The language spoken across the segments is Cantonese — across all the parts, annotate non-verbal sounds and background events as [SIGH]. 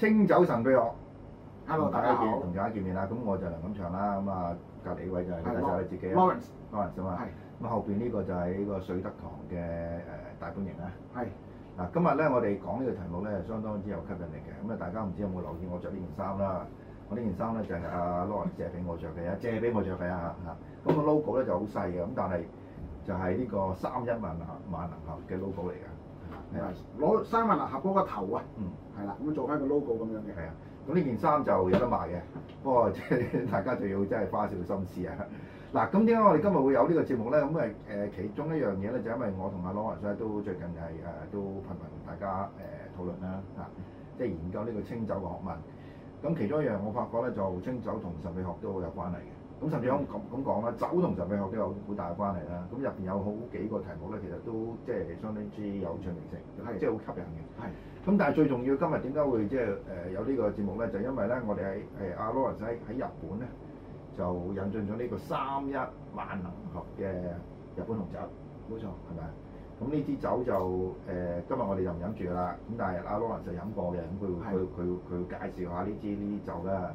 清酒神秘夜，同 Hello, 大家見，同大家見面啦。咁我就梁錦祥啦。咁啊，隔離位就係咧就係自己啦，Lawrence，Lawrence 啊嘛。咁後邊呢個就係是呢個瑞德堂嘅誒大本營啦。係。嗱，今日咧我哋講呢個題目咧，相當之有吸引力嘅。咁啊，大家唔知有冇留意我着呢件衫啦？我件呢件衫咧就係、是、阿、啊、Lawrence 借俾我着嘅，借俾我着俾啊嚇。咁、那個 logo 咧就好細嘅，咁但係就係呢個三一萬能萬能俠嘅 logo 嚟㗎。係啊，攞三一萬能俠嗰個頭啊，係啦、嗯，咁、啊、做翻個 logo 咁樣嘅。係啊，咁呢件衫就有得賣嘅， [LAUGHS] 不過即係大家就要真係花少少心思啊。嗱， [LAUGHS] 咁點解我哋今日會有呢個節目咧？咁誒誒，其中一樣嘢咧，就是、因為我同阿 Lawrence 都最近係誒、呃、都頻頻同大家誒、呃、討論啦，嚇、啊，即係研究呢個清酒嘅學問。咁其中一樣我發覺咧，就清酒同神秘學都好有關係嘅。咁甚至有咁咁講啦，嗯、酒同神秘學都有好大嘅關係啦。咁入邊有好幾個題目咧，其實都即係相當之有趣味性，係的即係好吸引嘅。係的。咁但係最重要今日點解會即係誒有呢個節目咧？就是、因為咧我哋喺誒阿 Lawrence 喺喺日本咧就引進咗呢個三一萬能俠嘅日本紅酒，冇錯係咪？咁呢支酒就誒、呃、今日我哋就唔飲住噶啦。咁但係阿 Lawrence 就飲過嘅，咁佢會佢佢佢介紹下呢支呢支酒啦。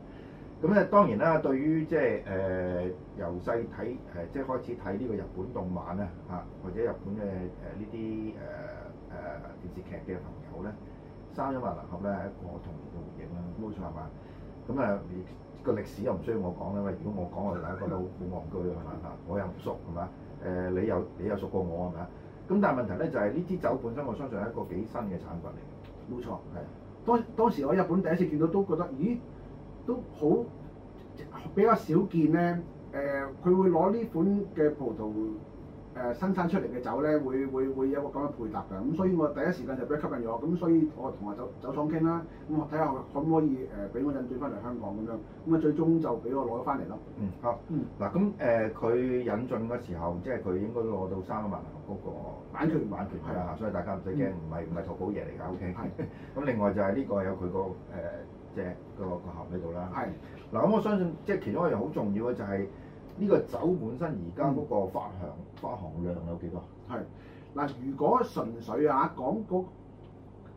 咁咧當然啦，對於、呃呃、即係誒由細睇誒即係開始睇呢個日本動漫咧嚇、啊，或者日本嘅誒呢啲誒誒電視劇嘅朋友咧，三一萬能俠咧係一個童年嘅回憶啦。冇錯係嘛？咁、嗯、啊個歷史又唔需要我講啦嘛。如果我講我哋大家覺得好戇居係嘛嚇？ [LAUGHS] 我又唔熟係嘛？誒、呃、你又你又熟過我係嘛？咁但係問題咧就係呢支酒本身我相信係一個幾新嘅產品嚟嘅。冇錯，係。當當時我日本第一次見到都覺得，咦？都好比較少見咧，誒佢會攞呢款嘅葡萄誒生產出嚟嘅酒咧，會會會有個咁樣配搭㗎，咁所以我第一時間就俾吸引咗，咁所以我同個酒，酒廠傾啦，咁我睇下可唔可以誒俾我引進翻嚟香港咁樣，咁啊最終就俾我攞咗翻嚟咯。嗯，好。嗱，咁誒佢引進嘅時候，即係佢應該攞到三一萬能俠嗰個版權版權係啊，所以大家唔使驚，唔係唔係淘寶嘢嚟㗎，OK。係。咁另外就係呢個有佢個誒。隻個盒喺度啦。係，嗱，咁我相信即係其中一樣好重要嘅，就係呢個酒本身而家嗰個發行發行量有幾多？係。嗱，如果純粹啊講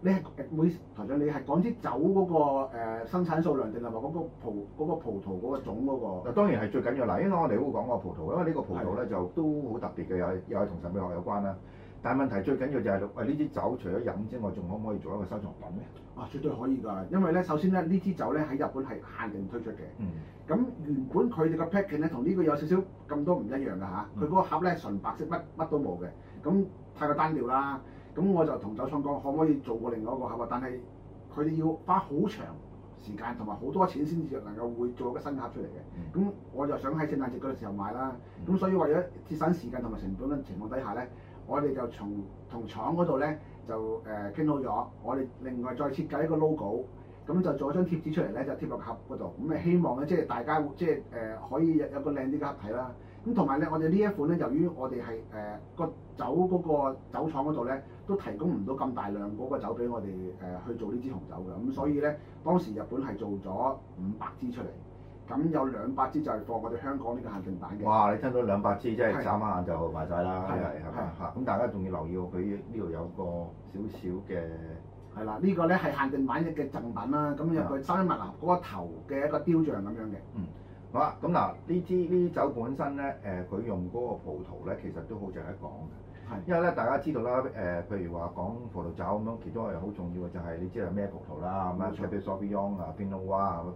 你係每台長，你係講啲酒嗰、個、呃、生產數量定係話嗰個葡嗰、個、葡萄嗰個種嗰、個？嗱當然係最緊要喇，因為我哋會講個葡萄，因為呢個葡萄咧就都好特別嘅，的又係又係同神秘學有關啦。但問題最緊要就係誒呢支酒，除咗飲之外，仲可唔可以做一個收藏品咧？啊，絕對可以㗎！因為咧，首先咧，呢支酒咧喺日本係限定推出嘅。咁、嗯、原本佢哋嘅 packing 咧，同呢個有少少咁多唔一樣㗎吓，佢、啊、嗰、嗯、個盒咧純白色，乜乜都冇嘅。咁太過單調啦。咁我就同酒倉講，可唔可以做過另外一個盒啊？但係佢哋要花好長時間同埋好多錢先至能夠會做一個新盒出嚟嘅。咁、嗯、我就想喺聖誕節嘅時候買啦。咁、嗯、所以為咗節省時間同埋成本嘅情況底下咧。我哋就從同廠嗰度咧就誒傾、呃、好咗，我哋另外再設計一個 logo，咁就做咗張貼紙出嚟咧，就貼落盒嗰度咁，希望咧即係大家即係誒、呃、可以有個、嗯、有個靚啲嘅盒體啦。咁同埋咧，我哋呢一款咧，由於我哋係誒個酒嗰個酒廠嗰度咧都提供唔到咁大量嗰個酒俾我哋誒、呃、去做呢支紅酒嘅，咁、嗯、所以咧當時日本係做咗五百支出嚟。咁有兩百支就係過我哋香港呢個限定版嘅。哇！你聽到兩百支，的即係眨下眼就賣晒啦，係咪？嚇！咁大家仲要留意佢呢度有個少少嘅。係啦，呢、這個咧係限定版嘅贈品啦。咁有個三一萬能俠嗰個頭嘅一個雕像咁樣嘅、嗯。嗯。好啦，咁嗱，呢支呢啲酒本身咧，誒、呃，佢用嗰個葡萄咧，其實都好值得一講嘅。因為咧大家知道啦，誒、呃、譬如話講葡萄酒咁樣，其中係好重要嘅就係你知係咩葡萄啦，咁啊 Cabernet Sauvignon 啊、變啊、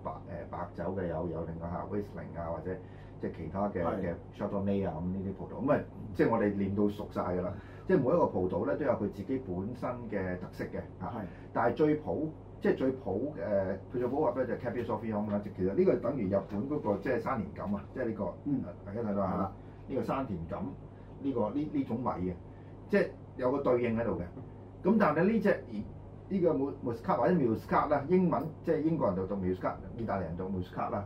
白誒、呃、白酒嘅有有另外嚇 Wine 啊或者即係其他嘅嘅 Chardonnay 啊，咁呢啲葡萄咁誒，即、嗯、係、就是、我哋練到熟晒㗎啦，即、就、係、是、每一個葡萄咧都有佢自己本身嘅特色嘅嚇是、啊。但係最普即係、就是、最普誒，叫、呃、做普話咧就 Cabernet Sauvignon 啦。其實呢個等於日本嗰個即係山田錦啊，即係呢個大家睇到嚇呢個山田錦。呢個呢呢種米嘅，即係有個對應喺度嘅。咁但係呢隻呢個 Muscat 或者 Muscat 啦，英文即係英國人就做 Muscat，意大利人做 Muscat 啦。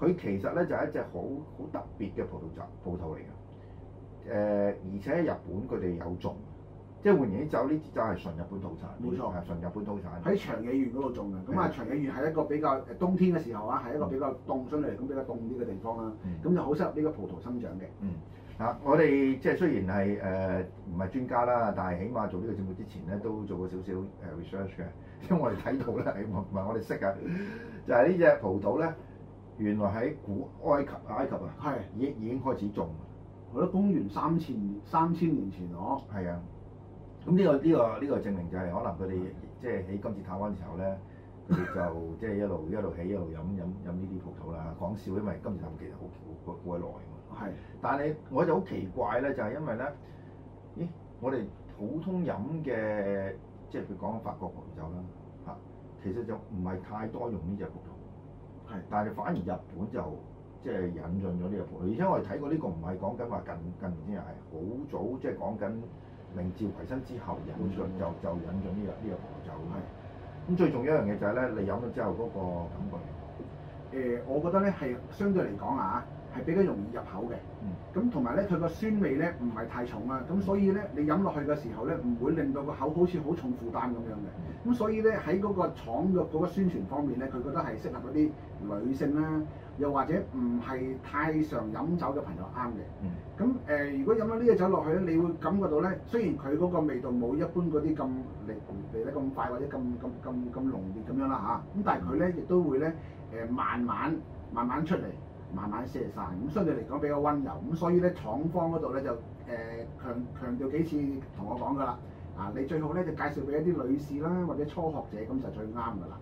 佢其實咧就係一隻好好特別嘅葡萄酒，葡萄嚟嘅。誒、呃，而且日本佢哋有種，即係換言之呢支酒係純日本土產。冇錯，係錯純日本土產。喺長野縣嗰度種嘅。咁啊的，長野縣係一個比較誒冬天嘅時候啊，係一個比較凍，相對嚟講比較凍啲嘅地方啦、啊。咁就好適合呢個葡萄生長嘅。嗯啊！我哋即係雖然係誒唔係專家啦，但係起碼做呢個節目之前咧，都做過少少誒 research 嘅。因為我哋睇到咧，唔係我哋識噶。就係呢隻葡萄咧，原來喺古埃及，埃及啊，係已的已經開始種。我覺得公元三千三千年前哦，係啊。咁呢個呢個呢個證明就係可能佢哋的即係喺金字塔嗰陣時候咧，佢哋 [LAUGHS] 就即係一路一路起一路飲飲飲呢啲葡萄啦。講笑，因為金字塔其實好好好鬼耐係，但係我就好奇怪咧，就係、是、因為咧，咦，我哋普通飲嘅，即係譬如講法國葡萄酒啦，嚇，其實就唔係太多用呢隻葡萄，係的，但係反而日本就即係、就是、引進咗呢隻葡萄，而且我哋睇過呢個唔係講緊話近近年先係，好早即係講緊明治維新之後引進就就引進呢、這個呢、這個葡萄酒，係，咁、嗯、最重要一樣嘢就係咧，你飲咗之後嗰個感覺，誒、呃，我覺得咧係相對嚟講啊。.係比較容易入口嘅，咁同埋咧佢個酸味咧唔係太重啊，咁所以咧你飲落去嘅時候咧唔會令到個口好似好重負擔咁樣嘅，咁、嗯、所以咧喺嗰個廠嘅嗰個宣傳方面咧，佢覺得係適合嗰啲女性啦、啊，又或者唔係太常飲酒嘅朋友啱嘅。咁誒、嗯呃，如果飲咗呢隻酒落去咧，你會感覺到咧，雖然佢嗰個味道冇一般嗰啲咁嚟嚟得咁快或者咁咁咁咁濃烈咁樣啦、啊、嚇，咁但係佢咧亦都會咧誒慢慢慢慢，慢慢出嚟。慢慢卸晒，咁相對嚟講比較溫柔，咁所以咧廠方嗰度咧就誒、呃、強強調幾次同我講噶啦，啊你最好咧就介紹俾一啲女士啦，或者初學者咁就最啱噶啦。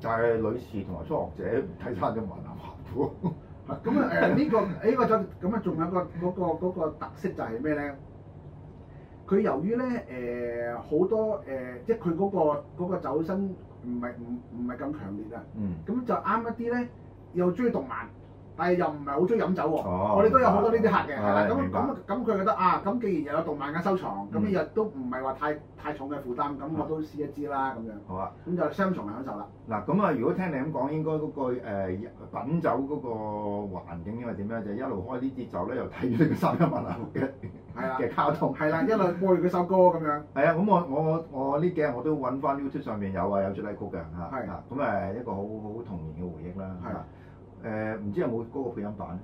就係女士同埋初學者睇翻啲雲南白咁啊誒呢、 [LAUGHS] 呃這個呢、欸呢個就咁啊，仲有個嗰、嗰個嗰個嗰個特色就係咩咧？佢由於咧誒好多誒、呃，即係佢嗰個嗰、嗰個嗰個走身唔係唔唔係咁強烈啊，嗯，咁就啱一啲咧，又中意動漫。但係又唔係好中意飲酒喎，我哋都有好多呢啲客嘅，係啦，咁咁咁佢覺得啊，咁既然又有動漫嘅收藏，咁日都唔係話太太重嘅負擔，咁我都試一支啦咁樣。好啊，咁就雙重享受啦。嗱，咁啊，如果聽你咁講，應該嗰個品酒嗰個環境應該點樣？就一路開呢啲酒咧，又睇住呢個三一萬能俠嘅啊，嘅卡通。係啦，一路播住佢首歌咁樣。係啊，咁我我我呢幾日我都揾翻 YouTube 上面有啊，有主題曲嘅嚇。係。咁誒，一個好好童年嘅回憶啦。係。誒唔知有冇嗰個配音版？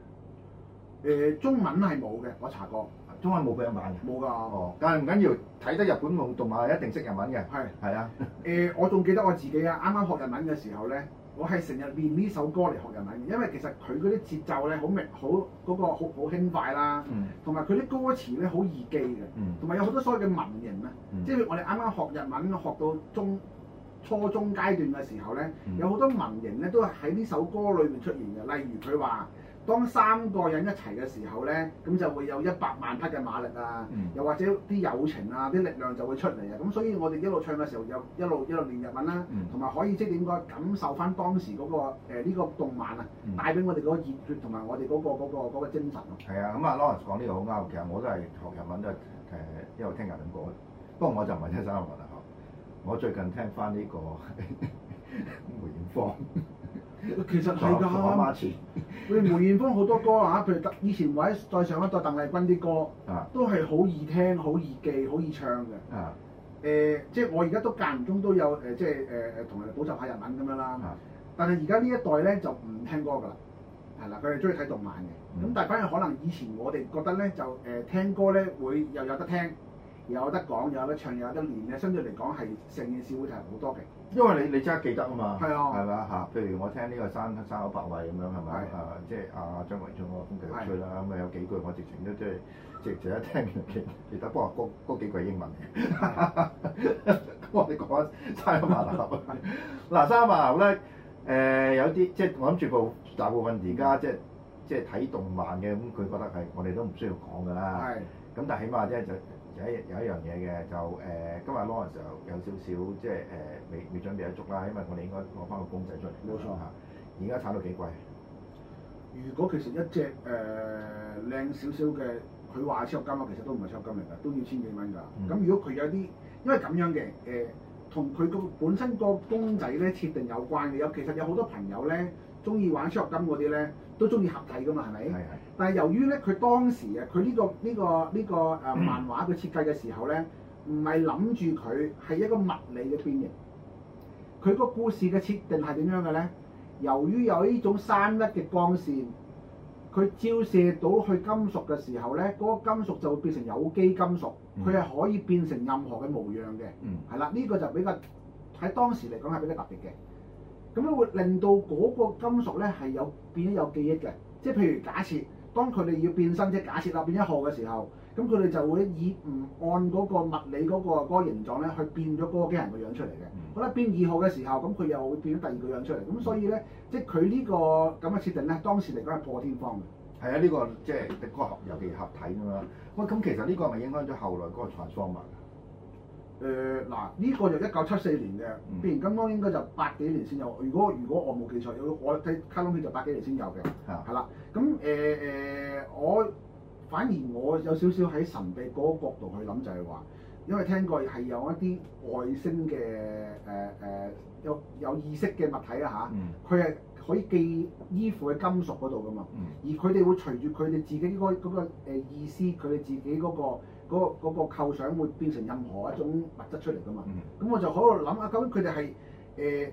誒、呃、中文係冇嘅，我查過，中文冇配音版冇㗎。哦。但係唔緊要，睇得日本動動畫一定識日文嘅。係。係啊。誒，我仲記得我自己啊，啱啱學日文嘅時候咧，我係成日練呢首歌嚟學日文嘅，因為其實佢嗰啲節奏咧好明，好嗰、嗰個好好輕快啦，同埋佢啲歌詞咧好易記嘅，同埋有好多所謂嘅文型啊，嗯、即係我哋啱啱學日文學到中，初中階段嘅時候咧，有好多民營咧都喺呢首歌裏面出現嘅，例如佢話，當三個人一齊嘅時候咧，咁就會有一百萬匹嘅馬力啊，嗯、又或者啲友情啊，啲力量就會出嚟啊，咁所以我哋一路唱嘅時候又一路一路練日文啦、啊，同埋、嗯、可以即係點講感受翻當時嗰、嗰個呢、呃這個動漫啊，嗯、帶俾我哋嗰個熱血同埋我哋嗰、嗰個嗰、嗰個嗰個、精神咯。係啊，咁啊 Lawrence 講呢樣好啱，其實我都係學日文都係誒一路聽日文歌，不過我就唔係一三日我最近聽翻呢個 [LAUGHS] 梅艷芳， [LAUGHS] 其實係㗎嘛，馬前佢梅艷芳好多歌啊，譬如以前或者再上一代鄧麗君啲歌，都係好易聽、好易記、好易唱嘅。誒、 [LAUGHS] 呃，即係我而家都間唔中都有誒，即係誒誒同人哋補習下日文咁樣啦。但係而家呢一代咧就唔聽歌㗎啦，係啦，佢哋中意睇動漫嘅。咁、嗯、但係反而可能以前我哋覺得咧就誒、呃、聽歌咧會又有得聽。有得講，有得唱，有得練咧。相對嚟講，係成件事會提好多嘅。因為你你即係記得啊嘛，係啊，係咪啊？譬如我聽呢個山、山口百惠咁樣係咪是啊？即係阿張文忠嗰個風笛吹啦咁啊，嗯、有幾句我直情都即係直情一聽就記得。不過嗰幾句英文嘅，咁 [LAUGHS] 是 [LAUGHS] 我哋講翻山口麻牛嗱，山 [LAUGHS] 是口麻牛咧，誒、呃、有啲即係我諗住部大部分而家、嗯、即係即係睇動漫嘅咁，佢覺得係我哋都唔需要講㗎啦。係是。咁 [LAUGHS] 但係起碼咧就是。有一有一樣嘢嘅，就誒、呃、今日攞嘅時候有少少即係誒、呃、未未準備得足啦，因為我哋應該攞翻個公仔出嚟。冇錯啊！而家炒到幾貴。如果其實一隻誒靚少少嘅，佢話係超合金啊，其實都唔係超合金嚟噶，都要千幾蚊㗎。咁、嗯、如果佢有啲，因為咁樣嘅誒，同佢個本身個公仔咧設定有關嘅。其有其實有好多朋友咧，中意玩超合金嗰啲咧，都中意合體㗎嘛，係咪？係係。但係由於咧，佢當時啊，佢呢、這個呢、這個呢、這個誒、呃、漫畫嘅設計嘅時候咧，唔係諗住佢係一個物理嘅變形。佢個故事嘅設定係點樣嘅咧？由於有呢種三一嘅光線，佢照射到去金屬嘅時候咧，嗰、那個金屬就會變成有機金屬，佢係可以變成任何嘅模樣嘅。係啦、嗯，呢、這個就比較喺當時嚟講係比較特別嘅。咁樣會令到嗰個金屬咧係有變咗有記憶嘅，即係譬如假設。當佢哋要變身，即係假設立變一號嘅時候，咁佢哋就會以唔按嗰個物理嗰個個形狀咧，去變咗嗰個機器人嘅樣出嚟嘅。咁咧、嗯、變二號嘅時候，咁佢又會變咗第二個樣出嚟。咁所以咧，即係佢呢個咁嘅設定咧，當時嚟講係破天荒嘅。係啊，呢、呢個即係的確合，尤其合體㗎嘛。喂，咁其實呢個係咪影響咗後來嗰個 Transformer？誒嗱，呢、呃呢個就一九七四年嘅，變形金剛應該就八幾年先有。如果如果我冇記錯，我睇卡通片就八幾年先有嘅，係啦的。咁誒誒，我反而我有少少喺神秘嗰個角度去諗，就係、係、話，因為聽過係有一啲外星嘅誒誒，有有意識嘅物體啦嚇，佢、啊、係、嗯、可以寄依附喺金屬嗰度噶嘛，嗯、而佢哋會隨住佢哋自己嗰嗰個誒意思，佢哋自己嗰、嗰個。嗰、那個嗰、那個、構想會變成任何一種物質出嚟㗎嘛？咁、嗯、我就喺度諗下，咁佢哋係誒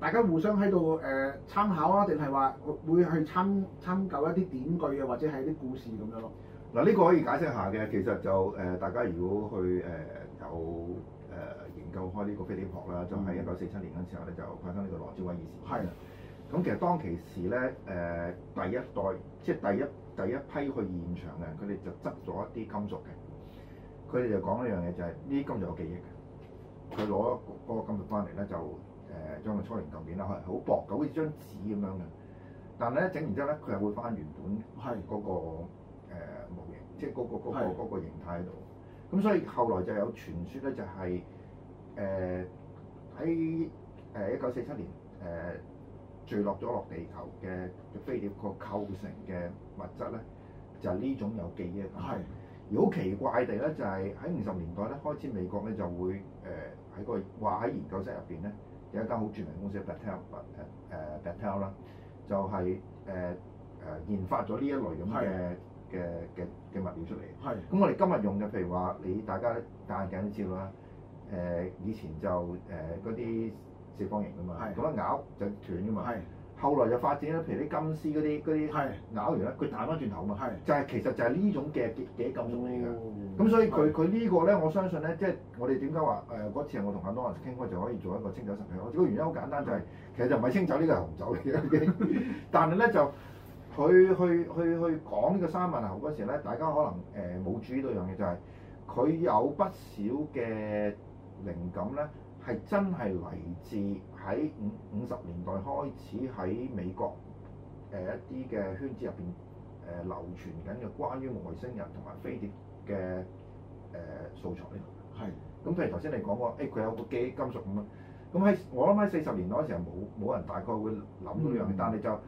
大家互相喺度誒參考啊，定係話會去參參究一啲典據啊，或者係啲故事咁樣咯。嗱、嗯，呢、這個可以解釋下嘅，其實就誒、呃、大家如果去誒、呃、有誒、呃、研究開呢個《菲利普》啦，就喺一九四七年嗰陣時候咧、嗯、就發生呢個羅斯威爾事件。係啦的，咁其實當其時咧誒、呃、第一代即係第一第一批去現場嘅人，佢哋就執咗一啲金屬嘅。佢哋就講呢樣嘢就係呢啲金屬有記憶嘅。佢攞嗰個金屬翻嚟咧就誒將個初年舊件，啦，係好薄嘅，好似張紙咁樣嘅。但係咧整完之後咧，佢係會翻原本嗰、那個誒、呃、模型，即係嗰個嗰、那個嗰是個形態喺度。咁所以後來就有傳説咧、就是呃呃呃，就係誒喺誒一九四七年誒墜落咗落地球嘅飛碟個構成嘅物質咧，就係呢種有記憶嘅。是好奇怪地咧，就係喺五十年代咧開始，美國咧就會誒喺、呃那個話喺研究室入邊咧有一間好著名公司，叫 Battelle，誒誒 Battelle 啦，就係誒誒研發咗呢一類咁嘅嘅嘅嘅物料出嚟。係的，咁我哋今日用嘅，譬如話你大家戴眼鏡都知道啦。誒、呃、以前就誒嗰啲四方形噶嘛，咁一的咬就斷噶嘛。後來就發展咧，譬如啲金絲嗰啲嗰啲咬完咧，佢彈翻轉頭嘛，的就係、是、其實就係呢種嘅幾咁呢？嚟咁、嗯嗯、所以佢佢、嗯、呢個咧，我相信咧，即係我哋點解話誒嗰次我同很多人傾過就可以做一個清酒神器。我主要原因好簡單就係、是、其實就唔係清酒，個酒 [LAUGHS] 呢個係紅酒嚟嘅，但係咧就佢去去去講呢個三文牛嗰時咧，大家可能誒冇、呃、注意到一樣嘢就係、是、佢有不少嘅靈感咧。係真係嚟自喺五五十年代開始，喺美國誒一啲嘅圈子入邊誒流傳緊嘅關於外星人同埋飛碟嘅誒素材。係的。咁譬如頭先你講過，誒、欸、佢有個基金屬咁樣。咁喺我諗喺四十年代嘅時候，冇冇人大概會諗到呢樣嘢，嗯、但係就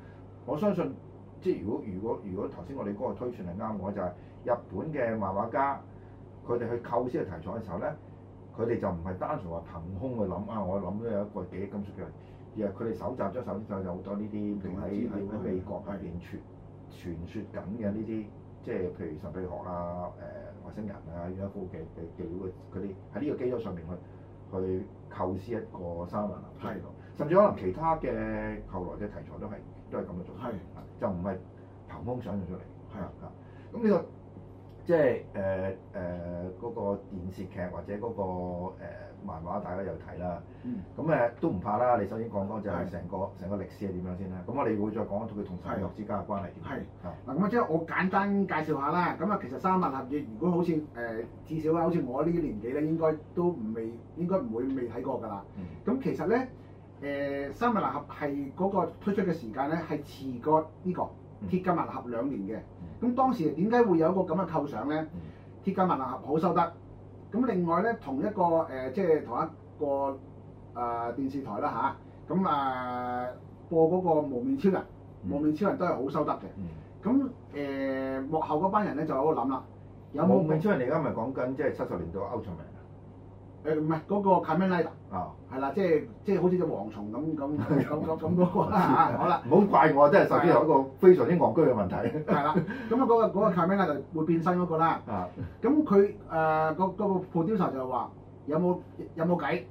我相信，即係如果如果如果頭先我哋嗰個推算係啱我，就係、是、日本嘅漫畫家，佢哋去構思嘅題材嘅時候咧。佢哋就唔係單純話憑空去諗啊！我諗咗有一個記憶金屬嘅而嘢，佢哋搜集咗、蒐就有好多呢啲，喺喺美國入邊傳傳説緊嘅呢啲，即係譬如神秘學啊、誒、呃、外星人啊、咁樣嘅嘅資料嘅，佢哋喺呢個基礎上面去去構思一個三一，嘅系統，甚至可能其他嘅後來嘅題材都係都係咁嘅做法，是就唔係憑空想象出嚟，係啊咁呢個。即係誒誒嗰個電視劇或者嗰、那個、呃、漫畫，大家有睇啦。咁誒、嗯、都唔怕啦。你首先講講就係成個成是個歷史係點樣先啦。咁我哋會再講到佢同神學之間嘅關係點？係。嗱咁啊，即係我簡單介紹下啦。咁啊，其實三一萬能俠如果好似誒、呃，至少啊，好似我呢啲年紀咧，應該都唔未應該唔會未睇過㗎啦。咁、嗯、其實咧誒、呃，三一萬能俠係嗰個推出嘅時間咧、這個，係遲過呢個鐵甲萬能俠兩年嘅。嗯咁當時點解會有一個咁嘅構想咧？嗯、鐵甲萬能俠好收得，咁另外咧同一個誒、呃、即係同一個啊、呃、電視台啦吓，咁啊播嗰、嗰個無面超人，嗯、無面超人都係好收得嘅。咁誒、嗯呃、幕後嗰班人咧就喺度諗啦，有冇？無面超人而家咪講緊即係七十年代歐尚名。啊？誒唔係嗰個卡梅拉。哦、啊，係啦，即係即係好似隻蝗蟲咁咁咁咁咁嗰個。好啦，唔好怪我即真係首先有一個非常之戇居嘅問題。係啦的，咁啊嗰個嗰、那個 c o m 咧就會變身嗰個啦。啊，咁佢誒個個 producer 就話有冇有冇計，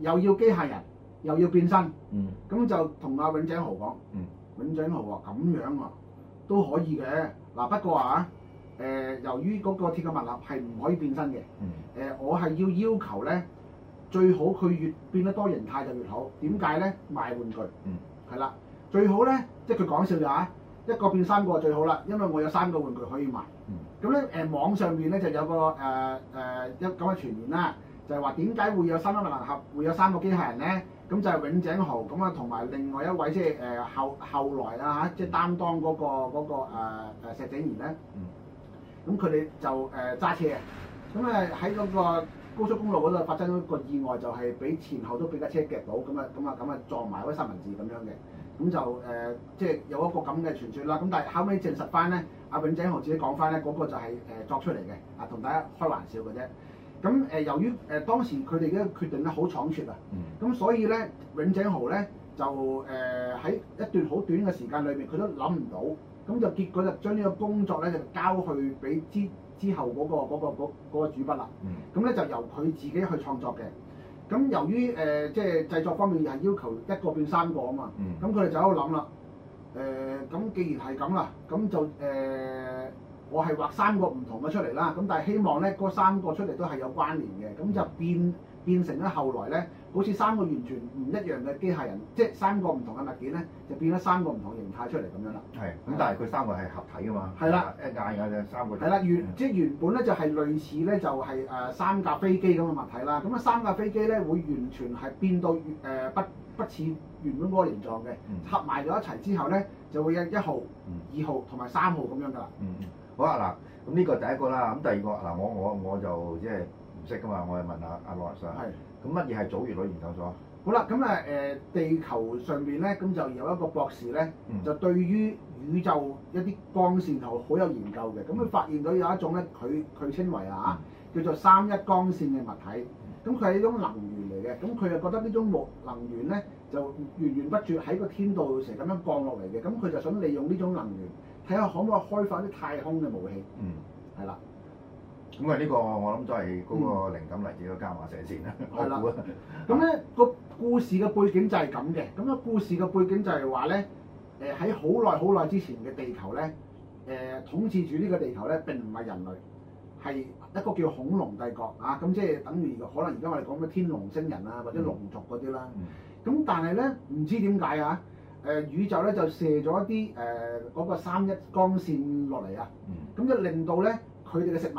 又要機械人又要變身。嗯。咁就同阿、啊、永井豪講。嗯。永井豪話：咁樣啊都可以嘅，嗱不過啊誒、呃呃，由於嗰個鐵甲萬能俠係唔可以變身嘅。嗯、呃。誒、呃，我係要要求咧。最好佢越變得多形態就越好，點解咧賣玩具？嗯，係啦，最好咧，即係佢講笑就嚇一個變三個最好啦，因為我有三個玩具可以賣。嗯呢，咁咧誒網上邊咧就有個誒誒、呃呃呃、一咁嘅傳言啦、啊，就係話點解會有三個能合，會有三個機械人咧？咁就係永井豪。咁啊，同埋另外一位即係誒、呃、後後來啦嚇，即、啊、係、就是、擔當嗰、那個嗰、那個、呃、石井賢咧。嗯，嗯，咁佢哋就誒揸車，咁誒喺嗰個。高速公路嗰度發生咗一個意外，就係俾前後都俾架車夾到，咁啊咁啊咁啊撞埋位三文治咁樣嘅，咁就誒、呃、即係有一個咁嘅傳説啦。咁但係後尾證實翻咧，阿、啊、永井豪自己講翻咧，嗰、那個就係、是、誒、呃、作出嚟嘅，啊同大家開玩笑嘅啫。咁誒、呃、由於誒、呃、當時佢哋嘅決定咧好倉促啊，咁所以咧永井豪咧就誒喺、呃、一段好短嘅時間裏邊，佢都諗唔到，咁就結果就將呢個工作咧就交去俾啲。之後嗰、嗰個嗰、嗰個嗰個、主筆啦，咁咧、嗯、就由佢自己去創作嘅。咁由於誒即係製作方面係要求一個變三個啊嘛，咁佢哋就喺度諗啦。誒、呃、咁既然係咁啦，咁就誒、呃、我係畫三個唔同嘅出嚟啦。咁但係希望咧嗰三個出嚟都係有關聯嘅。咁就變變成咧後來咧。好似三個完全唔一樣嘅機械人，即係三個唔同嘅物件咧，就變咗三個唔同形態出嚟咁樣啦。係對，咁的但係佢三個係合體㗎嘛。係啦了，誒大嘅就三個。係啦，原即係原本咧就係類似咧就係、是、誒三架飛機咁嘅物體啦。咁啊，三架飛機咧會完全係變到誒不不似原本嗰個形狀嘅，合埋咗一齊之後咧就會有一號、的二號同埋三號咁樣㗎啦、嗯。嗯，好啊，嗱，咁呢個第一個啦，咁第二個嗱我我我就即係唔識㗎嘛，我係問下阿羅 sir。係。咁乜嘢係早研究研究咗？好啦，咁啊誒，地球上面咧，咁就有一個博士咧，嗯、就對於宇宙一啲光線係好有研究嘅。咁佢發現到有一種咧，佢佢稱為啊，叫做三一光線嘅物體。咁佢係一種能源嚟嘅。咁佢就覺得呢種木能源咧，就源源不絕喺個天度成日咁樣降落嚟嘅。咁佢就想利用呢種能源，睇下可唔可以開發啲太空嘅武器。嗯，係啦。咁啊！呢、這個我諗都係嗰個靈感嚟自個伽馬射線啦。係啦、嗯，咁咧、 [LAUGHS] 個故事嘅背景就係咁嘅。咁啊，故事嘅背景就係話咧，誒喺好耐好耐之前嘅地球咧，誒、呃、統治住呢個地球咧並唔係人類，係一個叫恐龍帝國啊。咁即係等於可能而家我哋講嘅天龍星人啊，或者龍族嗰啲啦。咁、嗯、但係咧唔知點解啊？誒、呃、宇宙咧就射咗一啲誒嗰個三一光線落嚟啊。咁、嗯、就令到咧佢哋嘅食物。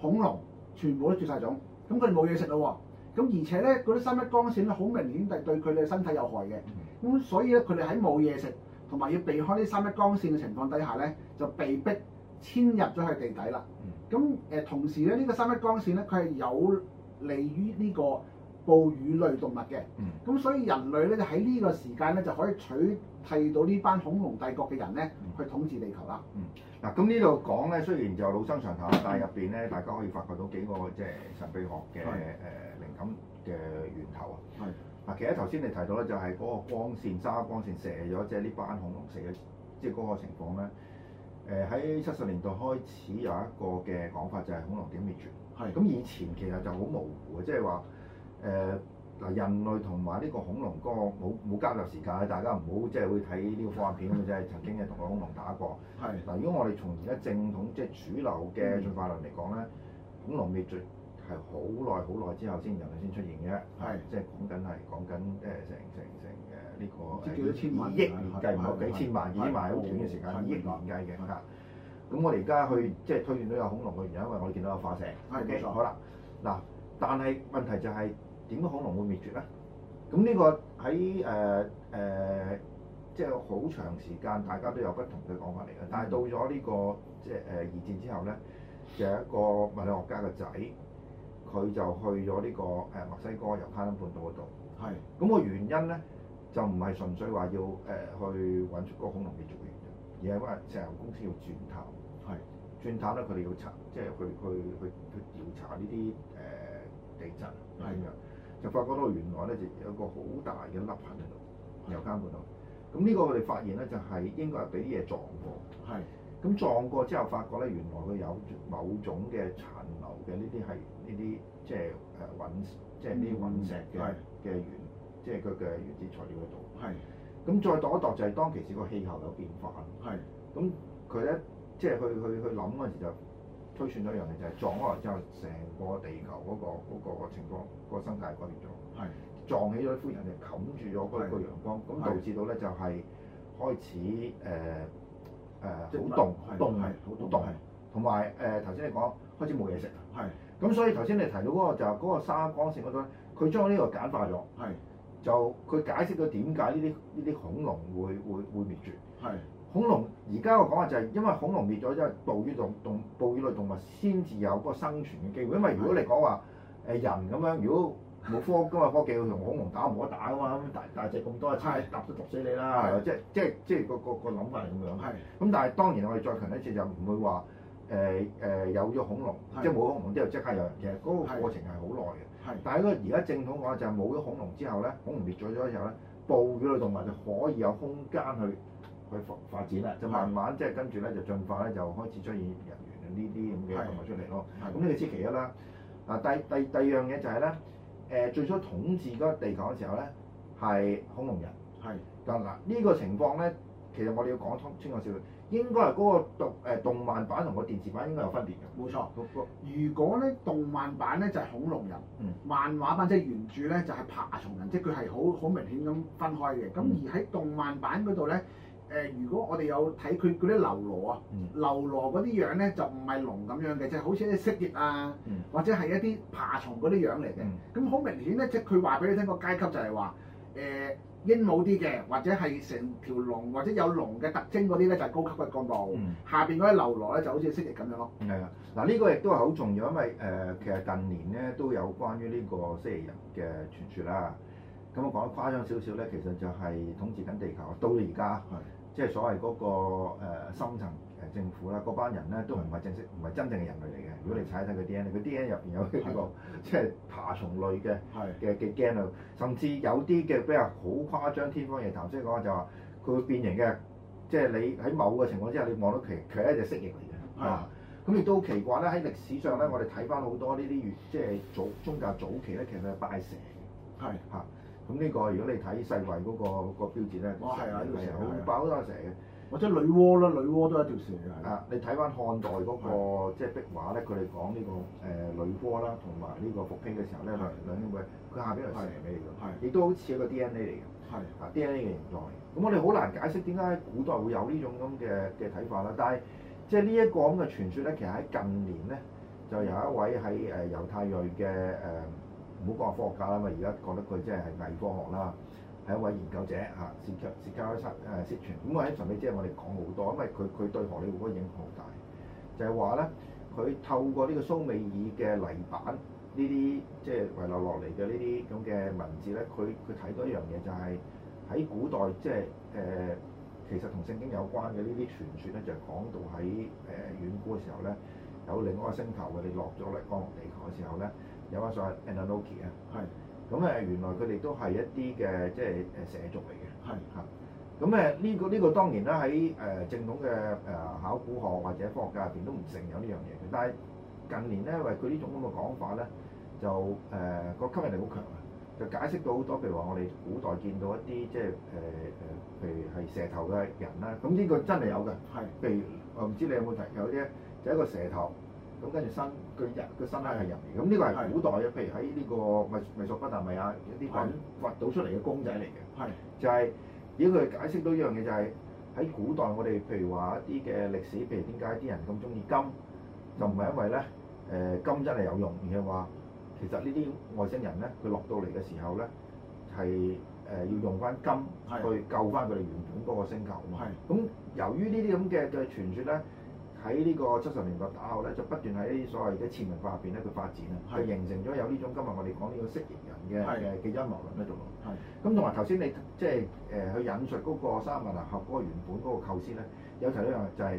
恐龍全部都絕晒種，咁佢哋冇嘢食咯喎，咁而且咧嗰啲三一光線咧好明顯係對佢哋身體有害嘅，咁、嗯、所以咧佢哋喺冇嘢食同埋要避開呢三一光線嘅情況底下咧就被逼遷入咗去地底啦。咁誒、嗯、同時咧呢、呢個三一光線咧佢係有利於呢個哺乳類動物嘅，咁、嗯、所以人類咧就喺呢個時間咧就可以取替到呢班恐龍帝國嘅人咧、嗯、去統治地球啦。嗯嗱，咁呢度講咧，雖然就老生常談，但係入邊咧，大家可以發掘到幾個即係、就是、神秘學嘅誒靈感嘅源頭啊。係。嗱，其實頭先你提到咧，就係、是、嗰個光線，沙光線射咗，即係呢班恐龍死嘅，即係嗰個情況咧。誒、呃，喺七十年代開始有一個嘅講法，就係、是、恐龍點滅絕。係。咁以前其實就好模糊嘅，即係話誒。呃嗱，人類同埋呢個恐龍，哥冇冇交集時間嘅，大家唔好即係會睇呢個科幻片即係曾經係同個恐龍打過，嗱，如果我哋從而家正統即係主流嘅進化論嚟講咧，恐龍滅絕係好耐好耐之後先人類先出現嘅，即係講緊係講緊，誒成成成嘅呢個，即係叫咗千二億年計唔係幾千萬已經賣好短嘅時間，二億年計嘅。咁我哋而家去即係推斷到有恐龍嘅原因，因為我哋見到有化石，好啦。嗱，但係問題就係。點解恐龍會滅絕咧？咁呢個喺誒誒，即係好長時間，大家都有不同嘅講法嚟嘅。但係到咗呢、這個即係誒二戰之後咧，就是、一個物理學家嘅仔，佢就去咗呢個誒墨西哥猶加敦半島嗰度。係是。咁個原因咧，就唔係純粹話要誒、呃、去揾出個恐龍滅絕嘅原因，而係因為石油公司要鑽探。係是。鑽探咧，佢哋要查，即、就、係、是、去去去去調查呢啲誒地震點樣。就發覺到原來咧就有個好大嘅凹痕喺度，由的監管度。咁呢個我哋發現咧就係、是、應該係俾啲嘢撞過。係的。咁撞過之後，發覺咧原來佢有某種嘅殘留嘅呢啲係呢啲即係誒隕，即係啲隕石嘅嘅原，即係佢嘅原子材料喺度。係的。咁再度一度就係當其時個氣候有變化。係的。咁佢咧即係去去去諗嗰陣時就。推算咗一樣嘢就係撞開嚟之後，成個地球嗰個情況，個生態改變咗。係撞起咗啲灰塵嚟，冚住咗嗰個陽光，咁導致到咧就係開始誒誒好凍，凍係好凍。同埋誒頭先你講開始冇嘢食。係咁，所以頭先你提到嗰個就係嗰個三光線嗰度咧，佢將呢個簡化咗。係，就佢解釋咗點解呢啲呢啲恐龍會會會滅絕。係。恐龍而家我講嘅就係因為恐龍滅咗，因為哺乳動動哺乳類動物先至有嗰個生存嘅機會。因為如果你講話誒的人咁樣，如果冇科㗎嘛，科技，同 [LAUGHS] 恐龍打，唔可以打㗎嘛，咁大大隻咁多，一踩一揼都毒死你啦！即即即，即個個個諗法係咁樣。係的。咁、嗯、但係當然我哋再強一次就唔會話誒誒有咗恐龍，的即冇恐龍之後即刻有人。其實嗰個過程係好耐嘅。係。但係如果而家正統話就係冇咗恐龍之後咧，恐龍滅咗咗之後咧，哺乳類動物就可以有空間去。佢發展啦，就慢慢即係跟住咧就進化咧，就開始出現人猿啊呢啲咁嘅動物出嚟咯。咁呢個先其一啦。嗱，第第第二樣嘢就係、是、咧，誒最初統治嗰個地球嘅時候咧，係恐龍人。係的。咁嗱，呢個情況咧，其實我哋要講通清楚少少，應該係嗰個動誒動漫版同個電視版應該有分別嘅。冇錯。如果咧動漫版咧就係恐龍人，嗯、漫畫版即係原著咧就係爬蟲人，即係佢係好好明顯咁分開嘅。咁、嗯、而喺動漫版嗰度咧。誒，如果我哋有睇佢嗰啲流羅啊，流羅嗰啲樣咧就唔係龍咁樣嘅，即係好似啲蜥蜴啊，或者係一啲爬蟲嗰啲樣嚟嘅。咁好明顯咧，即係佢話俾你聽個階級就係話，誒，鸚鵡啲嘅，或者係成條龍或者有龍嘅特徵嗰啲咧就係高級嘅幹部，那個嗯、下邊嗰啲流羅咧就好似蜥蜴咁樣咯。係啊、嗯，嗱呢、呢個亦都係好重要，因為誒、呃、其實近年咧都有關於呢個蜥蜴人嘅傳説啦。咁我講得誇張少少咧，其實就係統治緊地球到而家。即係所謂嗰個深層誒政府啦，嗰班人咧都唔係正式，唔係真正嘅人類嚟嘅。如果你踩一睇佢 DNA 佢 DNA 入邊有幾個即係爬蟲類嘅，係嘅嘅 g 甚至有啲嘅比較好誇張，天方夜譚即先講就話、是、佢會變形嘅。即、就、係、是、你喺某嘅情況之下你，你望到佢佢係一隻蜥蜴嚟嘅。係咁亦都好奇怪咧。喺歷史上咧，我哋睇翻好多呢啲即係早宗教早期咧，其實係拜蛇嘅。係嚇是。啊咁呢個如果你睇世衛嗰個個標誌咧，哦係啊，係啊，好爆，好多蛇嘅，或者女媧啦，女媧都一條蛇啊！你睇翻漢代嗰個即係壁畫咧，佢哋的講呢個誒女媧啦，同埋呢個伏羲嘅時候咧，的兩兩條佢下邊係蛇嚟嘅，係的，亦都好似一個的 DNA 嚟嘅，係，啊 DNA 嘅形狀，咁我哋好難解釋點解古代會有呢種咁嘅嘅睇法啦。但係即係呢一個咁嘅傳說咧，其實喺近年咧，就有一位喺誒猶太裔嘅誒。嗯嗯唔好講科學家啦嘛，而家覺得佢即係偽科學啦，係一位研究者嚇，攝像、攝像、測誒識傳。咁我喺上面即係我哋講好多，因為佢佢對荷里活嗰個影響好大，就係話咧，佢透過呢個蘇美爾嘅泥板呢啲，即係遺留落嚟嘅呢啲咁嘅文字咧，佢佢睇到一樣嘢就係、是、喺古代即係誒，其實同聖經有關嘅呢啲傳説咧，就係、是、講到喺誒遠古嘅時候咧，有另外一個星球嘅你落咗嚟降落地球嘅時候咧。有啊，所謂 Anunnaki 啊的，咁誒原來佢哋都係一啲嘅即係誒蛇族嚟嘅，嚇的。咁誒呢個呢、呢個當然啦，喺誒正統嘅誒考古學或者科學界入邊都唔承有呢樣嘢嘅。但係近年咧，喂佢呢種咁嘅講法咧，就誒個、呃、吸引力好強啊，就解釋到好多，譬如話我哋古代見到一啲即係誒誒，譬如係蛇頭嘅人啦，咁呢個真係有嘅。的譬如我唔知你有冇提及有啲就一個蛇頭，咁跟住身，佢人個身體係人嚟，咁呢個係古代啊。譬如喺呢個美美索不達米亞一啲掘掘到出嚟嘅公仔嚟嘅，的就係，如果佢解釋到一樣嘢就係喺古代我哋譬如話一啲嘅歷史，譬如點解啲人咁中意金，就唔係因為咧，誒、呃、金真係有用，而係話其實呢啲外星人咧佢落到嚟嘅時候咧係誒要用翻金去救翻佢哋原本嗰個星球。咁的由於呢啲咁嘅嘅傳說咧。喺呢個七十年代打後咧，就不斷喺所謂嘅家潛文化入邊咧，佢發展啊，係的形成咗有呢種今日我哋講呢個適型人嘅嘅的陰謀論喺度咯。係的，咁同埋頭先你即係誒去引述嗰個三文盒嗰個原本嗰個構思咧，有時候一樣就係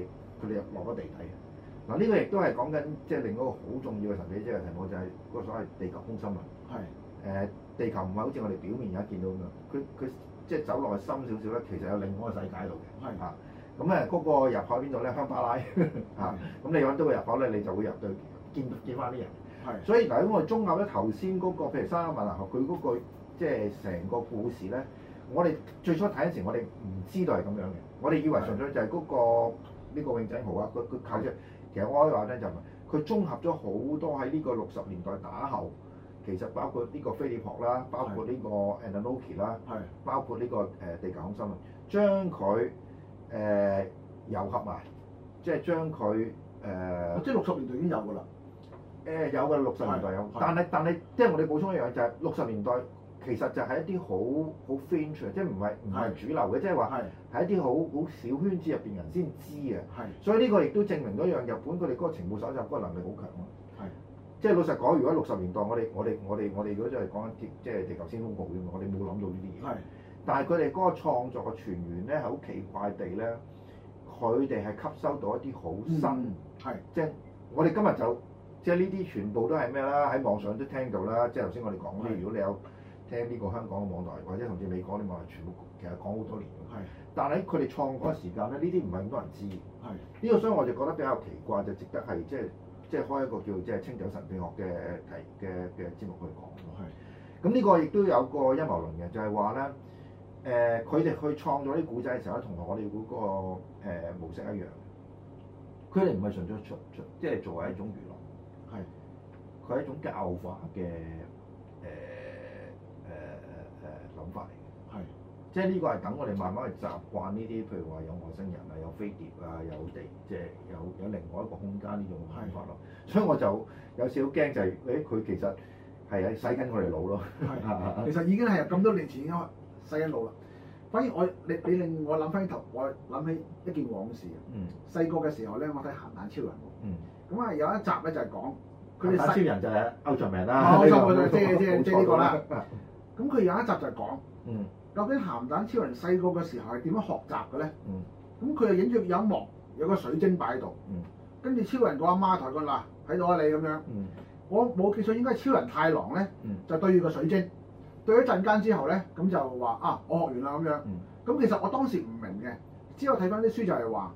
佢哋落咗地底嘅。嗱、啊、呢、這個亦都係講緊即係另一個好重要嘅神秘之嘅、就是、題目，就係、是、嗰個所謂地球空心論。係的，誒、呃、地球唔係好似我哋表面而家見到咁樣，佢佢即係走落去深少少咧，其實有另一個世界度嘅。係啊。咁咧，嗰、嗯那個入口邊度咧？香巴拉嚇，咁、 [LAUGHS] 嗯嗯、你揾到個入口咧，你就會入到見見翻啲人。係的，所以嗱，因為綜合咧頭先嗰個譬如《三文魚》那個，佢嗰個即係成個故事咧，我哋最初睇嗰陣時，我哋唔知道係咁樣嘅，的我哋以為純粹就係嗰、那個呢、這個泳仔豪啊，佢佢靠啫。其實我可以話咧，就係佢綜合咗好多喺呢個六十年代打後，其實包括呢個菲利博啦，包括呢個 Anloki 啦是，係，包括呢個誒地球空心啊，將佢。誒，糅、呃、合埋，即係將佢誒。呃、即係六十年代已經有㗎啦。誒、呃，有㗎，六十年代有。的但係但係，即、就、係、是、我哋補充一樣就係，六十年代其實就係一啲好好 fancy，即係唔係唔係主流嘅，的即係話係一啲好好小圈子入邊人先知嘅。係的。所以呢個亦都證明咗一樣，日本佢哋嗰個情報蒐集嗰個能力好強啊。係的。即係老實講，如果六十年代我哋我哋我哋我哋如果真係講緊即係地球先鋒報嘅嘛，我哋冇諗到呢啲嘢。係的。的但係佢哋嗰個創作嘅傳源咧係好奇怪地咧，佢哋係吸收到一啲好新，嗯、即係我哋今日就即係呢啲全部都係咩啦？喺網上都聽到啦。即係頭先我哋講咧，是如果你有聽呢個香港嘅網台，或者甚至美國啲網台，全部其實講好多年嘅。是但係佢哋創作嘅時間咧，呢啲唔係咁多人知。係是，呢個所以我就覺得比較奇怪，就值得係即係即係開一個叫即係清酒神祕學嘅題嘅嘅節目去講。係是，咁呢個亦都有個陰謀論嘅，就係話咧。誒佢哋去創作啲古仔嘅時候咧，同我哋嗰、嗰個、呃、模式一樣。佢哋唔係純粹出出，即係作為一種娛樂。係的。佢係一種教化嘅誒誒誒諗法嚟嘅。係的。即係呢個係等我哋慢慢去習慣呢啲，譬如話有外星人啊、有飛碟啊、有地即係有有另外一個空間呢種睇法咯。的所以我就有少驚就係、是，誒、哎、佢其實係喺洗緊我哋腦咯。其實已經係咁多年前。西恩路啦，反而我你你令我諗翻頭，我諗起一件往事嘅。細個嘅時候咧，我睇鹹蛋超人喎。咁啊有一集咧就係講佢哋。超人就係歐尚名啦。冇錯，冇錯，冇錯，冇錯啦。咁佢有一集就講，究竟鹹蛋超人細個嘅時候係點樣學習嘅咧？咁佢又影住有幕有個水晶擺喺度，跟住超人個阿媽台個嗱睇到啊你咁樣。我冇記錯應該係超人太郎咧，就對住個水晶。對咗陣間之後咧，咁就話啊，我學完啦咁樣。咁其實我當時唔明嘅，之後睇翻啲書就係話，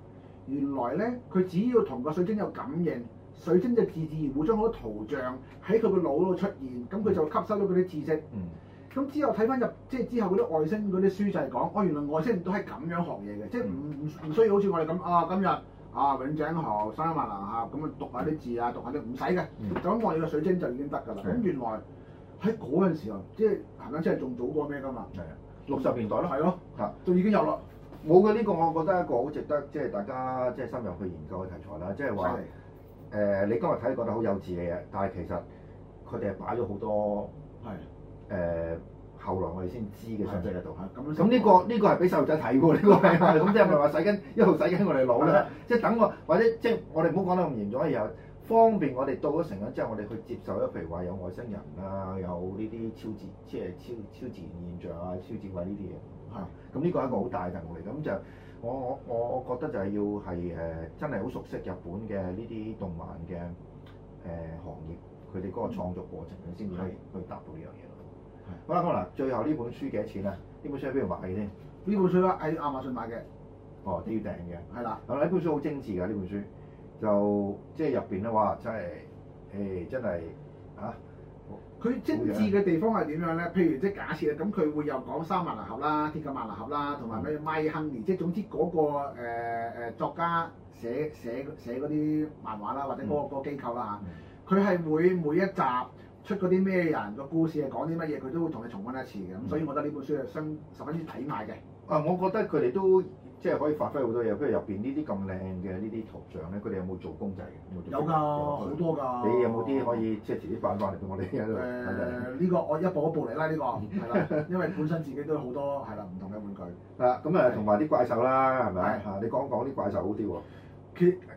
原來咧佢只要同個水晶有感應，水晶就自自然會將好多圖像喺佢個腦度出現，咁佢就吸收咗嗰啲知識。咁、嗯、之後睇翻入，即係之後嗰啲外星嗰啲書就係講，哦、啊、原來外星人都係咁樣學嘢嘅，即係唔唔唔需要好似我哋咁啊今日啊永井豪生啊萬能俠咁啊樣讀下啲字啊、嗯、讀下啲，唔使嘅，嗯、就咁望住個水晶就已經得㗎啦。咁原來。喺嗰陣時候，即係行緊，即係仲早過咩㗎嘛？係啊，六十年代咯，係咯，嚇，都已經有啦。冇嘅呢個，我覺得一個好值得，即係大家即係深入去研究嘅題材啦。即係話，誒，你今日睇覺得好幼稚嘅嘢，但係其實佢哋係擺咗好多，係誒，後來我哋先知嘅信息喺度。嚇，咁咁呢個呢個係俾細路仔睇喎，呢個係嘛？咁即係咪話使緊一路使緊我哋腦咧？即係等我或者即係我哋唔好講得咁嚴重啊！以後。以後 [LAUGHS] 方便我哋到咗成日之後，我哋去接受一譬如話有外星人啊，有呢啲超自即係超超自然現象啊、超智慧呢啲嘢。係是，咁呢、嗯、個係一個好大嘅任務嚟。咁、嗯、就我我我覺得就係要係誒、呃、真係好熟悉日本嘅呢啲動漫嘅誒、呃、行業，佢哋嗰個創作過程先至可以去達到呢樣嘢咯。係是。好啦，咁、嗯、嗱，最後呢本書幾多錢啊？呢本書喺邊度買嘅咧？呢、喔、的本書啦，喺亞馬遜買嘅。哦，都要訂嘅。係啦。咁嗱，呢本書好精緻㗎，呢本書。就即係入邊咧，哇！真係，誒，真係嚇。佢精緻嘅地方係點樣咧？譬如即係假設啊，咁佢會又講三一萬能俠啦、鐵甲萬能俠啦，同埋咩米亨利，即係總之嗰、那個誒、呃、作家寫寫寫嗰啲漫畫啦，或者嗰、那個嗰個機構啦嚇。佢係、嗯、每、嗯、每一集出嗰啲咩人個故事係講啲乜嘢，佢都會同你重溫一次嘅。咁、嗯、所以，我覺得呢本書係生十分之抵買嘅。啊，我覺得佢哋都。即係可以發揮好多嘢，譬如入邊呢啲咁靚嘅呢啲圖像咧，佢哋有冇做公仔有㗎，好、哦、多㗎。你有冇啲可以即係遲啲翻返嚟俾我哋喺度？呢、呃、個我一步一步嚟啦，呢、呢個係啦，因為本身自己都有好多係啦唔同嘅玩具。嗱咁誒同埋啲怪獸啦，係咪啊？你講講啲怪獸好啲喎。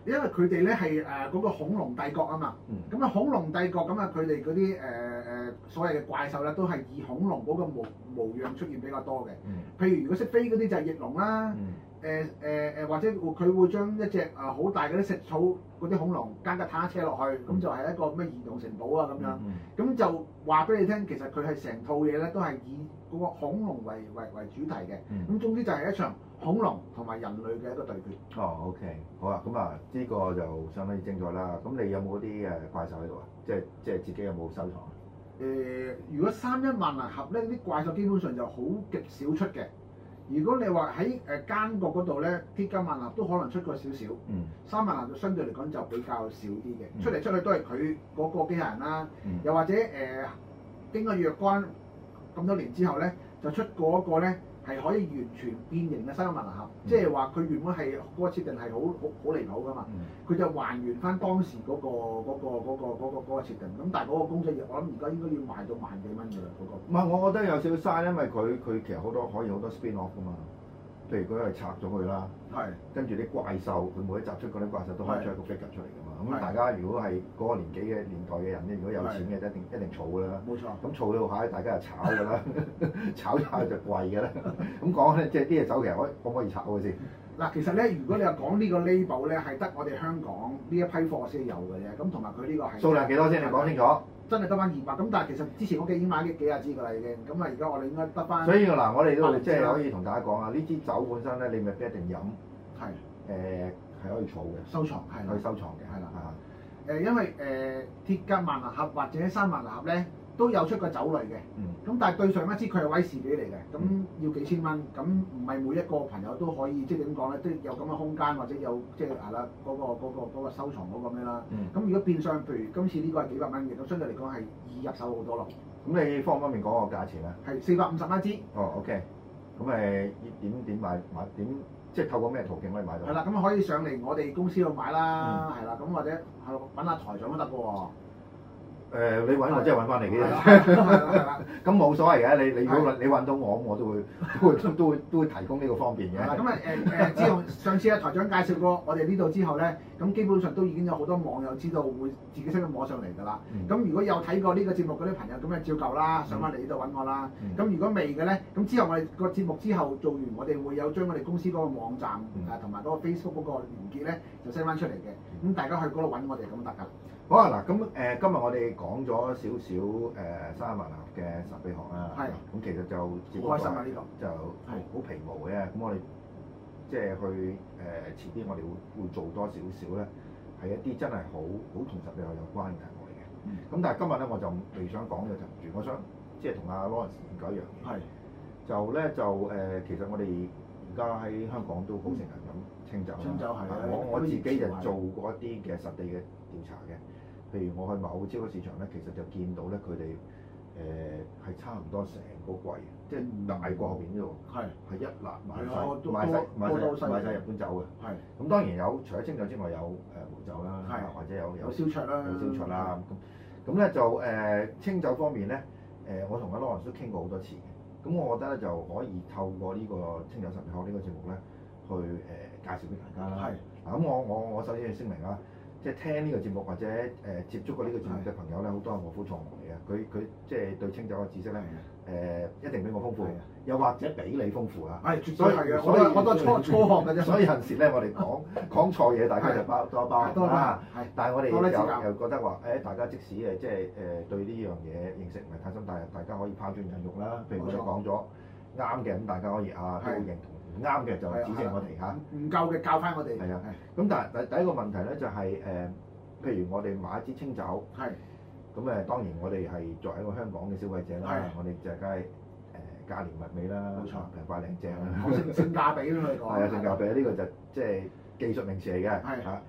因為佢哋咧係誒嗰個恐龍帝國啊嘛。咁啊、嗯、恐龍帝國咁啊佢哋嗰啲誒誒所謂嘅怪獸咧都係以恐龍嗰個模模樣出現比較多嘅。嗯、譬如如果識飛嗰啲就係翼龍啦。誒誒誒，或者佢會將一隻誒好大嗰啲食草嗰啲恐龍加架坦克車落去，咁就係一個咩移動城堡啊咁樣。咁、嗯嗯、就話俾你聽，其實佢係成套嘢咧，都係以嗰個恐龍為為為主題嘅。咁總之就係一場恐龍同埋人類嘅一個對決。哦，OK，好啊，咁啊，呢個就相當精彩啦。咁你有冇啲誒怪獸喺度啊？即係即係自己有冇收藏啊、呃？如果三一萬能俠咧，啲怪獸基本上就好極少出嘅。如果你話喺誒間國嗰度咧，鐵甲萬能都可能出過少少，嗯、三萬能就相對嚟講就比較少啲嘅，嗯、出嚟出去都係佢嗰個機械人啦、啊，嗯、又或者誒、呃、經過若干咁多年之後咧，就出過一個咧。係可以完全變形嘅三一萬能俠啊！即係話佢原本係嗰個設定係好好好離譜噶嘛，佢、嗯、就還原翻當時嗰個嗰個嗰個嗰個設定。咁但係嗰個公仔我諗而家應該要賣到萬幾蚊㗎啦，嗰個。唔係、嗯，我覺得有少嘥，因為佢佢其實好多可以好多 spin off 㗎嘛。譬如佢係拆咗佢啦，的跟住啲怪獸，佢每一集出嗰啲怪獸都可以出一個 figure 出嚟㗎。咁大家如果係嗰個年紀嘅年代嘅人咧，如果有錢嘅，一定一定儲噶啦。冇錯。咁儲到下，大家就炒噶啦，炒下就貴噶啦。咁講咧，即係啲嘢酒其實可可唔可以炒嘅先？嗱，其實咧，如果你話講呢個 label 咧，係得我哋香港呢一批貨先有嘅啫。咁同埋佢呢個係數量幾多先？你講清楚。真係得翻二百。咁但係其實之前我哋已經買咗幾廿支過嚟嘅，咁啊而家我哋應該得翻。所以嗱，我哋都即係可以同大家講啊，呢支酒本身咧，你未必一定飲。係。誒。可以儲嘅收藏，係的可以收藏嘅，係啦嚇。誒的、呃，因為誒、呃、鐵甲萬能俠或者三一萬能俠咧，都有出過酒類嘅。嗯。咁但係對上一支佢係威士忌嚟嘅，咁、嗯、要幾千蚊，咁唔係每一個朋友都可以，即係點講咧，都有咁嘅空間或者有即係啊啦嗰個嗰、嗰個嗰個、收藏嗰個咩啦。咁、嗯、如果變相，譬如今次呢個係幾百蚊嘅，咁相對嚟講係易入手好多咯。咁、嗯、你方唔方便講個價錢咧？係四百五十蚊一支。哦、oh，OK、嗯。咁誒要點點買買點？嗯嗯即係透過咩途徑可以買到？係啦，咁可以上嚟我哋公司度買啦，係啦、嗯，咁或者去搵下台長都得嘅喎。誒、呃，你揾的我即係揾翻嚟嘅，咁冇 [LAUGHS] 所謂嘅。你你如果的你揾到我，我都會 [LAUGHS] 都會，都會，都，會都會提供呢個方便嘅。咁啊誒，之、呃呃、上次阿台長介紹過我哋呢度之後咧，咁基本上都已經有好多網友知道會自己識到摸上嚟㗎啦。咁、嗯、如果有睇過呢個節目嗰啲朋友，咁咧照舊啦，上翻嚟呢度揾我啦。咁、嗯、如果未嘅咧，咁之後我哋個節目之後做完，我哋會有將我哋公司嗰個網站誒同埋嗰個 Facebook 嗰個連結咧，就 send 翻出嚟嘅。咁大家去嗰度揾我哋咁得㗎。好啊，嗱，咁誒、呃、今我點點、呃、日我哋講咗少少誒三萬學嘅神秘學啊，咁的其實就好開心啊，呢個就係很好的皮毛嘅，咁我哋即係去誒、呃、遲啲我哋會會做多少少咧，係一啲真係好好同神秘學有關嘅題目嚟嘅。咁的但係今日咧我就未想講嘅就唔住，我想即係同阿 Lawrence 師傅一樣，係的就咧就誒、呃、其實我哋而家喺香港都好成日飲清酒，我我自己就做過一啲嘅實地嘅調查嘅。譬如我去某超級市場咧，其實就見到咧，佢哋誒係差唔多成個櫃，即係賣過後邊嗰度，係一攬買曬買曬買曬日本酒嘅。係咁當然有，除咗清酒之外，有誒和酒啦，或者有有燒灼啦，有燒灼啦。咁咁咧就誒清酒方面咧，誒我同阿 Lawrence 傾過好多次嘅。咁我覺得咧就可以透過呢個清酒神學呢個節目咧，去誒介紹俾大家啦。係，嗱，咁我我我首先聲明啦。即係聽呢個節目或者誒接觸過呢個節目嘅朋友咧，好多係臥虎藏龍嚟嘅。佢佢即係對清酒嘅知識咧，誒一定比我豐富，又或者比你豐富啦。係，絕對係嘅。所以我都係初初學嘅啫。所以有陣時咧，我哋講講錯嘢，大家就包多包多啦。係，但係我哋又又覺得話，誒大家即使誒即係誒對呢樣嘢認識唔係太深，但係大家可以拋磚引玉啦。譬如我講咗啱嘅，咁大家可以啊都認同。啱嘅就指正我哋嚇，唔夠嘅教翻我哋。係啊，咁但係第第一個問題咧就係誒，譬如我哋買一支清酒，係咁誒，當然我哋係作為一個香港嘅消費者啦，我哋就梗係誒價廉物美啦，冇錯，平價靚正啊，性性價比啦，你講係啊，性價比呢個就即係技術名詞嚟嘅，係嚇。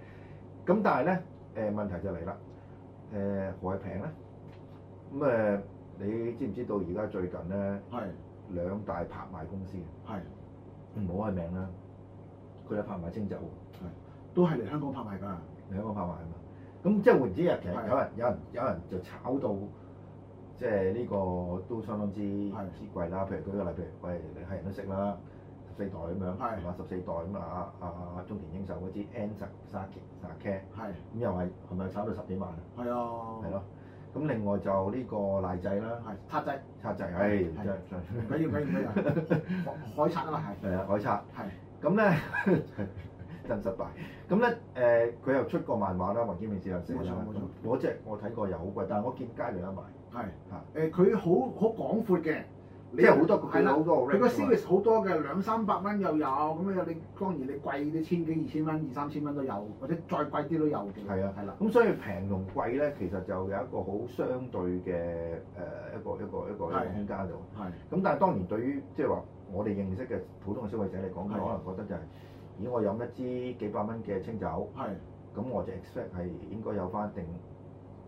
咁但係咧誒問題就嚟啦，誒何謂平咧？咁誒你知唔知道而家最近咧，係兩大拍賣公司係。唔好佢名啦，佢哋拍賣清酒，都係嚟香港拍賣㗎，香港拍賣啊嘛。咁即係換之，日劇有人的有人有人就炒到，即係呢個都相當之貴啦。譬如舉個例，譬如，喂，係人都識啦，十四代咁樣，同埋十四代咁啊啊啊！中田英壽嗰支 N 十 s a k Sake，咁又係係咪炒到十幾萬啊？係啊的，係咯的。咁另外就呢、這個賴仔啦，係擦仔，擦仔，唉太，真真俾唔俾唔俾啊！海賊啊嘛，係，係啊，海賊，係。咁咧真失敗。咁咧誒，佢、呃、又出過漫畫啦，黃健明先生寫啦。冇錯冇錯，嗰隻、那個、我睇過又好貴，但係我見街上有賣。係啊是，誒，佢好好廣闊嘅。即係好多佢有好多個 range 喎，佢個 service 好多嘅，兩三百蚊又有，咁咧你當然你貴啲千幾二千蚊、二三千蚊都有，或者再貴啲都有嘅。係啊，係啦。咁所以平同貴咧，其實就有一個好相對嘅誒一個一個一個空間度。係。咁但係當然對於即係話我哋認識嘅普通嘅消費者嚟講，佢可能覺得就係，咦，我飲一支幾百蚊嘅清酒，咁我就 expect 係應該有翻一定。」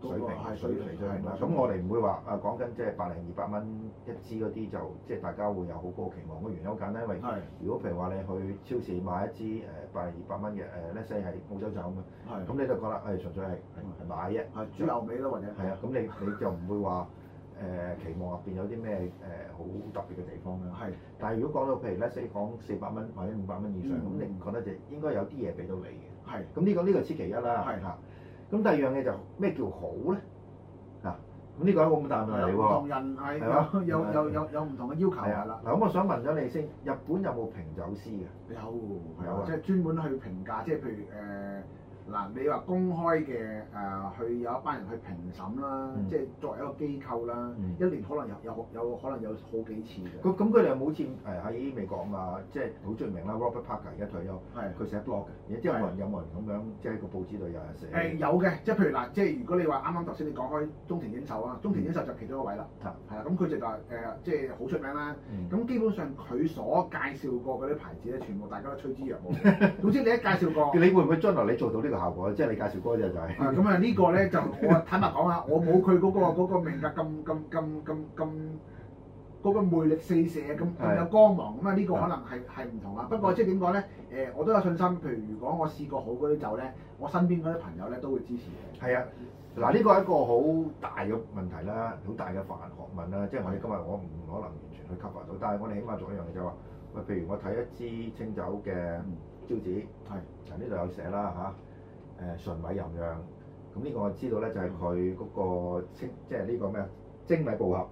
水平水平水平啦，咁我哋唔會話誒講緊即係百零二百蚊一支嗰啲，就即係大家會有好高期望。個原因好簡單，因為如果譬如話你去超市買一支誒百零二百蚊嘅誒 l e s s 係澳洲酒咁，咁你就覺得係純粹係係買啫，主流尾咯或者係啊，咁你你就唔會話誒期望入邊有啲咩誒好特別嘅地方啦。係，但係如果講到譬如 l e s s 講四百蚊或者五百蚊以上，咁你唔覺得就應該有啲嘢俾到你嘅。係，咁呢個呢個先其一啦。係啊。咁第二樣嘢就咩叫好咧？嗱、啊，咁呢個好大問題嚟喎。唔同人係、啊，有有有有唔同嘅要求。係啦，嗱，咁我想問咗你先，日本有冇評酒師嘅？有，有、啊啊啊、即係專門去評價，即係譬如誒。呃嗱，你話公開嘅誒、呃，去有一班人去評審啦，即係、嗯、作為一個機構啦，嗯、一年可能有有有可能有好幾次嘅。咁佢哋又冇似誒喺美國啊嘛，即係好出名啦。Robert Parker 而家退休，佢的寫 blog 嘅的，而之後有人有冇人咁樣即係個報紙度有人寫。誒、呃、有嘅，即係譬如嗱，即係如果你話啱啱頭先你講開中田英壽啊，中田英壽就其中一位啦，係啊、嗯，咁佢、嗯嗯、就就誒、呃、即係好出名啦。咁、嗯、基本上佢所介紹過嗰啲牌子咧，全部大家都趨之若鶩。總之你一介紹過， [LAUGHS] 你會唔會將來你做到呢、這個？個效果即係你介紹嗰隻就係、是。咁啊、嗯嗯這個、呢個咧就我坦白講啊， [LAUGHS] 我冇佢嗰個命格咁咁咁咁咁咁魅力四射咁咁、嗯、有光芒咁啊，呢個可能係係唔同啦。不過即係點講咧？誒、嗯嗯嗯、我都有信心。譬如如果我試過好嗰啲酒咧，我身邊嗰啲朋友咧都會支持。係、嗯嗯嗯、啊，嗱，呢個係一個好大嘅問題啦，好大嘅範學問啦。即係我哋今日我唔可能完全去吸納到，但係我哋起碼做一樣嘢就係話：喂，譬如我睇一支清酒嘅招紙，係、嗯、啊，呢度有寫啦嚇。對誒純米吟釀，咁呢個我知道咧，就係佢嗰個精，即係呢個咩啊精米步合。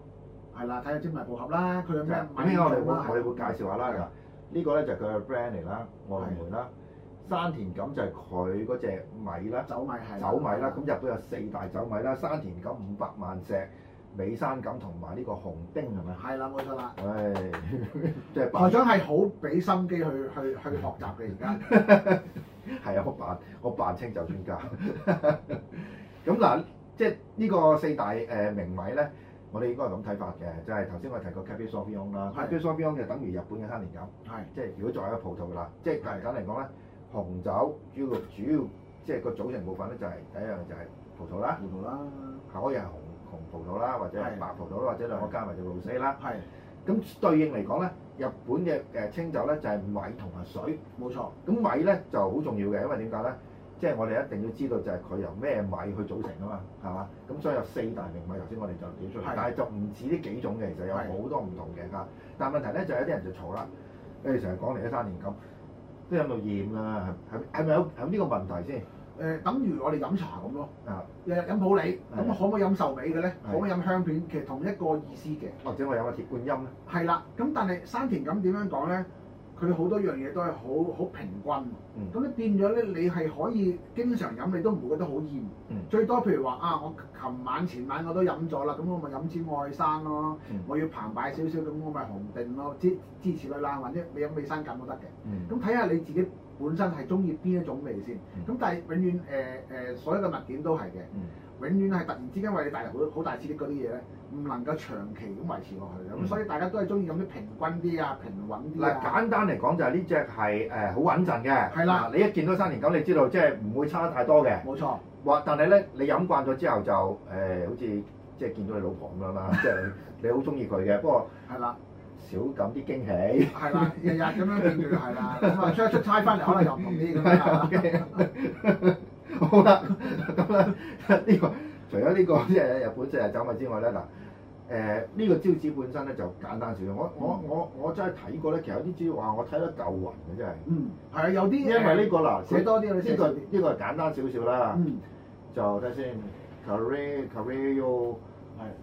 係啦，睇下精米步合啦，佢有咩？咁呢個我哋會，我哋會介紹下啦。嗱，呢個咧就係佢嘅 brand 嚟啦，愛媛啦，山田錦就係佢嗰隻米啦，酒米係。酒米啦，咁日本有四大酒米啦，山田錦五百萬石，美山錦同埋呢個紅丁係咪？係啦，冇錯啦。唉，即係台長係好俾心機去去去學習嘅而家。係啊，我扮我扮清酒專家。咁嗱，即係呢個四大誒名米咧，我哋應該係咁睇法嘅，就係頭先我提過 Cabernet Sauvignon 啦 Cabernet Sauvignon 就等於日本嘅三年酒，係即係如果再有葡萄啦，即係大膽嚟講咧，紅酒主要主要即係個組成部分咧，就係第一樣就係葡萄啦，葡萄啦，可以係紅紅葡萄啦，或者係白葡萄，或者兩個加埋就 Rosé 啦，係咁對應嚟講咧。日本嘅誒清酒咧就係米同埋水，冇錯。咁米咧就好重要嘅，因為點解咧？即係我哋一定要知道就係佢由咩米去組成啊嘛，係嘛？咁所以有四大名米，頭先我哋就表出嚟。但係就唔止呢幾種嘅，其實有好多唔同嘅嚇。的但係問題咧就係有啲人就嘈啦，你哋成日講嚟一三年咁，都有冇厭啦，係係咪有有呢個問題先？誒、呃、等於我哋飲茶咁咯，啊、日日飲普洱，咁的可唔可以飲壽眉嘅咧？的可唔可以飲香片？其實同一個意思嘅，或者我有個鐵觀音咧。係啦，咁但係山田咁點樣講咧？佢好多樣嘢都係好好平均，咁你、嗯、變咗咧，你係可以經常飲，你都唔會覺得好厭。嗯、最多譬如話啊，我琴晚前晚我都飲咗啦，咁我咪飲支愛山咯、啊，嗯、我要澎湃少少咁，我咪紅定咯、啊，支支持佢啦或者未飲未生咁都得嘅。咁睇、嗯、下你自己本身係中意邊一種味先。咁、嗯、但係永遠誒誒、呃呃，所有嘅物件都係嘅。嗯嗯永遠係突然之間為你帶來好好大刺激嗰啲嘢咧，唔能夠長期咁維持落去咁、嗯、所以大家都係中意飲啲平均啲啊、平穩啲嗱，簡單嚟講就係呢隻係誒好穩陣嘅，係啦、啊。你一見到三年九，你知道即係唔會差得太多嘅，冇錯。或但係咧，你飲慣咗之後就誒、呃，好似即係見到你老婆咁樣啦，即係 [LAUGHS] 你好中意佢嘅，不過係啦，少咁啲驚喜，係啦， [LAUGHS] 啦，日日咁樣跟住就係啦，因為出一出差翻嚟可能又唔同啲咁 [LAUGHS] [LAUGHS] 好啦，咁啦、這個，呢、這個除咗呢個即係日本即係走馬之外咧，嗱、呃，誒、這、呢個招紙本身咧就簡單少少。我我我我真係睇過咧，其實有啲招紙話我睇得嚿雲嘅真係。嗯，係啊，有啲。因為呢、這個嗱，呃、寫，寫多啲你先。呢、這個呢、這個簡單少少啦。嗯。就睇先 c a r r c a r r y o 唔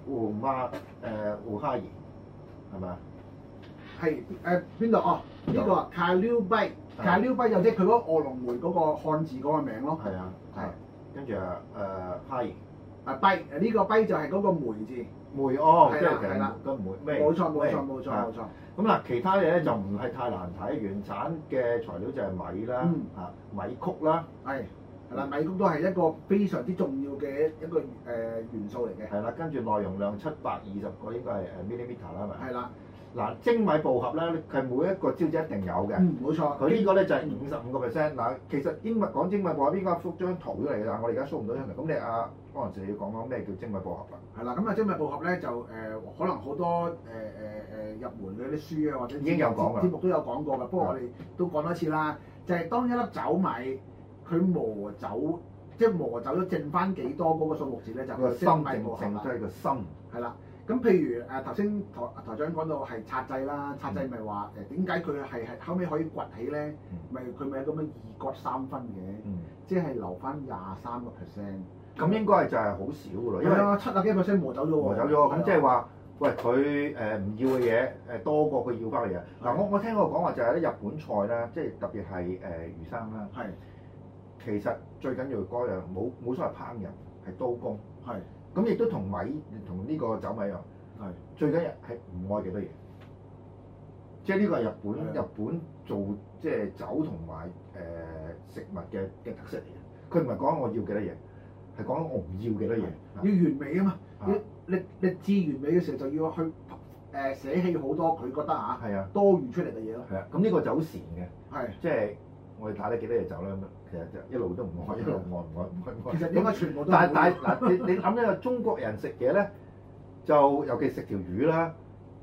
胡 u m a 誒，Uhae，係嘛？係邊度？哦，呢、這個 c a r i b b e a a r i b b e 又即係佢嗰個卧龍梅嗰個漢字嗰個名咯。係 [MUSIC] 啊。係，跟住誒，輝，啊，璽，呢個璽就係嗰個梅字，梅，哦，即係誒個梅，咩？冇錯冇錯冇錯冇錯。咁嗱，其他嘢咧就唔係太難睇，原產嘅材料就係米啦，嚇，米曲啦。係，嗱，米曲都係一個非常之重要嘅一個誒元素嚟嘅。係啦，跟住內容量七百二十個應該係誒 millimeter 啦，係咪？係啦。嗱，精米步合咧，佢每一個招紙一定有嘅，冇、嗯、錯。佢呢個咧就係五十五個 percent。嗱，其實英文講精米步合邊個幅張圖嚟㗎？我哋而家 show 唔到出嚟。咁你阿阿 Lawrence 要講講咩叫精米步合啊？係啦，咁啊精米步合咧就誒、呃，可能好多誒誒誒入門嗰啲書啊或者已經有講過節目都有講過㗎。的不過我哋都講多次啦，就係、是、當一粒酒米，佢磨走，即係磨走咗，剩翻幾多嗰個數目字咧，就係、是、個精米步合。即心、嗯。係、嗯、啦。嗯嗯嗯。咁譬如誒頭先台台長講到係拆制啦，拆制咪話誒點解佢係係後尾可以崛起咧？咪佢咪有咁樣二割三分嘅，即係留翻廿三個 percent。咁，嗯，應該係就係好少嘅咯，因為。係啊，七啊幾 percent 磨走咗喎。走咗，咁即係話，喂佢誒唔要嘅嘢誒多過佢要翻嘅嘢。嗱，我我聽過講話就係啲日本菜啦，即係特別係誒魚生啦。係的。其實最緊要嗰樣冇冇所謂烹飪，係刀工。係。咁亦都同米同呢個酒米一樣，最緊要係唔愛幾多嘢，即係呢個係日本日本做即係酒同埋誒食物嘅嘅特色嚟嘅。佢唔係講我要幾多嘢，係講我唔要幾多嘢，要完美啊嘛。你你你至完美嘅時候就要去誒捨棄好多佢覺得啊，多餘出嚟嘅嘢咯。咁呢個酒好善嘅，即係我哋打啲幾多嘢酒咧咁啊！一路都唔愛，一路愛，唔愛，唔愛。其實點解全部都，都但係大嗱，你你諗咧，中國人食嘢咧，就尤其食條魚啦，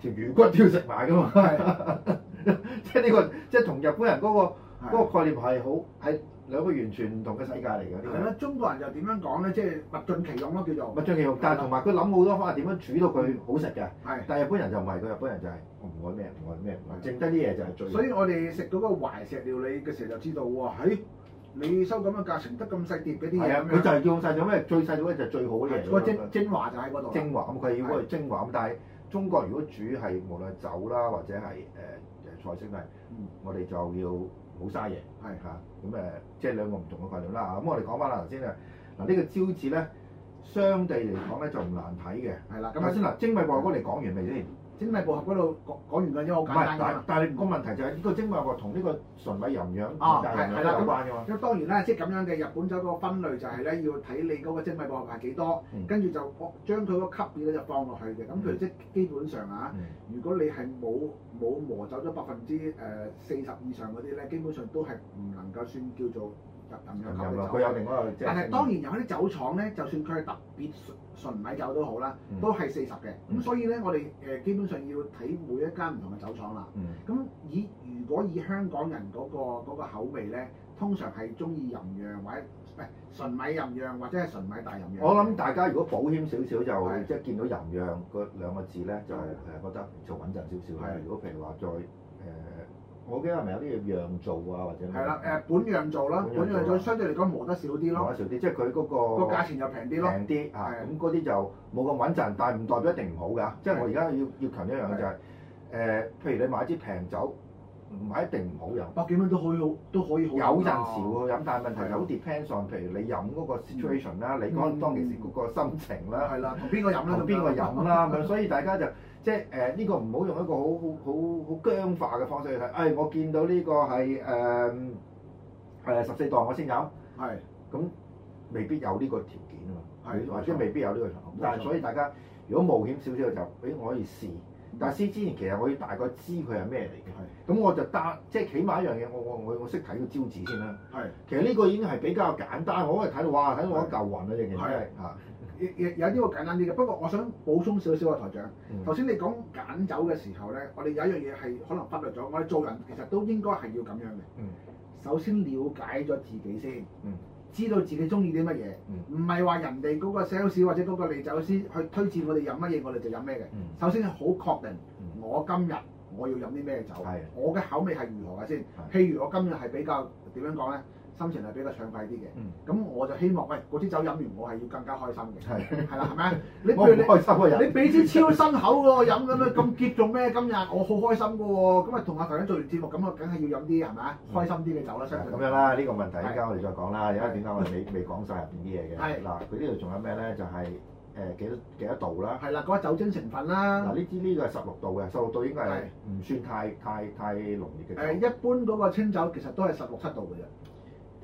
條魚骨都要食埋噶嘛。係即係呢個，即係同日本人嗰、那個、是的 個概念係好係兩個完全唔同嘅世界嚟嘅。係啊的，中國人又點樣講咧？即係物盡其用咯、啊，叫做物盡其用。是的 但係同埋佢諗好多方法，點樣煮到佢好食嘅。係。是的 但係日本人就唔係，佢日本人就係唔愛咩，唔愛咩，唔愛。淨得啲嘢就係最。所以我哋食到個懷石料理嘅時候就知道喎，你收咁樣價錢，成得咁細碟嗰啲嘢咁佢就係用細碟咩？最細到咧就最好嘅嘢，哇的！精精華就喺嗰度，精華咁佢要嗰個精華咁。但係中國如果煮係無論酒啦或者係誒誒菜式都係，嗯、我哋就要好嘥嘢，係嚇的。咁誒、啊，即係兩個唔同嘅概念啦。咁我哋講翻啦頭先咧，嗱、這個、呢個招字咧，相對嚟講咧就唔難睇嘅。係啦，咁頭先嗱，精米白糕你講完未先？精米步合嗰度講講完嘅因好簡單嘅嘛。但係但係個問題就係呢個精米步合同呢個,個純米有唔樣，有唔一樣有關嘅嘛。咁、啊、當然啦，即係咁樣嘅日本酒嗰個分類就係咧，要睇你嗰個精米步合係幾多，跟住、嗯、就將佢嗰個級別咧就放落去嘅。咁、嗯、譬如即係基本上啊，嗯、如果你係冇冇磨走咗百分之誒四十以上嗰啲咧，基本上都係唔能夠算叫做。佢有另外嘅酒，酒，但係當然有啲酒廠咧，嗯、就算佢係特別純純米酒都好啦，都係四十嘅。咁、嗯、所以咧，嗯、我哋誒基本上要睇每一間唔同嘅酒廠啦。咁、嗯、以如果以香港人嗰、那個那個口味咧，通常係中意吟釀或者唔係純米吟釀，或者係純，純米大吟釀。我諗大家如果保險少少就即係是的 見到吟釀個兩個字咧，就係、是、誒覺得就穩陣少少啦。如果譬如話再。我驚係咪有啲嘢樣做啊，或者？係啦，誒本樣做啦，本樣做相對嚟講磨得少啲咯。磨得少啲，即係佢嗰個個價錢又平啲咯。平啲嚇，咁嗰啲就冇咁穩陣，但係唔代表一定唔好㗎。即係我而家要要強調一樣就係誒，譬如你買支平酒，唔係一定唔好飲。百幾蚊都可以好，都可以好。有陣時會去飲，但係問題就好 depends on，譬如你飲嗰個 situation 啦，你講當其時個心情啦，係啦，同邊個飲啦，同邊個飲啦，咁所以大家就。即係誒呢個唔好用一個好好好僵化嘅方式去睇，誒、哎、我見到呢個係誒誒十四代我先有，係咁是未必有呢個條件啊嘛，係是或者未必有呢個條件，錯但係所以大家如果冒險少少就，誒我可以試，但係試之前其實我要大概知佢係咩嚟嘅，咁是我就單即係起碼一樣嘢，我我我我識睇個招紙先啦，係是其實呢個已經係比較簡單，我可以睇到哇睇到我一嚿雲啊，認認真啊。有啲會簡單啲嘅，不過我想補充少少啊，台長。頭先、嗯、你講揀酒嘅時候咧，我哋有一樣嘢係可能忽略咗，我哋做人其實都應該係要咁樣嘅。嗯、首先了解咗自己先，嗯、知道自己中意啲乜嘢，唔係話人哋嗰個 sales 或者嗰個利酒師去推薦我哋飲乜嘢，我哋就飲咩嘅。首先好確定、嗯、我今日我要飲啲咩酒，的我嘅口味係如何嘅先。的的譬如我今日係比較點樣講咧？心情係比較暢快啲嘅，咁我就希望，喂，嗰支酒飲完，我係要更加開心嘅，係啦，係咪你我唔開心嘅人。你俾支超辛口嘅飲，咁啊咁澀做咩？今日我好開心嘅喎，咁啊同阿頭仔做完節目，咁我梗係要飲啲係咪啊？開心啲嘅酒啦。咁樣啦，呢個問題依家我哋再講啦，因為點解我哋未未講晒入邊啲嘢嘅？嗱，佢呢度仲有咩咧？就係誒幾多幾多度啦？係啦，嗰酒精成分啦。嗱，呢支呢個係十六度嘅，十六度應該係唔算太太太濃烈嘅。誒，一般嗰個清酒其實都係十六七度嘅啫。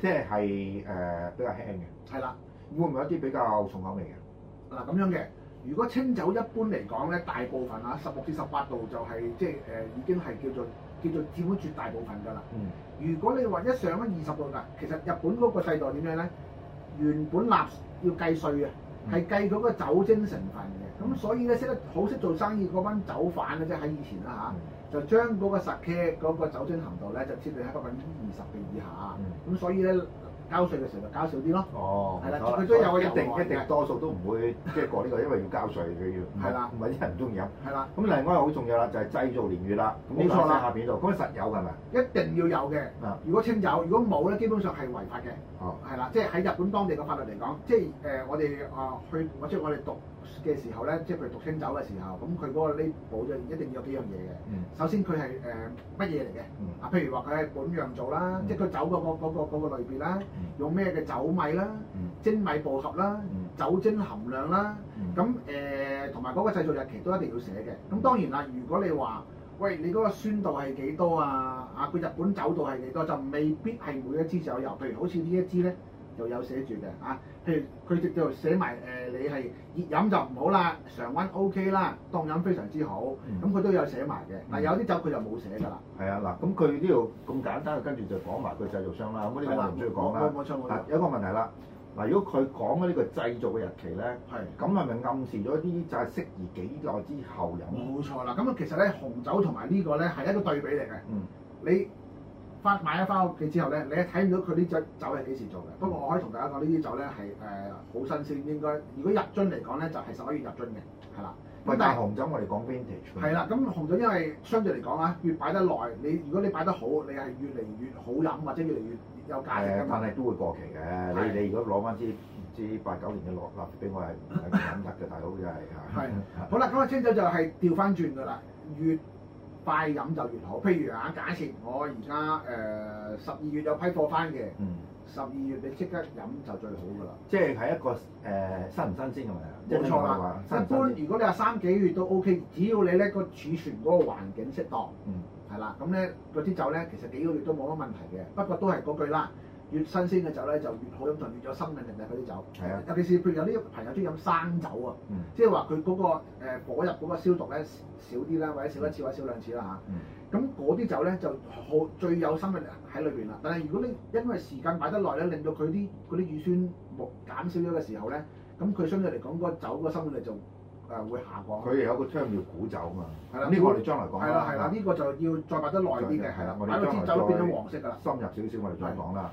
即係誒、呃、比較輕嘅。係啦的，會唔會有啲比較重口味嘅？嗱咁、啊、樣嘅，如果清酒一般嚟講咧，大部分啊十六至十八度就係、是、即係誒、呃、已經係叫做叫做佔咗絕大部分㗎啦。嗯。如果你話一上翻二十度㗎，其實日本嗰個世代點樣咧？原本立要計稅嘅，係計嗰個酒精成分嘅。咁、嗯嗯、所以咧，識得好識做生意嗰班酒販㗎啫，喺以前啦嚇。啊就將嗰個實釘嗰個酒精含量咧就設定喺百分之二十嘅以下，咁所以咧交稅嘅時候就交少啲咯。哦，係啦，佢都有一定一定多數都唔會即係過呢個，因為要交稅佢要。係啦，唔係啲人唔中意飲。係啦，咁另外一個好重要啦，就係製造年月啦。冇錯啦，下邊度。嗰個實有係咪？一定要有嘅。如果清酒，如果冇咧，基本上係違法嘅。哦。係啦，即係喺日本當地嘅法律嚟講，即係誒我哋啊去或者我哋讀。嘅時候咧，即係譬如讀清酒嘅時候，咁佢嗰個呢保質一定要有幾樣嘢嘅。嗯、首先佢係誒乜嘢嚟嘅？啊、呃，嗯、譬如話佢係本釀造啦，嗯、即係佢酒嗰、嗰個嗰、嗰個嗰類別啦，嗯、用咩嘅酒米啦，精、嗯、米步合啦，嗯、酒精含量啦，咁誒同埋嗰個製造日期都一定要寫嘅。咁當然啦，如果你話喂你嗰個酸度係幾多啊？啊，佢日本酒度係幾多就未必係每一支酒有。譬如好似呢一支咧。又有寫住嘅嚇，譬如佢直接寫埋誒、呃，你係熱飲就唔好啦，常溫 OK 啦，當飲非常之好，咁佢、嗯、都有寫埋嘅，嗯、但有啲酒佢就冇寫噶啦。係啊，嗱，咁佢呢度咁簡單，跟住就講埋佢製造商啦，咁呢啲我唔需要講啦。冇錯冇錯，有一個問題啦，嗱，如果佢講嘅呢個製造嘅日期咧，係咁係咪暗示咗啲就係、是、適宜幾耐之後飲？冇、嗯、錯啦，咁啊其實咧紅酒同埋呢個咧係一個對比嚟嘅，你、嗯。翻買咗翻屋企之後咧，你係睇唔到佢呢樽酒係幾時做嘅。不過我可以同大家講，呢啲酒咧係誒好新鮮，應該如果入樽嚟講咧，就係十一月入樽嘅，係啦是。咁但係紅酒我哋講 Vintage。係、嗯、啦，咁紅酒因為相對嚟講啊，越擺得耐，你如果你擺得好，你係越嚟越好飲或者越嚟越有價值，但係的樣都會過期嘅，你的你如果攞翻支唔知八九年嘅落嚟俾我，係唔飲得嘅，大佬嘅係。係的。 [LAUGHS] 好啦，咁啊清酒就係調翻轉㗎啦，越。快飲就越好，譬如啊，假設我而家誒十二月有批貨翻嘅，嗯、十二月你即刻飲就最好㗎啦。嗯、即係係一個誒新唔新鮮係咪？啊，冇錯啦。一般如果你話三幾月都 OK，只要你咧個儲存嗰個環境適當，嗯，係啦，咁咧嗰啲酒咧其實幾個月都冇乜問題嘅，不過都係嗰句啦。越新鮮嘅酒咧就越好飲，同越有生命力嗰啲酒。係啊，尤其是譬如有啲朋友鍾意飲生酒啊，即係話佢嗰個果入嗰個消毒咧少啲啦，或者少一次或者少兩次啦嚇。咁嗰啲酒咧就好最有生命力喺裏邊啦。但係如果你因為時間擺得耐咧，令到佢啲啲乳酸木減少咗嘅時候咧，咁佢相對嚟講嗰酒嗰個生命力就誒會下降。佢有個釀要古酒啊嘛。係啦、啊，呢個我哋將來講。係啦係啦，呢、啊啊呢個就要再擺得耐啲嘅。係啦、啊，我哋將來再，再，再，再深入少少，我哋再講啦。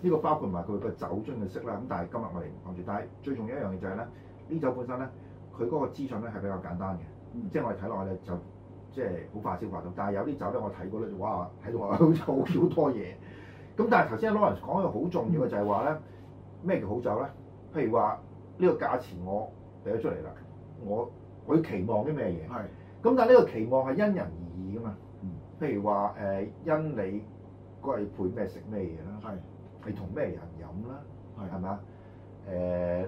呢個包括埋佢個酒樽嘅色啦，咁但係今日我哋唔住。但係最重要一樣嘢就係、是、咧，呢酒本身咧，佢嗰個資訊咧係比較簡單嘅，即係、嗯、我哋睇落去咧就即係好快消化到。但係有啲酒咧，我睇過咧就哇睇到哇好似好多嘢。咁 [LAUGHS] 但係頭先 Lawrence 講一個好重要嘅就係話咧，咩、嗯、叫好酒咧？譬如話呢個價錢我俾咗出嚟啦，我我要期望啲咩嘢？係是。咁但係呢個期望係因人而異噶嘛。譬如話誒、呃，因你嗰日配咩食咩嘢啦。係。你同咩人飲啦？係嘛是的？誒、呃，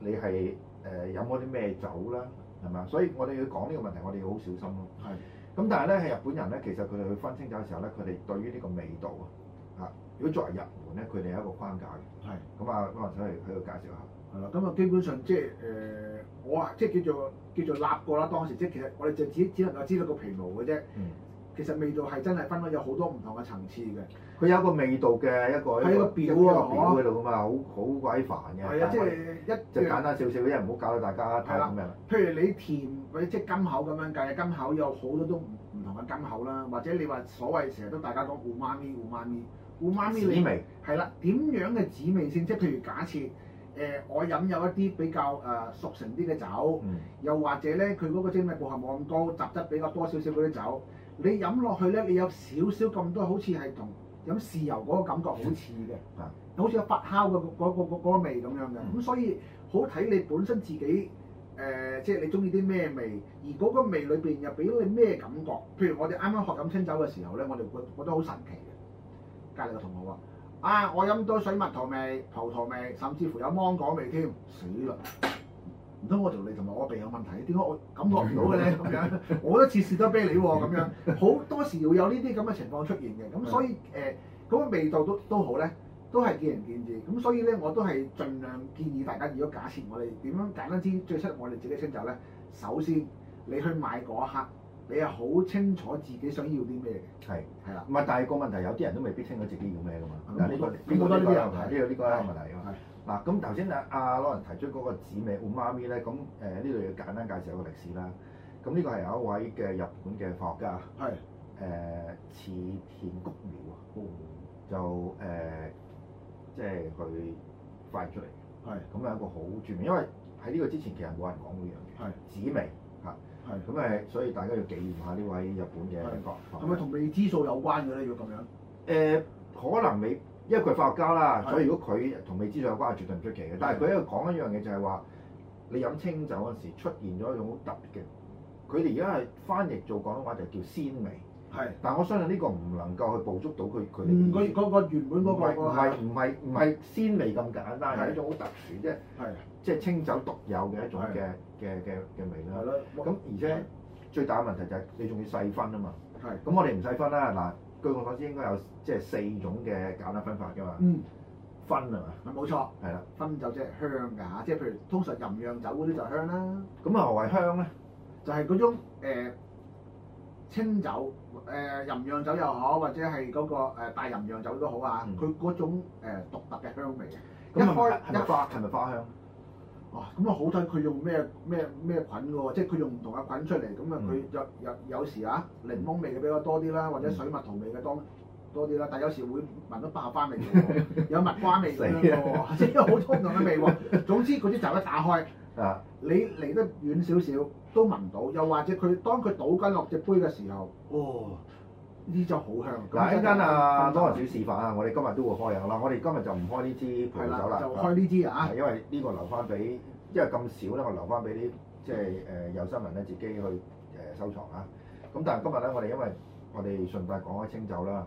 你係誒飲嗰啲咩酒啦？係嘛？所以我哋要講呢個問題，我哋要好小心咯。係是的。咁但係咧，係日本人咧，其實佢哋去分清楚嘅時候咧，佢哋對於呢個味道啊，啊，如果作為入門咧，佢哋有一個框架嘅。係。咁啊，可能想嚟喺度介紹下。係啦。咁啊，基本上即係誒、呃，我啊，即係叫做叫做立過啦。當時即係其實我哋就只只能夠知道個皮毛嘅啫。嗯、其實味道係真係分到有好多唔同嘅層次嘅。佢有一個味道嘅一個喺的個表啊，喺個表嗰度㗎嘛，好好鬼煩嘅。係啊的，即係是一就簡單少少，一唔好搞到大家太咁樣。譬如你甜，或即係甘口咁樣計，甘口有好多都唔同嘅甘口啦。或者你話所謂成日都大家講護媽咪、護媽咪、護媽咪，係啦，點味樣嘅紙味性？即係譬如假設誒、呃，我飲有一啲比較誒熟成啲嘅酒，嗯、又或者咧佢嗰個精米步合冇咁高，雜質比較多少少嗰啲酒，你飲落去咧，你有少少咁多，好似係同。飲豉油嗰個感覺的好似嘅，好似有發酵嘅嗰嗰味咁樣嘅，咁所以好睇你本身自己誒，即、呃、係、就是、你中意啲咩味，而嗰個味裏邊又俾到你咩感覺？譬如我哋啱啱學飲清酒嘅時候咧，我哋覺覺得好神奇嘅。隔離個同學話：啊，我飲到水蜜桃味、葡萄味，甚至乎有芒果味添，死啦！唔通我條脷同埋我鼻有問題？點解我感覺唔到嘅咧？咁 [LAUGHS] 樣，我覺得似士多啤梨喎，啊，咁樣好多時會有呢啲咁嘅情況出現嘅。咁 [LAUGHS] 所以誒，咁、呃、味道都都好咧，都係見仁見智。咁所以咧，我都係盡量建議大家，如果假設我哋點樣揀一支最適合我哋自己選擇咧，首先你去買嗰一刻，你係好清楚自己想要啲咩嘅。係係啦，唔係但係個問題有啲人都未必清楚自己要咩嘅嘛。嗱呢、嗯呢個呢個呢個係呢個呢個問題啊。嗱，咁頭先阿阿 Lawrence 提出嗰個子尾換媽咪咧，咁誒呢度要簡單介紹一個歷史啦。咁呢個係有一位嘅日本嘅科學家，誒池的、呃、田菊苗、哦、就誒、呃、即係佢發出嚟嘅，係咁係一個好著名，因為喺呢個之前其實冇人講呢樣嘢。的紫薇，尾嚇，係咁誒，所以大家要紀念下呢位日本嘅科學家。係咪同味之素有關嘅咧？如果咁樣，誒、呃、可能味。因為佢係化學家啦，所以如果佢同未知上有關係，絕對唔出奇嘅。但係佢喺度講一樣嘢，就係話你飲清酒嗰陣時出現咗一種好特別嘅，佢哋而家係翻譯做廣東話就叫鮮味。係。但我相信呢個唔能夠去捕捉到佢佢哋。唔，個原本嗰個。唔係唔係唔係鮮味咁簡單，係一種好特殊啫。係。即係清酒獨有嘅一種嘅嘅嘅嘅味啦。係咯。咁而且最大嘅問題就係你仲要細分啊嘛。係。咁我哋唔細分啦嗱。據我所知，應該有即係四種嘅簡單分法㗎嘛。嗯，分係嘛？冇錯。係啦了，分酒就即係香㗎。即係譬如通常吟釀酒嗰啲、嗯、就香啦。咁、呃、啊，何謂香咧？就係嗰種清酒誒吟、呃、釀酒又好，或者係嗰個大吟釀酒都好啊。佢嗰、嗯、種誒、呃、獨特嘅香味。咁開、嗯、一花係咪花香？哇！咁、哦嗯、啊，好睇佢用咩咩咩菌嘅喎，即係佢用唔同嘅菌出嚟，咁啊佢有有有時啊檸檬味嘅比較多啲啦，或者水蜜桃味嘅多多啲啦，但係有時會聞到爆花味 [LAUGHS] 有蜜瓜味咁樣嘅即好多唔同嘅了了味喎。 [LAUGHS] 總之嗰啲就一打開，啊，你離得遠少少都聞到，又或者佢當佢倒緊落隻杯嘅時候，哦。呢支好香，嗱，一陣間啊，Lawrence 示範啊，我哋今日都會開嘅啦。我哋今日就唔開呢支葡萄酒啦，就開呢支啊，因為呢個留翻俾，因為咁少咧，我留翻俾啲即係誒有心人咧自己去誒收藏啊。咁但係今日咧，我哋因為我哋順帶講開清酒啦，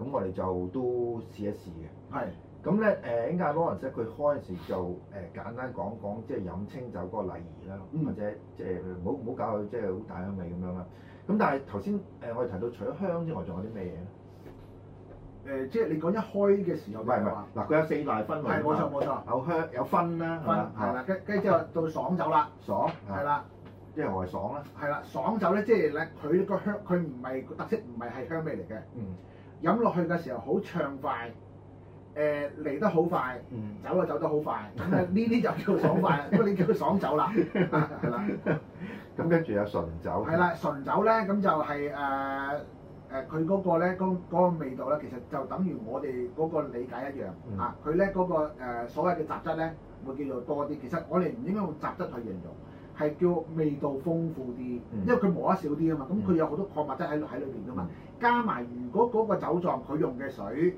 咁我哋就都試一試嘅。係，咁咧誒，點解 Lawrence，佢開嗰陣時就誒簡單講講，即係飲清酒嗰個禮儀啦，或者即係唔好唔好搞佢，即係好大香味咁樣啦。咁但係頭先誒我哋提到除咗香之外，仲有啲咩嘢咧？誒，即係你講一開嘅時候，唔係唔係，嗱，佢有四大分類，冇錯冇錯，有香有分啦，係啦，跟跟住之後到爽酒啦，爽係啦，即係何為爽咧？係啦，爽酒咧，即係咧，佢個香佢唔係特色，唔係係香味嚟嘅，嗯，飲落去嘅時候好暢快，誒嚟得好快，走又走得好快，呢啲就叫爽快，咁你叫佢爽酒啦，係啦。咁跟住有純酒，係啦、嗯，純酒咧，咁就係誒誒，佢、呃、嗰、呃、個咧，嗰個味道咧，其實就等於我哋嗰個理解一樣、嗯、啊。佢咧嗰個、呃、所謂嘅雜質咧，會叫做多啲。其實我哋唔應該用雜質去形容，係叫味道豐富啲，嗯、因為佢磨得少啲啊嘛。咁佢有好多礦物質喺喺裏邊噶嘛，嗯、加埋如果嗰個酒莊佢用嘅水。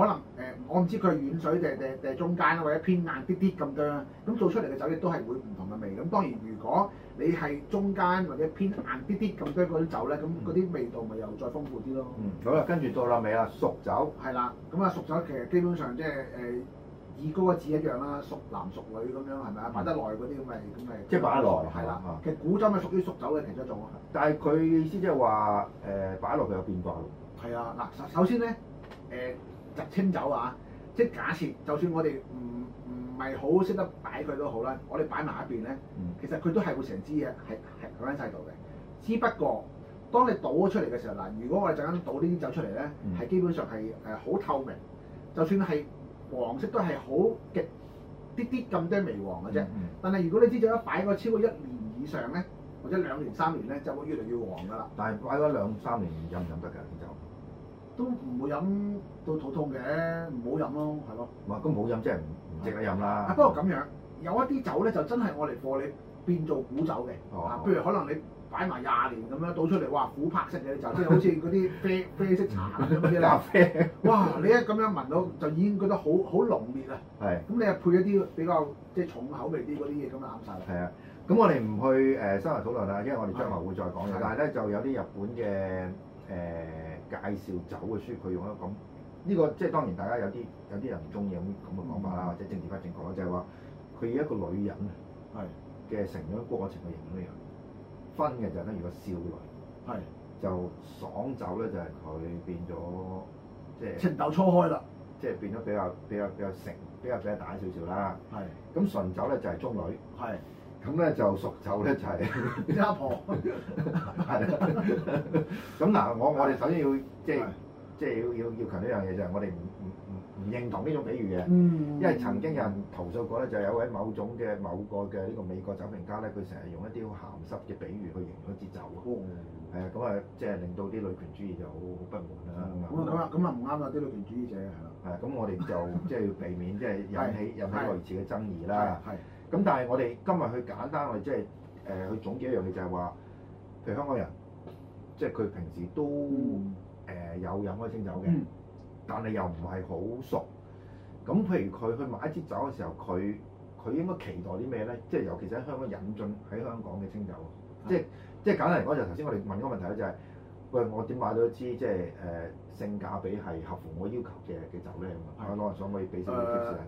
可能誒、呃，我唔知佢軟水定定定中間，或者偏硬啲啲咁多。咁做出嚟嘅酒亦都係會唔同嘅味。咁當然，如果你係中間或者偏硬啲啲咁多嗰啲酒咧，咁嗰啲味道咪又再豐富啲咯。嗯、好啦，跟住到啦尾啦，熟酒。係啦、嗯，咁、嗯、啊、嗯、熟酒其實基本上即係誒，二、呃、個字一樣啦，熟男熟女咁樣係咪啊？擺得耐嗰啲咁咪咁咪。即係擺得耐。係啦，其實古酒咪屬於熟酒嘅其中一種，但係佢意思即係話誒，擺落佢有變化咯。係、呃嗯嗯呃嗯呃、啊，嗱首先咧誒。集清酒啊，即係假設，就算我哋唔唔係好識得擺佢都好啦，我哋擺埋一邊咧，其實佢都係會成支嘢係係咁樣曬度嘅。只不過，當你倒咗出嚟嘅時候，嗱，如果我哋陣間倒呢啲酒出嚟咧，係基本上係誒好透明，嗯、就算係黃色都係好極啲啲咁多微黃嘅啫。嗯嗯但係如果你啲酒一擺過超過一年以上咧，或者兩年三年咧，就會越嚟越黃㗎啦。但係擺咗兩三年飲唔飲得㗎？都唔會飲到肚痛嘅，唔好飲咯，係咯。唔係，咁唔好飲即係唔值得飲啦。啊，不過咁樣有一啲酒咧就真係我嚟貨你變做古酒嘅。啊，譬如可能你擺埋廿年咁樣倒出嚟，哇，琥珀色嘅酒，即係好似嗰啲啡啡色茶咁樣。咖啡。哇！你一咁樣聞到就已經覺得好好濃烈啊。係。咁你係配一啲比較即係重口味啲嗰啲嘢咁嚟啱晒係啊。咁我哋唔去誒深入討論啦，因為我哋將來會再講嘅。但係咧就有啲日本嘅誒介紹酒嘅書，佢用一個咁呢個，即係當然大家有啲有啲人唔中意咁咁嘅講法啦，嗯、或者政治不正確啦，就係話佢一個女人嘅成長過程嘅形容一樣分嘅就等於個少女，是就爽酒咧就係佢變咗即係情竇初開啦，即係變咗比較比較比較成比較比較大少少啦。咁是純酒咧就係中女。咁咧就熟就咧就係，家婆，係 [LAUGHS] 。咁嗱、嗯，我我哋首先要即係的即係要要要強呢樣嘢就係、是、我哋唔唔唔唔認同呢種比喻嘅，嗯、因為曾經有人投訴過咧，就有位某種嘅某個嘅呢個美國酒評家咧，佢成日用一啲好鹹濕嘅比喻去形容一支酒嘅，係啊、嗯，咁啊即係令到啲女權主義就好好不滿啦。咁啊咁啊咁啊唔啱啊！啲的女權主義者啊。係，咁、嗯、我哋就即係、就是、要避免即係引起引起類似嘅爭議啦。係、嗯。是的 [LAUGHS] 咁、嗯、但係我哋今日去簡單我、就係，我哋即係誒去總結一樣嘢就係話，譬如香港人即係佢平時都誒有飲開清酒嘅，嗯、但係又唔係好熟。咁譬如佢去買一支酒嘅時候，佢佢應該期待啲咩咧？即、就、係、是、尤其是喺香港引進喺香港嘅清酒，嗯、即係即係簡單嚟講，就頭先我哋問咗個問題咧、就係，就係喂我點買到一支即係誒？呃性價比係合乎我要求嘅嘅酒咧，咁啊攞嚟上我要俾先。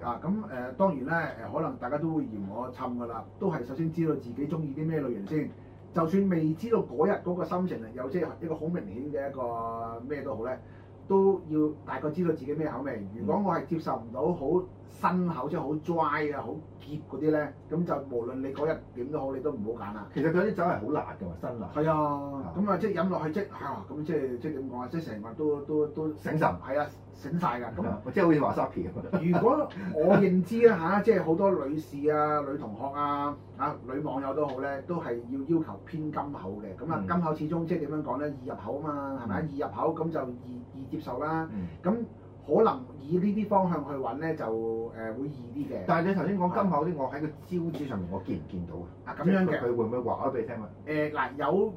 啊咁誒，當然咧誒，嗯、可能大家都會嫌我沉噶啦，都係首先知道自己中意啲咩類型先。就算未知道嗰日嗰個心情啊，有即係一個好明顯嘅一個咩都好咧，都要大概知道自己咩口味。如果我係接受唔到好。新口即係好 dry 啊，好澀嗰啲咧，咁就無論你嗰日點都好，你都唔好揀啦。其實佢啲酒係好辣嘅喎，辛辣。係啊，咁啊、嗯、即係飲落去即係啊，咁即係即係點講啊？即係成個都都都醒神。係啊，醒晒㗎。咁即係好似華莎皮如果我認知啊，嚇，即係好多女士啊、女同學啊、嚇、啊、女網友都好咧，都係要要求偏金口嘅。咁啊、嗯，金口始終即係點樣講咧？易入口啊嘛，係咪啊？易入口咁就易易，易，易，易接受，受啦。咁、嗯嗯可能以呢啲方向去揾咧，就誒會易啲嘅。但係你頭先講辛口嗰啲，我喺個招紙上面我見唔見到啊？咁樣嘅佢會唔會話咗俾你聽㗎？誒嗱、嗯呃，有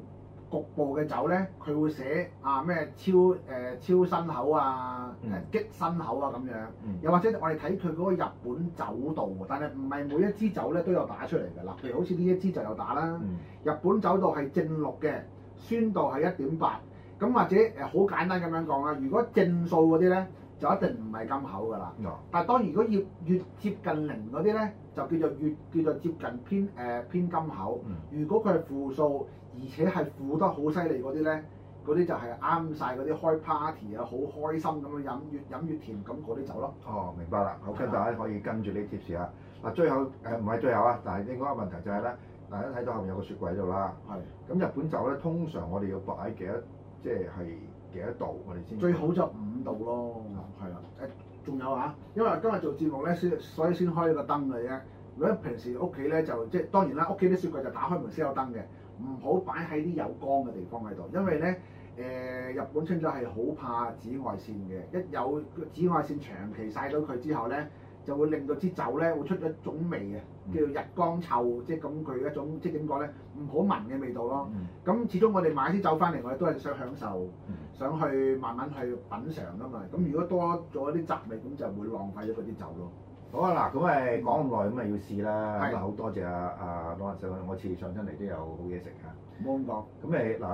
局部嘅酒咧，佢會寫啊咩超誒、呃、超辛口啊，嗯、激辛口啊咁樣。嗯、又或者我哋睇佢嗰個日本酒度，但係唔係每一支酒咧都有打出嚟㗎。嗱，譬如好似呢一支就有打啦。嗯、日本酒度係正六嘅，酸度係一點八。咁或者誒好簡單咁樣講啦，如果正數嗰啲咧。就一定唔係甘口㗎啦。哦、但當然，如果要越，越接近零嗰啲咧，就叫做越叫做接近偏誒、呃、偏甘口。嗯、如果佢係負數，而且係負得好犀利嗰啲咧，嗰啲就係啱晒嗰啲開 party 啊，好開心咁樣飲，越飲越甜咁嗰啲酒咯。哦，明白啦。好，跟大家可以跟住呢啲貼士啊。嗱，最後誒唔係最後啊，但係另一個問題就係咧，大家睇到後面有個雪櫃喺度啦。係的。咁日本酒咧，通常我哋要擺幾多？即係係。幾多度我哋先？最好就五度咯。係啊、嗯，誒仲、哎、有啊，因為今日做節目咧，先所以先開呢個燈嘅啫。如果平時屋企咧，就即係當然啦，屋企啲雪櫃就打開門先有燈嘅。唔好擺喺啲有光嘅地方喺度，因為咧誒、呃、日本清酒係好怕紫外線嘅，一有紫外線長期曬到佢之後咧，就會令到支酒咧會出咗一種味啊，叫做日光臭，嗯、即係咁佢一種即係點講咧，唔好聞嘅味道咯。咁、嗯、始終我哋買啲酒翻嚟，我哋都係想享受、嗯。想去慢慢去品嚐啦嘛，咁如果多咗啲雜味，咁就會浪費咗嗰啲酒咯。好啊，嗱，咁係講咁耐，咁咪要試啦。係，好多謝阿阿 Lawrence，我次上親嚟都有好嘢食啊。唔好咁講。咁誒，嗱，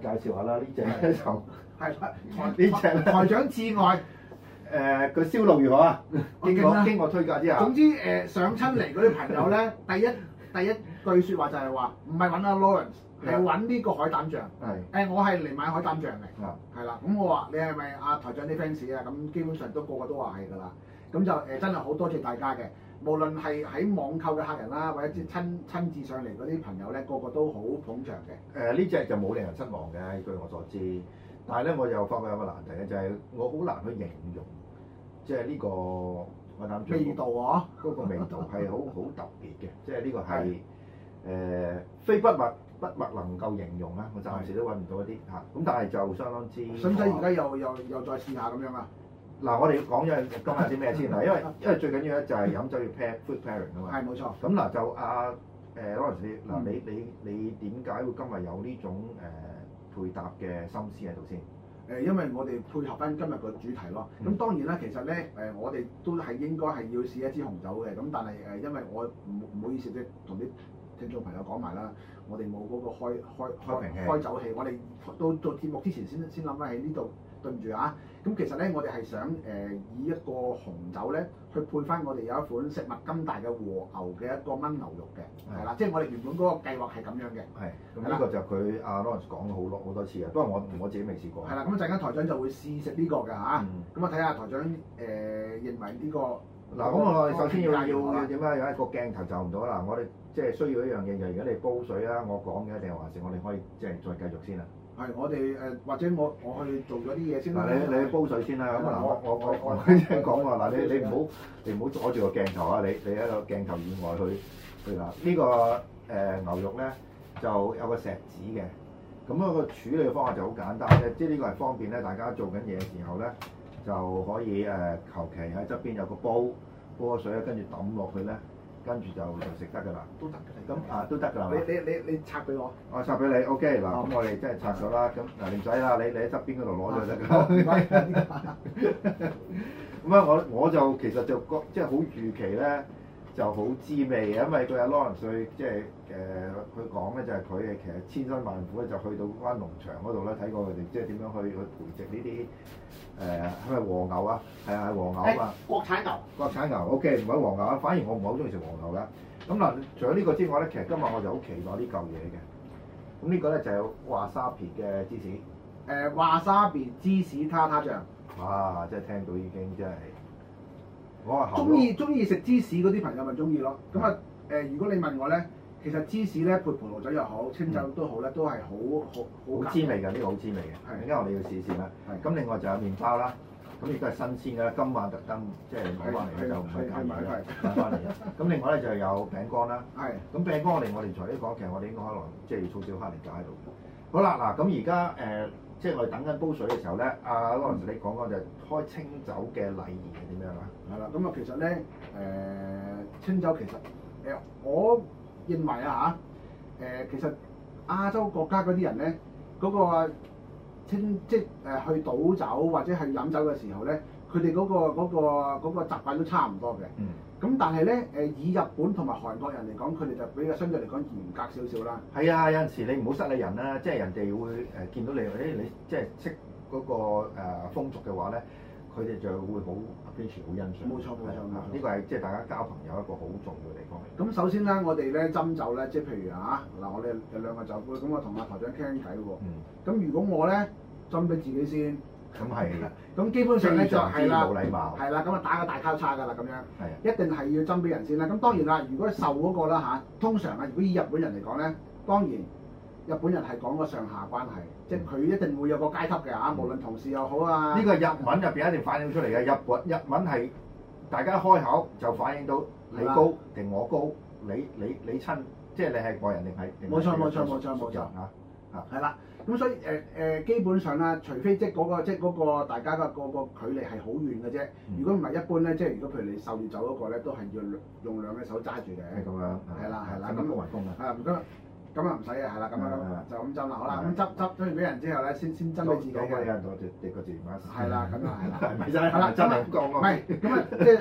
再再介紹下啦，呢隻咧就係啦，呢隻台長至愛。誒，佢銷路如何啊？經過經過推介之後。總之誒，上親嚟嗰啲朋友咧，第一第一句説話就係話，唔係揾阿 Lawrence。係揾呢個海膽醬，係誒是、欸，我係嚟買海膽醬嚟，係啦是。咁我話你係咪阿台長啲 fans 啊？咁基本上都個個都話係㗎啦。咁就誒、呃，真係好多謝大家嘅，無論係喺網購嘅客人啦，或者即係親，親自上嚟嗰啲朋友咧，個個都好捧場嘅。誒呢隻就冇令人失望嘅，據我所知。但係咧，我又發覺有個難題嘅，就係、是、我好難去形容，即係呢個海膽味道啊，嗰個味道係好好特別嘅，即係呢個係誒、呃、非筆墨。筆墨能夠形容啦，我暫時都揾唔到一啲嚇，咁的、啊、但係就相當之。使唔使而家又、啊、又又再試下咁樣啊？嗱、啊，我哋要講一樣今日食咩先啦，因為 [LAUGHS] 因為最緊要咧就係飲酒要 pair [LAUGHS] food pairing 啊嘛。係冇錯。咁嗱就阿誒嗰陣時嗱你你你點解會今日有呢種誒、呃、配搭嘅心思喺度先？誒、呃，因為我哋配合翻今日個主題咯。咁當然啦，其實咧誒，我哋都係應該係要試一支紅酒嘅。咁但係誒、呃，因為我唔唔好意思即同啲。聽眾朋友講埋啦，我哋冇嗰個開開,開,開瓶器、開酒器，我哋到做節目之前先先諗翻喺呢度對唔住啊！咁其實咧，我哋係想誒、呃、以一個紅酒咧去配翻我哋有一款食物咁大嘅和牛嘅一個燜牛肉嘅，係啦的，即係我哋原本嗰個計劃係咁樣嘅。係，呢個就佢阿的、uh, Lawrence 講咗好多好多次啊，不過我我自己未試過。係啦，咁陣間台長就會試食呢個㗎嚇，咁啊睇下、嗯、台長誒、呃、認為呢、呢個。嗱，咁我哋首先要要點樣？有一個鏡頭就唔到啊！嗱，我哋即係需要一樣嘢，就係如果你煲水啊，我講嘅，定還是我哋可以即係再繼續先啊？係，我哋誒或者我我去做咗啲嘢先啦。嗱，你你煲水先啦。咁嗱，我我我我已講話，嗱，你你唔好你唔好阻住個鏡頭啊！你你喺個鏡頭以外去去啦。呢個誒牛肉咧就有個石子嘅，咁嗰個處理嘅方法就好簡單嘅，即係呢個係方便咧，大家做緊嘢時候咧。就可以誒求其喺側邊有個煲，煲個水咧，跟住抌落去咧，跟住就就食得㗎啦，都得㗎啦。咁啊，都得㗎，係你你你你拆俾我。啊、拆 okay，我，我拆俾你，OK。嗱，咁我哋真係拆咗啦。咁嗱，你唔使啦，你你喺側邊嗰度攞咗就得㗎啦。咁啊，樣我我就其實就覺即係好預期咧。就好滋味嘅，因為佢阿 Lawrence 佢即係誒佢講咧就係佢，誒其實千辛萬苦咧就去到嗰間農場嗰度咧睇過佢哋即係點樣去去培植呢啲誒係咪和牛啊？係啊，係和牛啊！誒、欸，國產牛。國產牛 OK，唔係黃牛啊！反而我唔係好中意食黃牛嘅。咁嗱，除咗呢個之外咧，其實今日我就好期待呢嚿嘢嘅。咁呢個咧就係瓦沙皮嘅芝士。誒、呃，瓦莎皮芝士塔塔醬。哇、啊！即係聽到已經真係～中意中意食芝士嗰啲朋友咪中意咯，咁啊誒如果你問我咧，其實芝士咧配葡萄酒又好，清酒都好咧，都係、嗯、好好好滋味㗎，呢、這個好滋味嘅，等陣的我哋要試試咧？咁的另外就有麵包啦，咁亦都係新鮮嘅啦，今晚特登即係買翻嚟嘅，就唔係夾埋買翻嚟嘅。咁的另外咧就有餅乾啦，咁 [LAUGHS] 餅乾我哋我哋財爺講，其實我哋應該可能即係要做、就是、少啲壓力喺度嘅。好啦，嗱咁而家誒。呃即係我哋等緊煲水嘅時候咧，阿 Lawrence 你講嘅就係開清酒嘅禮儀係點樣啊？係啦、嗯，咁啊其實咧，誒、呃、清酒其實誒、呃、我認為啊嚇，誒、呃、其實亞洲國家嗰啲人咧，嗰、那個清即係去倒酒或者係飲酒嘅時候咧，佢哋嗰個嗰、那個嗰、那個那個習慣都差唔多嘅。嗯咁但係咧，誒，以日本同埋韓國人嚟講，佢哋就比較相對嚟講嚴格少少啦。係啊，有陣時你唔好失禮人啦，即係人哋會誒見到你，即你即係識嗰個誒風俗嘅話咧，佢哋就會好 attention 好欣賞。冇錯冇錯，呢個係即係大家交朋友一個好重要嘅地方。咁首先咧，我哋咧斟酒咧，即係譬如啊，嗱我哋有兩個酒杯，咁我同阿台長傾偈喎。咁、嗯、咁如果我咧斟俾自己先。咁係啦，咁基本上咧就係、冇禮貌、啦，係啦，咁啊了打個大交叉噶啦咁樣，一定係要斟俾人先啦。咁當然啦，如果瘦嗰、那個啦嚇、啊，通常啊，如果以日本人嚟講咧，當然日本人係講個上下關係，即係佢一定會有個階級嘅嚇，嗯、無論同事又好啊。呢個日文入邊一定反映出嚟嘅，日本，日文係大家一開口就反映到你高定了我高，你你你親，即係你係個人定係冇錯冇錯冇錯冇錯嚇嚇，係啦、啊。咁所以誒誒基本上啦，除非即係嗰個即係嗰個大家個個距離係好遠嘅啫。如果唔係一般咧，即係如果譬如你受住走嗰個咧，都係要用兩隻手揸住嘅。咁樣。係啦，係啦。咁六圍工啊。係，唔得，咁又唔使啊。係啦，咁樣就咁執啦。好啦，咁執執，咗完俾人之後咧，先先爭到自己嘅。俾人攞住，跌個字眼。係啦，咁啊，係啦。唔係真係。係啦，真係咁講喎。咁啊，即係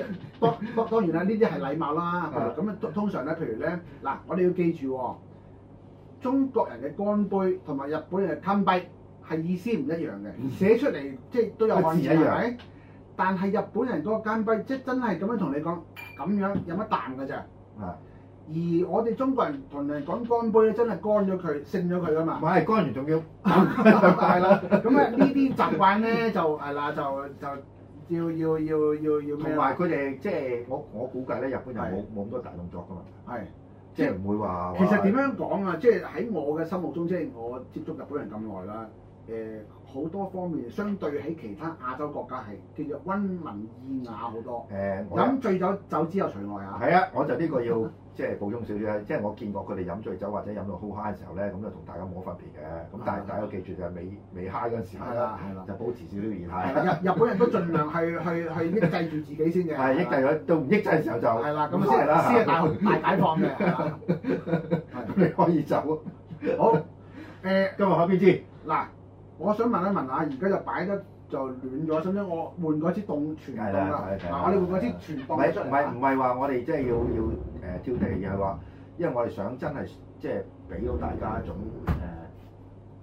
當當然啦，呢啲係禮貌啦。咁啊，通常咧，譬如咧，嗱，我哋要記住喎。中國人嘅乾杯同埋日本人嘅吞杯係意思唔一樣嘅，寫出嚟即係都有漢字係咪？但係日本人嗰個乾杯即係真係咁樣同你講，咁樣飲一啖㗎咋。係。而我哋中國人同人講乾杯咧，真係乾咗佢，勝咗佢㗎嘛。唔係乾完仲要。係啦。咁咧，呢啲習慣咧就係嗱，就就要要要要咩咧？同埋佢哋即係我我估計咧，日本人冇冇咁多大動作㗎嘛。係。即係唔會話，其實點樣講啊？即係喺我嘅心目中，即係我接觸日本人咁耐啦。誒、呃。好多方面，相對喺其他亞洲國家係叫做溫文爾雅好多。誒，飲醉酒酒之後除外啊。係啊，我就呢個要即係補充少少啦。即係我見過佢哋飲醉酒或者飲到好嗨嘅時候咧，咁就同大家冇分別嘅。咁但係大家記住就係未未嗨嗰陣時候啦，就保持少少儀態。係日本人都儘量去去去抑制住自己先嘅。係抑制到唔抑制嘅時候就係啦，咁啊先啦，先啊大大解放嘅。係，你可以走。好，誒，今日開邊支嗱？我想問一問啊，而家就擺得就暖咗，使唔使我換嗰支凍全凍啦？啊，我哋換嗰支全凍。唔係唔係話我哋即係要要誒挑剔，而係話，因為我哋想真係即係俾到大家一種誒。 [MUSIC]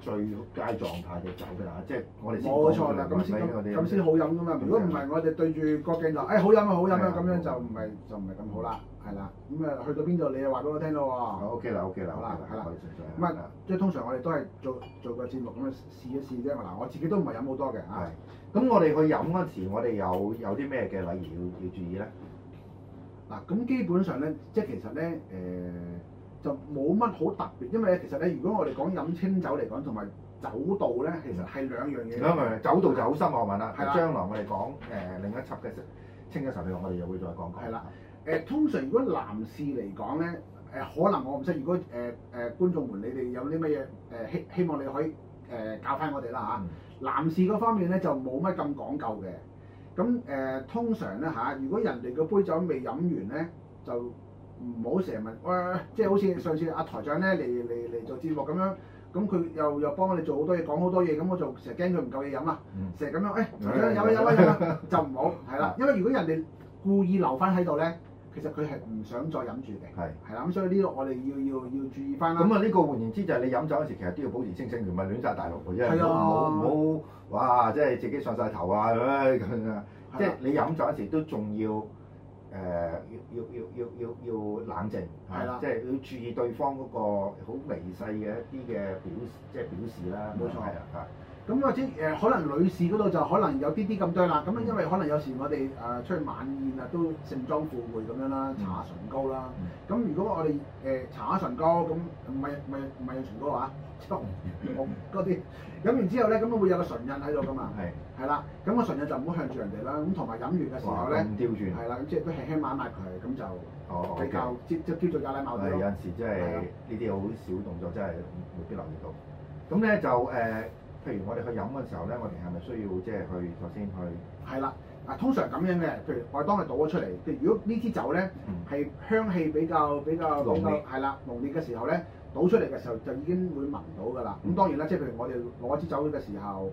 最佳狀態嘅酒㗎啦，即係我哋先講啦。冇錯啦，咁先咁先好飲噶嘛。如果唔係，我哋對住個鏡就：「誒好飲啊，好飲啊」，咁樣就唔係就唔係咁好啦，係啦。咁啊，去到邊度你話俾我聽咯喎。好 OK 啦，OK 啦，好啦，好啦。唔係，即係通常我哋都係做做個節目咁樣試一試啫嘛。嗱，我自己都唔係飲好多嘅啊。咁我哋去飲嗰陣時，我哋有有啲咩嘅禮儀要要注意咧？嗱，咁基本上咧，即係其實咧，誒。就冇乜好特別，因為咧，其實咧，如果我哋講飲清酒嚟講，同埋酒度咧，其實係兩樣嘢。咁啊，酒度就好深奧學問啦。將來我哋講誒另一輯嘅清嘅時候，你話我哋又會再講講。係啦，誒、呃、通常如果男士嚟講咧，誒、呃、可能我唔識。如果誒誒、呃呃、觀眾們，你哋有啲乜嘢誒希希望你可以誒、呃、教翻我哋啦嚇。嗯、男士嗰方面咧就冇乜咁講究嘅。咁誒、呃、通常咧嚇，如果人哋嘅杯酒未飲完咧，就。就唔好成日問，喂，即係好似上次阿台長咧嚟嚟嚟做節目咁樣，咁佢又又幫我哋做好多嘢，講好多嘢，咁我就成日驚佢唔夠嘢飲啦，成日咁樣，誒有啊就唔好係啦，因為如果人哋故意留翻喺度咧，其實佢係唔想再飲住嘅，係係啦，咁所以呢個我哋要要要注意翻啦。咁啊，呢個換言之就係你飲酒嗰時，其實都要保持清醒，唔係亂晒大籠嘅啫，唔好唔好哇！即係自己上晒頭啊咁啊，即係你飲酒嗰時都仲要。誒、呃、要要要要要要冷靜，係啦的，即係要注意對方嗰個好微細嘅一啲嘅表，即係表示啦，冇錯的，係啊！咁或者誒，可能女士嗰度就可能有啲啲咁多啦。咁咧，因為可能有時我哋誒出去晚宴啊，都盛裝赴會咁樣啦，搽唇膏啦。咁如果我哋誒搽下唇膏，咁唔係唔係唔係用唇膏話，即係用嗰啲飲完之後咧，咁會有個唇印喺度噶嘛。係係啦，咁個唇印就唔好向住人哋啦。咁同埋飲完嘅時候咧，係啦，咁即係都輕輕抹一抹佢，咁就比較即即係標咗個拉拉毛。係有陣時即係呢啲好小動作，真係未必留意到。咁咧就誒。譬如我哋去飲嘅時候咧，我哋係咪需要即係去首先去？係啦，嗱，通常係咁樣嘅。譬如我當係倒咗出嚟，譬如如果呢支酒咧係香氣比較比較濃烈，係啦，濃烈嘅時候咧，倒出嚟嘅時候就已經會聞到㗎啦。咁當然啦，即係譬如我哋攞支酒嘅時候，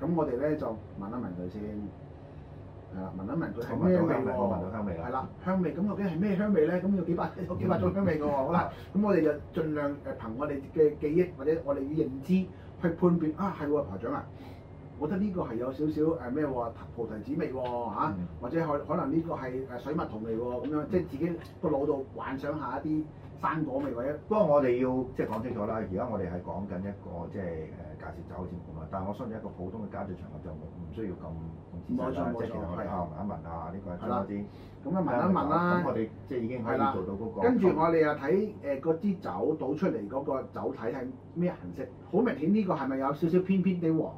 咁我哋咧就聞一聞佢先，係啦，聞一聞佢係咩味喎？我聞到香味啦，係啦，香味。咁究竟係咩香味咧？咁有幾百有幾百種香味㗎喎。好啦，咁我哋就盡量誒憑我哋嘅記憶或者我哋嘅認知。去判別啊，係喎，排長啊，我覺得呢個係有少少誒咩喎，菩提子味喎，或者可可能呢個係誒水蜜桃味喎，咁樣即係自己個腦度幻想下一啲生果味或者。不過我哋要即係講清楚啦，而家我哋係講緊一個即係誒介紹酒先咁啊，但係我相信一個普通嘅家具場合就冇，唔需要咁。冇錯，冇錯，係。咁啊，聞一聞啦。咁我哋即係已經可以做到嗰個。跟住我哋又睇誒嗰啲酒倒出嚟嗰個酒體係咩顏色？好明顯呢個係咪有少少偏偏地黃？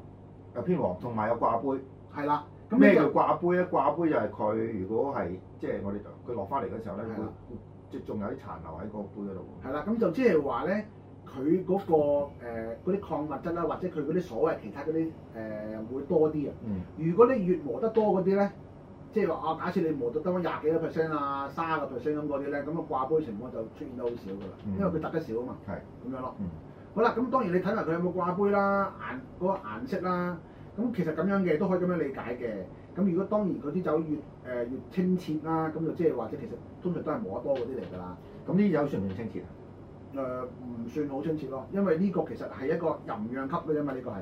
有偏黃，同埋有掛杯。係啦。咩叫掛杯咧？掛杯就係佢如果係即係我哋就，佢落翻嚟嘅時候咧，佢即仲有啲殘留喺個杯度。係啦，咁就即係話咧。佢嗰個啲、呃、礦物質啦，或者佢嗰啲所謂其他嗰啲誒會多啲啊。如果你越磨得多嗰啲咧，即係話啊，假設你磨得多，廿幾個 percent 啊，三十個 percent 咁嗰啲咧，咁樣掛杯情況就出現得好少噶啦，因為佢得得少啊嘛。係咁是樣咯。嗯、好啦，咁當然你睇埋佢有冇掛杯啦，顏嗰個顏色啦。咁其實咁樣嘅都可以咁樣理解嘅。咁如果當然嗰啲酒越誒、呃、越清澈啦，咁就即係或者其實通常都係磨得多嗰啲嚟噶啦。咁呢啲酒上面清澈啊。誒唔、呃、算好親切咯，因為呢個其實係一個人樣級嘅啫嘛，呢、嗯、個係，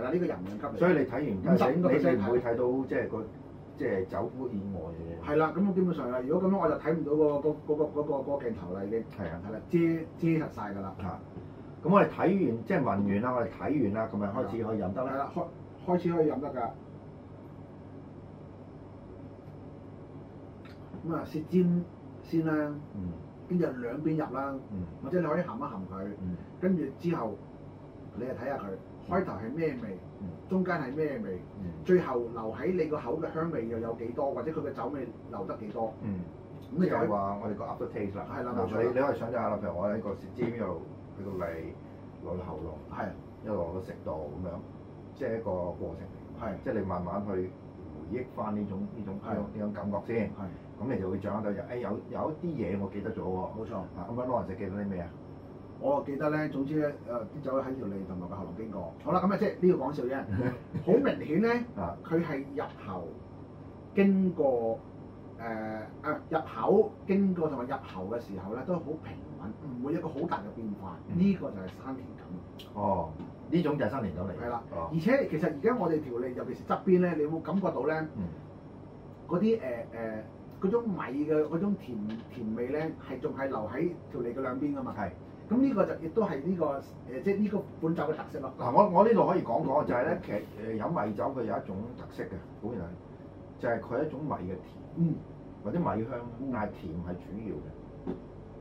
係啦，呢個人樣級嚟。所以你睇完，即係你唔會睇到，即、就、係、是那個即係酒杯以外嘅嘢。係啦，咁我基本上啦，如果咁樣我就睇唔到、那個、那個個個、那個鏡頭啦，已經係啊，係啦的，遮遮實晒㗎啦。啊！咁我哋睇完，即、就、係、是、聞完啦，我哋睇完啦，咁咪開始可以飲得啦。係啦的，開開始可以飲得㗎。咁啊、嗯，舌尖先啦。先嗯。跟住兩邊入啦，或者你可以含一含佢，跟住之後你就睇下佢開頭係咩味，中間係咩味，最後留喺你個口嘅香味又有幾多，或者佢嘅酒味留得幾多。咁你又話我哋個 aftertaste 啦。係啦，你你係想下係，譬如我喺個舌尖呢度，喺個脷，喺個喉嚨，一路攞到食道咁樣，即係一個過程嚟。係，即係你慢慢去。益翻呢種呢種呢呢種感覺先，咁的你就會掌握到就，有有一啲嘢我記得咗喎，冇錯，咁樣，Lawrence 記得啲咩啊？我記得咧，總之咧，誒啲酒喺條脷同埋個喉嚨經過，好啦，咁啊即係呢個講笑啫，好 [LAUGHS] 明顯咧，佢係入喉經過，誒、呃、誒入口經過同埋入喉嘅時候咧，都好平穩，唔會有一個好大嘅變化，呢、嗯、哼個就係生甜感。哦。呢種就係新年酒嚟，了哦、而且其實而家我哋條脷，尤其是側邊咧，你會感覺到咧，嗰啲誒誒嗰種米嘅嗰種甜甜味咧，係仲係留喺條脷嘅兩邊噶嘛。咁呢是個就亦都係呢、呢個誒、呃，即係呢個本酒嘅特色咯。嗱、嗯，我我呢度可以講講就係、是、咧，其實誒飲米酒佢有一種特色嘅，固然係就係佢一種米嘅甜，嗯、或者米香，嗌、嗯、甜係主要嘅。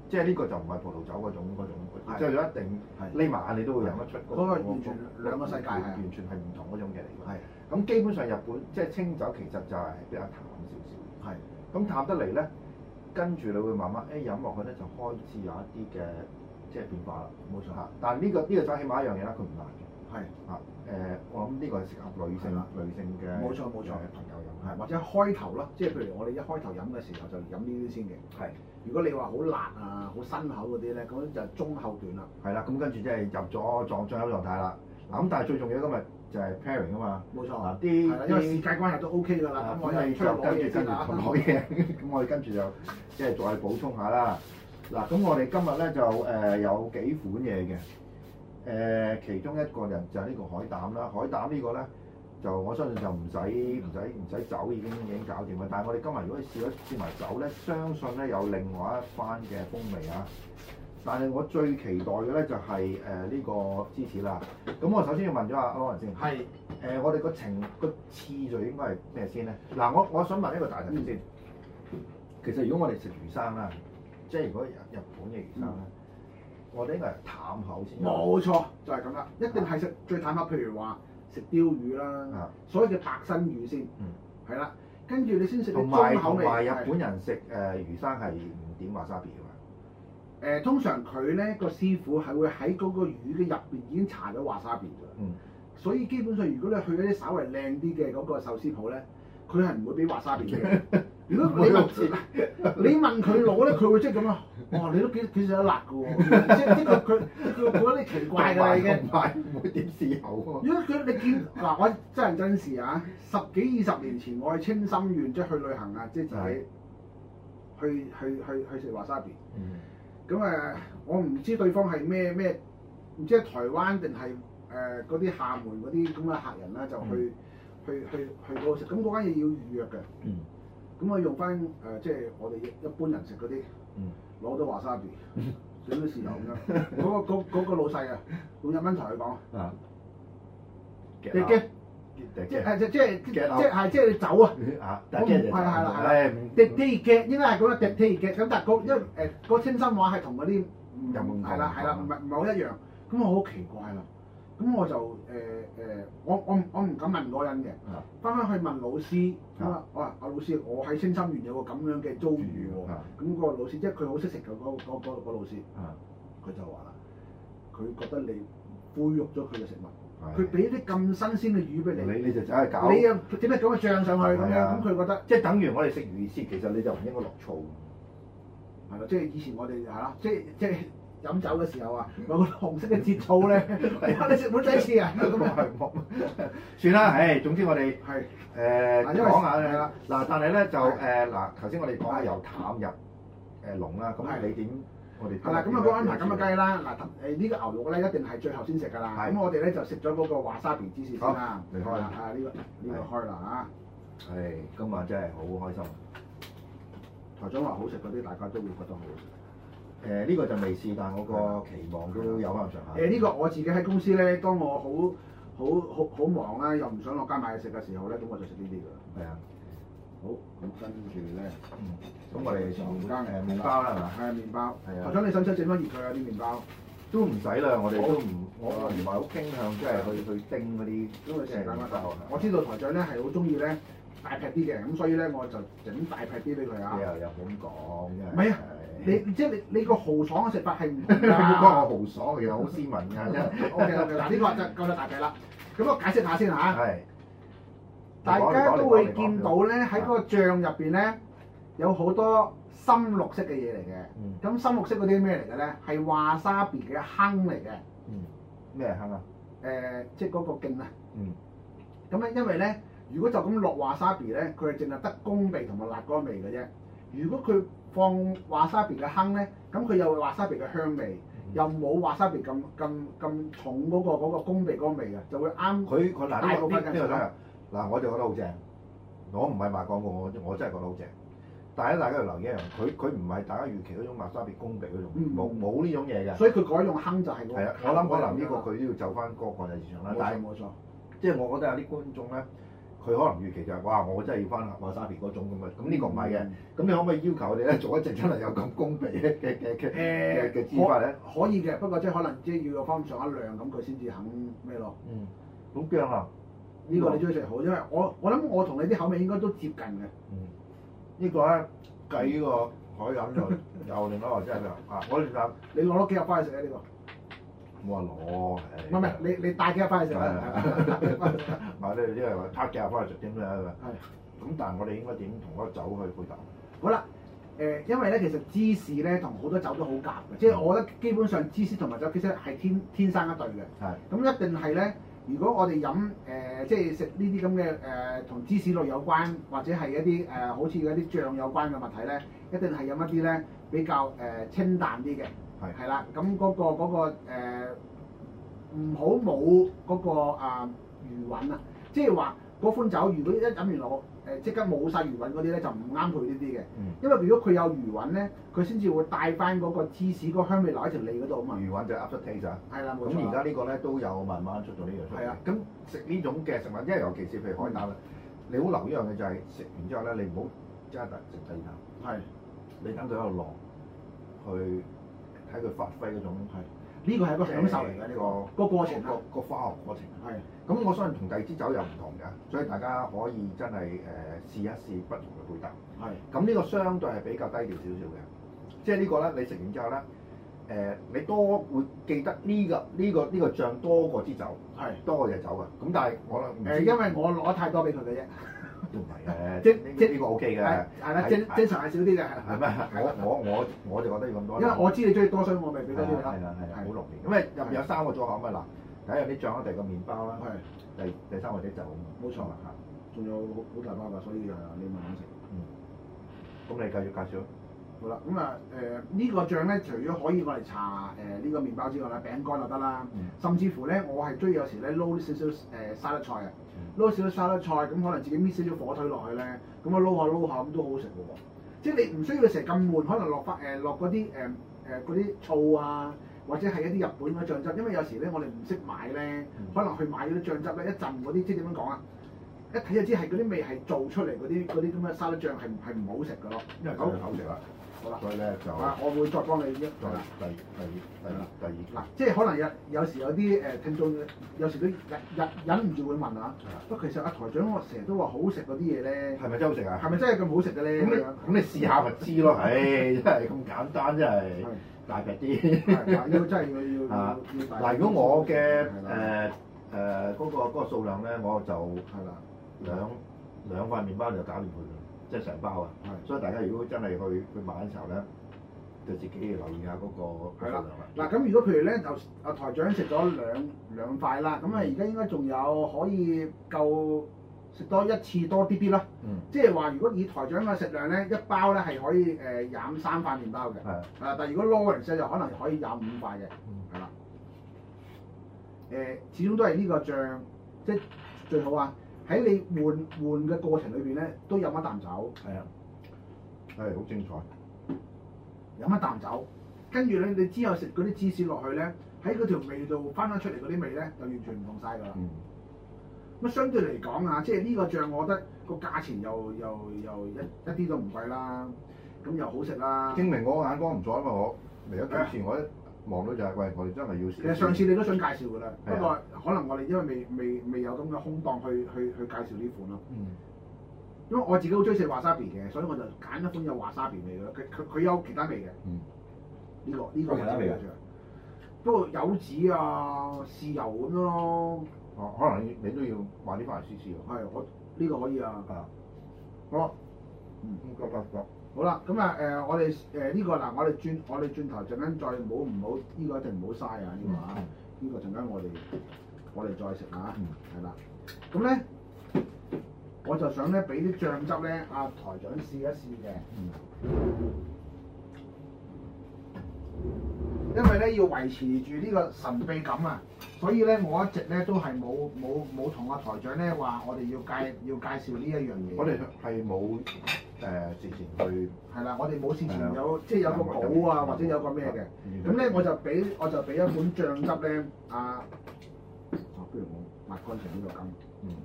即係呢個就唔係葡萄酒嗰種即係的一定匿埋眼，的你，你都會飲得出完全兩個世界的完全係唔同嗰種嘢嚟㗎。咁的的基本上日本即係清酒，其實就係比較淡少少。係咁的淡得嚟咧，跟住你會慢慢誒飲落去咧，就開始有一啲嘅即係變化啦。冇錯嚇，但係、呢個、呢個呢、呢個酒起碼一樣嘢啦，佢唔難。係啊，誒，我諗呢個係適合女性、女性嘅，冇錯冇錯，朋友飲，係，或者開頭啦，即係譬如我哋一開頭飲嘅時候就飲呢啲先嘅。係，如果你話好辣啊、好辛口嗰啲咧，咁就中後段啦。係啦，咁跟住即係入咗狀最好狀態啦。嗱，咁但係最重要今日就係 pairing 啊嘛。冇錯。嗱，啲因為世界關係都 OK 㗎啦。咁我哋又跟住跟住講耐嘢，咁我哋跟住就即係再補充下啦。嗱，咁我哋今日咧就誒有幾款嘢嘅。誒其中一個人就係呢個海膽啦，海膽呢個咧就我相信就唔使唔使唔使酒已經已經搞掂啦。但係我哋今日如果試一試埋酒咧，相信咧有另外一番嘅風味啊！但係我最期待嘅咧就係誒呢個芝士啦。咁我首先要問咗阿 Lawrence 先，係誒是、呃、我哋個情個次序應該係咩先咧？嗱，我我想問一個大問題先。其實如果我哋食魚生啦，即係如果日本嘅魚生咧。嗯我哋應該係淡口先，冇錯，就係咁啦，一定係食最淡口，啊、譬如話食鯛魚啦，啊、所謂嘅白身魚先，係啦、嗯，跟住你先食啲中口味。日本人食誒、呃、魚生係唔點 wasabi 嘅嘛？誒、呃，通常佢咧個師傅係會喺嗰個魚嘅入邊已經搽咗 wasabi，所以基本上如果你去一啲稍微靚啲嘅嗰個壽司鋪咧，佢係唔會俾 wasabi。嘅、嗯。 [LAUGHS] 如果你問你問佢攞咧，佢會即係咁啊！哇，你都幾幾食得辣嘅喎， [LAUGHS] 即係呢個佢佢覺得你奇怪嘅啦已經。唔係唔會點試口。如果佢你見嗱、 [LAUGHS] 啊，我真人真事啊！十幾二十年前，我去青森縣即係去旅行啊，即係自己去去去去食華沙比。嗯。咁誒，我唔知對方係咩咩，唔知係台灣定係誒嗰啲廈門嗰啲咁嘅客人咧，就去去去去食。咁嗰間嘢要預約嘅。嗯。嗯嗯。咁我用翻誒，即係我哋一般人食嗰啲，攞咗華沙別少少豉油咁樣，嗰個老細啊，用一蚊台嚟講啊，滴雞，即係即係即係你走係酒啊，啊，係係啦，係滴滴雞應該係講到滴嘅。咁但係嗰因誒嗰清新話係同嗰啲唔係啦，係啦，唔係唔係好一樣，咁我好奇怪啦。咁我就誒誒、呃，我我我唔敢問嗰人嘅，返返去問老師，啊，我話阿老師，我喺星山園有個咁樣嘅遭遇喎，咁個老師即係佢好識食嘅嗰個老師，佢、嗰個嗰個嗰個啊、就話啦，佢覺得你侮辱咗佢嘅食物，佢俾啲咁新鮮嘅魚俾你，你，你就你就真係搞，你又點解咁樣漲上去咁、啊、樣？咁佢覺得，即係等於我哋食魚先，其實你就唔應該落醋，係咯？即係以前我哋係啦，即係即係。即即飲酒嘅時候啊，有個紅色嘅節操咧，你食唔食得啲嘢啊？唔好，算啦，唉，總之我哋係誒講下啦。嗱，但係咧就誒嗱，頭先我哋講下由淡入誒濃啦。咁你點？我哋係啦，咁啊，安排咁嘅雞啦，嗱誒呢個牛肉咧一定係最後先食噶啦。咁我哋咧就食咗嗰個華沙皮芝士先啦。開啊，呢個呢個開啦嚇。係，今日真係好開心。台長話好食嗰啲，大家都會覺得好誒呢個就未試，但係我個期望都有可能上下。誒呢個我自己喺公司咧，當我好好好好忙啦，又唔想落街買嘢食嘅時候咧，咁我就食呢啲㗎。係啊，好，咁跟住咧，咁我哋食麵包嘅，麵包啦係咪？係啊，麵包。係啊。台長你使唔使整翻熱佢嘅啲麵包？都唔使啦，我哋都唔，我唔係好傾向即係去去叮嗰啲，因為成間間大學。我知道台長咧係好中意咧大劈啲嘅，咁所以咧我就整大劈啲俾佢啊。又又咁講，真係。啊！你即係你，你個豪爽嘅食法係唔同㗎、啊。唔 [LAUGHS] 豪爽，我其實好斯文㗎、啊。O K，嗱呢個就夠咗大計啦。咁我解釋下先嚇、啊。係是。大家都會見到咧，喺嗰個醬入邊咧，是有好多深綠色嘅嘢嚟嘅。咁、嗯、深綠色嗰啲咩嚟嘅咧？係 wasabi 嘅坑嚟嘅。嗯。咩坑、呃就是、啊？誒，即係嗰個莖啊。嗯。咁咧，因為咧，如果就咁落 wasabi 咧，佢係淨係得公味同埋辣嗰味嘅啫。如果佢放瓦沙別嘅坑咧，咁佢又會瓦沙別嘅香味，又冇瓦沙別咁咁咁重嗰個嗰個攻鼻嗰味嘅，就會啱佢，佢。嗱呢個呢呢個真係，嗱我就覺得好正，我唔係賣廣告，我我真係覺得好正。但係大家要留意一樣，佢，佢唔係大家預期嗰種瓦莎別攻鼻嗰種，冇冇呢種嘢嘅。所以佢改用坑就係。係啊，我諗可能呢個佢都要就翻個國際市場啦。但冇錯，即係我覺得有啲觀眾咧。佢可能預期就係、是、哇，我真係要翻亞薩皮嗰種咁嘅，咁呢個唔係嘅。咁你可唔可以要求我哋咧做一隻真係有咁工藝嘅嘅嘅嘅嘅姿法咧？可以嘅，不過即係可能即係要有方上一量咁佢先至肯咩咯？嗯，好驚啊！呢這個,個你中意食好，因為、這個、我我諗我同你啲口味應該都接近嘅。嗯，這個、呢個咧計呢個海飲又又另外一個質量、 [LAUGHS] 就是、啊！我諗你攞多幾日翻去食啊呢、這個。唔好話攞，唔係唔係，嗯嗯、是你你帶幾日翻嚟食啊？唔係咧，啲人話攤幾日翻嚟食點咧？咁的但係我哋應該點同嗰個酒去配搭？好啦，誒、呃，因為咧其實芝士咧同好多酒都好夾嘅，嗯、即係我覺得基本上芝士同埋酒其實係天天生一對嘅。係的。咁一定係咧，如果我哋飲誒、呃，即係食呢啲咁嘅誒，同、呃、芝士類有關，或者係一啲誒好似嗰啲醬有關嘅物體咧，一定係飲一啲咧比較誒清淡啲嘅。係啦，咁嗰、嗰個嗰、嗰個唔好冇嗰個啊餘韻啊，即係話嗰款酒如果一飲完落誒即刻冇晒餘韻嗰啲咧就唔啱佢呢啲嘅，因為如果佢有餘韻咧，佢先至會帶翻嗰個芝士嗰個香味留喺條脷嗰度啊嘛。餘韻就 aftertaste 啊。係啦。咁而家呢個咧都有慢慢出咗呢樣出嚟。係啊。咁食呢種嘅食物，因為尤其是譬如海膽，嗯、你好留一樣嘅就係、是、食完之後咧，你唔好即刻食第二啖。係。你等佢喺度落去。喺佢發揮嗰種，呢個係一個享受嚟嘅，呢個個過程，啊、個個化學過程。係咁是，我相信同第二支酒又唔同嘅，所以大家可以真係誒試一試不同嘅配搭。係咁是，呢個相對係比較低調少少嘅，即係呢個咧，你食完之後咧，誒、呃、你多會記得呢個呢個呢個醬多過支酒，係是多過隻酒嘅。咁但係我誒，呃、因為我攞太多俾佢嘅啫。都唔係嘅，即即呢個 OK 嘅。係啦，正正常係少啲嘅。係咩？我我我我就覺得要咁多。因為我知你中意多水，我咪俾多啲咯。係啊係啊，唔好六年。咁誒入邊有三個組合咁啊嗱，第一有啲醬啦，第二個麵包啦，係，第第三個啲酒，冇錯啦嚇。仲有好大包㗎？所以啊，你慢慢食。嗯。咁你繼續介紹。好啦，咁啊誒呢個醬咧，除咗可以攞嚟搽誒呢個麵包之外咧，餅乾就得啦。甚至乎咧，我係中意有時咧撈啲少少誒沙律菜嘅。撈少少沙律菜，咁可能自己搣少少火腿落去咧，咁啊撈下撈下咁都好好食嘅喎。即係你唔需要成日咁悶，可能落翻誒落嗰啲誒誒啲醋啊，或者係一啲日本嘅啀醬汁，因為有時咧我哋唔識買咧，可能去買啲醬汁咧一浸嗰啲，即係點樣講啊？一睇就知係嗰啲味係做出嚟嗰啲嗰啲咁嘅沙律醬係係唔好食嘅咯。因為好食啦。好嗯所以咧就啊，我會再幫你一啫。第、第二、第二。嗱，即係可能有有時有啲誒聽眾，有時佢忍忍忍唔住會問啊。不其實阿台長，我成日都話好食嗰啲嘢咧。係咪真好食啊？係咪真係咁好食嘅咧？咁你咁你試下咪知咯。唉，真係咁簡單，真係大隻啲。係要真係要要。嗱，如果我嘅誒誒嗰個嗰個數量咧，我就係啦，兩兩塊麵包就搞掂佢。即係成包啊，係是，所以大家如果真係去去買嘅時候咧，就自己留意下嗰個食量啦。嗱，咁如果譬如咧，就阿台長食咗兩兩塊啦，咁啊而家應該仲有可以夠食多一次多啲啲咯。即係話如果以台長嘅食量咧，一包咧係可以誒飲、呃、三塊麵包嘅。係的。啊！但係如果 Lawrence 咧就可能可以飲五塊嘅。嗯。係啦。誒、呃，始終都係呢個醬，即係最好啊！喺你換換嘅過程裏邊咧，都飲一啖酒。係啊的，係好精彩。飲一啖酒，跟住咧，你之後食嗰啲芝士落去咧，喺嗰條味道翻翻出嚟嗰啲味咧，就完全唔同晒㗎啦。咁、嗯、相對嚟講啊，即係呢個醬，我覺得個價錢又又又一一啲都唔貴啦，咁又好食啦。證明我眼光唔錯啊嘛，我嚟咗幾次我。望到就係，喂，我哋真係要試試。其實上次你都想介紹嘅啦，不過的可能我哋因為未未未有咁嘅空檔去去去介紹呢款咯。嗯。因為我自己好鍾意食 wasabi 嘅，所以我就揀一款有 wasabi 味嘅。佢佢佢有其他味嘅。嗯。呢個呢個係真味嘅。不過柚子啊，豉油咁樣咯。哦，可能你你都要買啲翻嚟試試喎。我呢個可以啊。係啊。好啦。嗯，唔該曬。好啦，咁啊誒，我哋誒呢個嗱，我哋轉、這個這個、我哋轉頭，陣間再唔好，唔好呢個一定唔好嘥啊！呢個啊，呢個陣間我哋我哋再食下，係啦。咁咧、嗯嗯，我就想咧俾啲醬汁咧，阿、啊、台長試一試嘅，嗯、因為咧要維持住呢個神秘感啊，所以咧我一直咧都係冇冇冇同阿台長咧話我哋要介要介紹呢一樣嘢。我哋係冇。誒、呃，之前去係啦，我哋冇事前有，的即係有個稿啊，品或者有個咩嘅。咁咧品，我就俾我就俾一款醬汁咧、啊，啊，不如我抹乾淨呢個羹。嗯。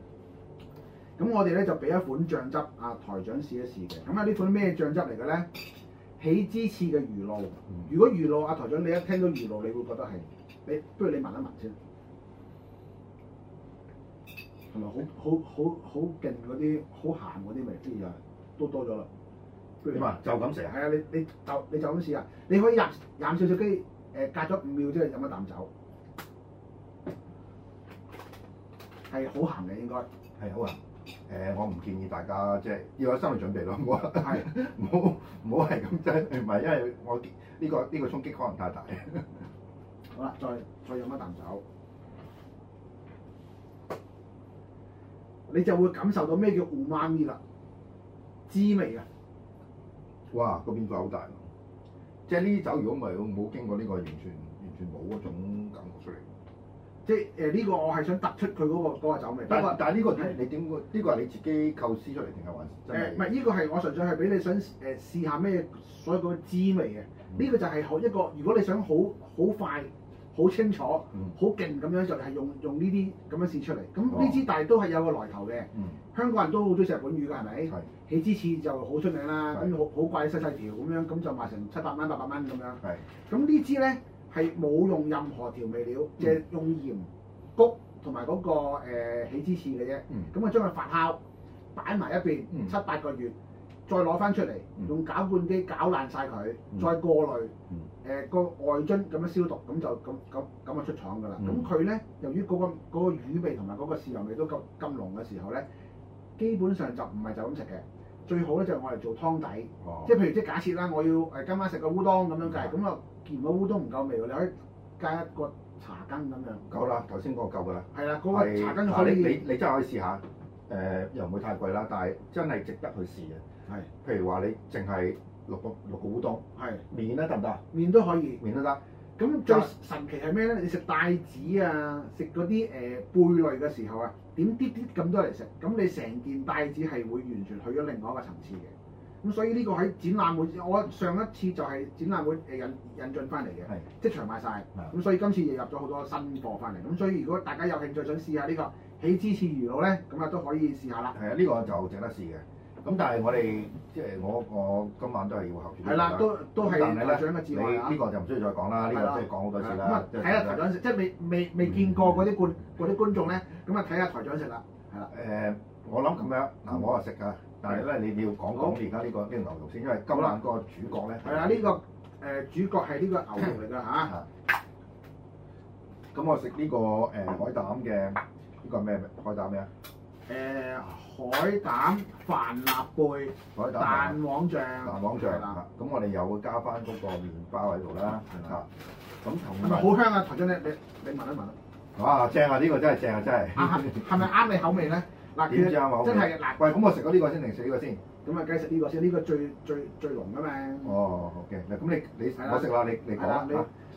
咁我哋咧就俾一款醬汁，啊，台長試一試嘅。咁、嗯、啊，呢款咩醬汁嚟嘅咧？起芝翅嘅魚露。嗯、如果魚露，啊，台長你一聽到魚露，你會覺得係你，不如你聞一聞先。係咪好好好好勁嗰啲好鹹嗰啲咪？先啊？都多咗啦，點啊樣？就咁食係啊！你你，你就你就咁試下、啊，你可以入少少機誒、呃，隔咗五秒之後飲一啖酒，係好鹹嘅應該係、啊、好鹹、啊。誒、呃，我唔建議大家即係要有心理準備咯，唔好唔好唔好係咁真係唔係，因為我呢、呢個呢、呢個衝擊可能太大。 [LAUGHS] 好啦、啊，再再飲一啖酒，你就會感受到咩叫胡媽咪啦～滋味啊！哇，個變化好大，即係呢啲酒如果唔係冇經過呢、呢個，完全完全冇嗰種感覺出嚟。即係誒呢個我係想突出佢嗰、嗰個嗰個酒味。不過但係呢我個你點是、呢個呢個係你自己構思出嚟定係還是真？誒，唔係呢個係我純粹係俾你想誒、呃、試下咩所有嗰個滋味嘅、啊。呢、嗯、個就係好一個如果你想好好快。好清楚，好、嗯、勁咁樣就係、是、用用呢啲咁樣試出嚟。咁呢支大都係有個來頭嘅。嗯、香港人都好中意食日本魚㗎，係咪？是喜知次就好出名啦，好好是貴，細細條咁樣，咁就賣成七百蚊、八百蚊咁樣。咁是呢支咧係冇用任何調味料，即係、嗯、用鹽、麴同埋嗰個喜知次嘅啫。咁啊、嗯、將佢發酵，擺埋一邊七八個月。嗯再攞翻出嚟，用攪拌機攪爛晒佢，再過濾，誒個、嗯呃、外樽咁樣消毒，咁就咁咁咁啊出廠㗎啦。咁佢咧，由於嗰、那個嗰、那個、魚味同埋嗰個豉油味都咁咁濃嘅時候咧，基本上就唔係就咁食嘅。最好咧就係我哋做湯底，即係、哦、譬如即係假設啦，我要誒今晚食個烏冬咁樣計，咁啊見個烏冬唔夠味喎，你可以加一個茶羹咁樣。夠啦，頭先嗰個夠㗎啦。係啦，嗰、那個茶羹可以。你你，你真係可以試下，誒、呃、又唔會太貴啦，但係真係值得去試嘅。係，譬如話你淨係六個六個烏冬，係係，麵咧得唔得？麵都可以，面都得。咁最神奇係咩咧？你食帶子啊，食嗰啲誒貝類嘅時候啊，點啲啲咁多嚟食，咁你成件帶子係會完全去咗另外一個層次嘅。咁所以呢個喺展覽會，我上一次就係展覽會誒引引進翻嚟嘅，係，即場賣晒。咁係，所以今次亦入咗好多新貨翻嚟。咁所以如果大家有興趣想試下呢個起芝士魚露咧，咁啊都可以試下啦。係啊，呢個就值得試嘅。咁但係我哋即係我我今晚都係要合煮。係啦，都都係啦。你呢個就唔需要再講啦，呢個都係講好多次啦。睇下台長食即係未未未見過嗰啲觀啲觀眾咧，咁啊睇下台長食啦。係啦，誒我諗咁樣嗱，我啊食噶，但係咧你你要講。我而家呢個啲牛肉先，因為今晚嗰個主角咧。係啦，呢個誒主角係呢個牛肉嚟啦吓，咁我食呢個誒海膽嘅，呢個咩海膽咩啊？誒海膽、帆立貝、蛋黃醬，蛋黃醬，咁我哋又會加翻嗰個麵包喺度啦，係咪啊？咁同係咪好香啊！頭先咧，你你聞一聞，哇！正啊！呢個真係正啊，真係。啊，係咪啱你口味咧？嗱，點知啱我口味？真係嗱，喂，咁我食咗呢個先定食呢個先？咁啊，梗係食呢個先，呢個最最最濃噶嘛。哦，好嘅。嗱，咁你你我食啦，你你講啊。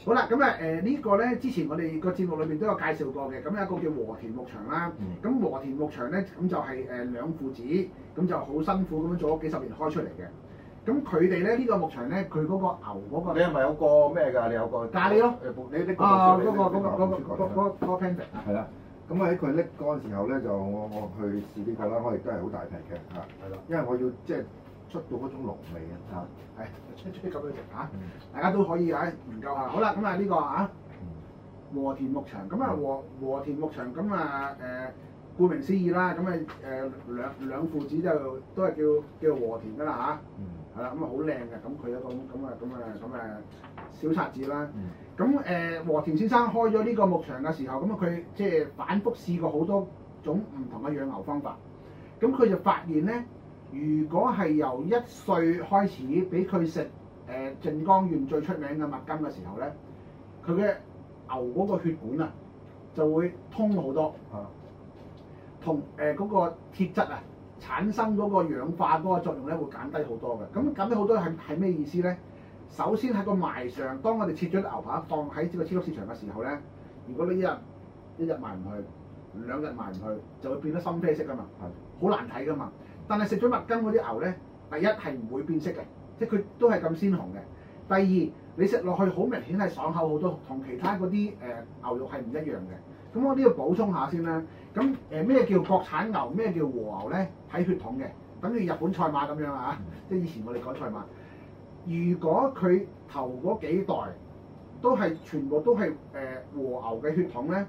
好啦，咁啊誒呢個咧，之前我哋個節目裏邊都有介紹過嘅，咁有一個叫和田牧場啦，咁和田牧場咧，咁就係誒兩父子，咁就好辛苦咁樣做咗幾十年開出嚟嘅，咁佢哋咧呢個牧場咧，佢嗰個牛嗰個，你係咪有個咩㗎？你有個咖喱咯？誒，你你嗰個啊，嗰個嗰個嗰個嗰個嗰個 appendix，係啦，咁喺佢拎嗰時候咧，就我我去試啲個啦，我亦都係好大隻嘅嚇，係咯，因為我要即係。出到嗰種濃味啊！係、啊，咁樣食嚇，大家都可以喺研究下。好啦，咁啊呢個啊，和田牧場。咁啊和、嗯、和田牧場，咁啊誒，顧、呃、名思義啦。咁啊誒，兩兩父子就都係叫叫和田噶啦嚇。係、啊、啦，咁、嗯、啊好靚嘅。咁佢有個咁啊咁啊咁啊小冊子啦。咁誒、嗯呃、和田先生開咗呢個牧場嘅時候，咁啊佢即係反覆試過好多種唔同嘅養牛方法。咁佢就發現咧。如果係由一歲開始俾佢食誒靜岡縣最出名嘅蜜柑嘅時候咧，佢嘅牛嗰個血管啊就會通好多，啊、同誒嗰、呃那個鐵質啊產生嗰個氧化嗰個作用咧會減低好多嘅。咁減低好多係係咩意思咧？首先喺個賣上，當我哋切咗啲牛扒放喺呢個超級市場嘅時候咧，如果呢一日一日賣唔去，兩日賣唔去，就會變得深啡色噶嘛，好是難睇噶嘛。但係食咗麥根嗰啲牛咧，第一係唔會變色嘅，即係佢都係咁鮮紅嘅。第二，你食落去好明顯係爽口好多，同其他嗰啲誒牛肉係唔一樣嘅。咁我呢度補充下先啦。咁誒咩叫國產牛？咩叫和牛咧？睇血統嘅，等於日本賽馬咁樣啊，即係以前我哋講賽馬。如果佢頭嗰幾代都係全部都係誒、呃、和牛嘅血統咧，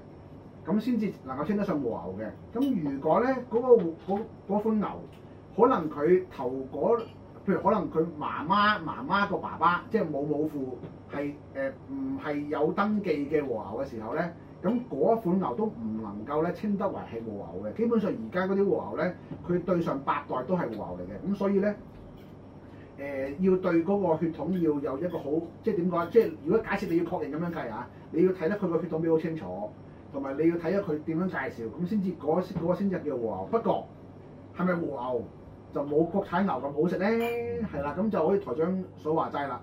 咁先至能夠稱得上和牛嘅。咁如果咧嗰、嗰個款牛，可能佢頭嗰譬如可能佢媽媽媽媽個爸爸，即係母母父係誒唔係有登記嘅和牛嘅時候咧，咁嗰款牛都唔能夠咧稱得為係和牛嘅。基本上而家嗰啲和牛咧，佢對上八代都係和牛嚟嘅。咁所以咧誒、呃、要對嗰個血統要有一個好，即係點講？即係如果假設你要確認咁樣計啊，你要睇得佢個血統好清楚，同埋你要睇咗佢點樣介紹，咁先至嗰個先至、嗰個、叫和牛。不過係咪和牛？就冇國產牛咁好食咧，係啦，咁就好似台長所話齋啦，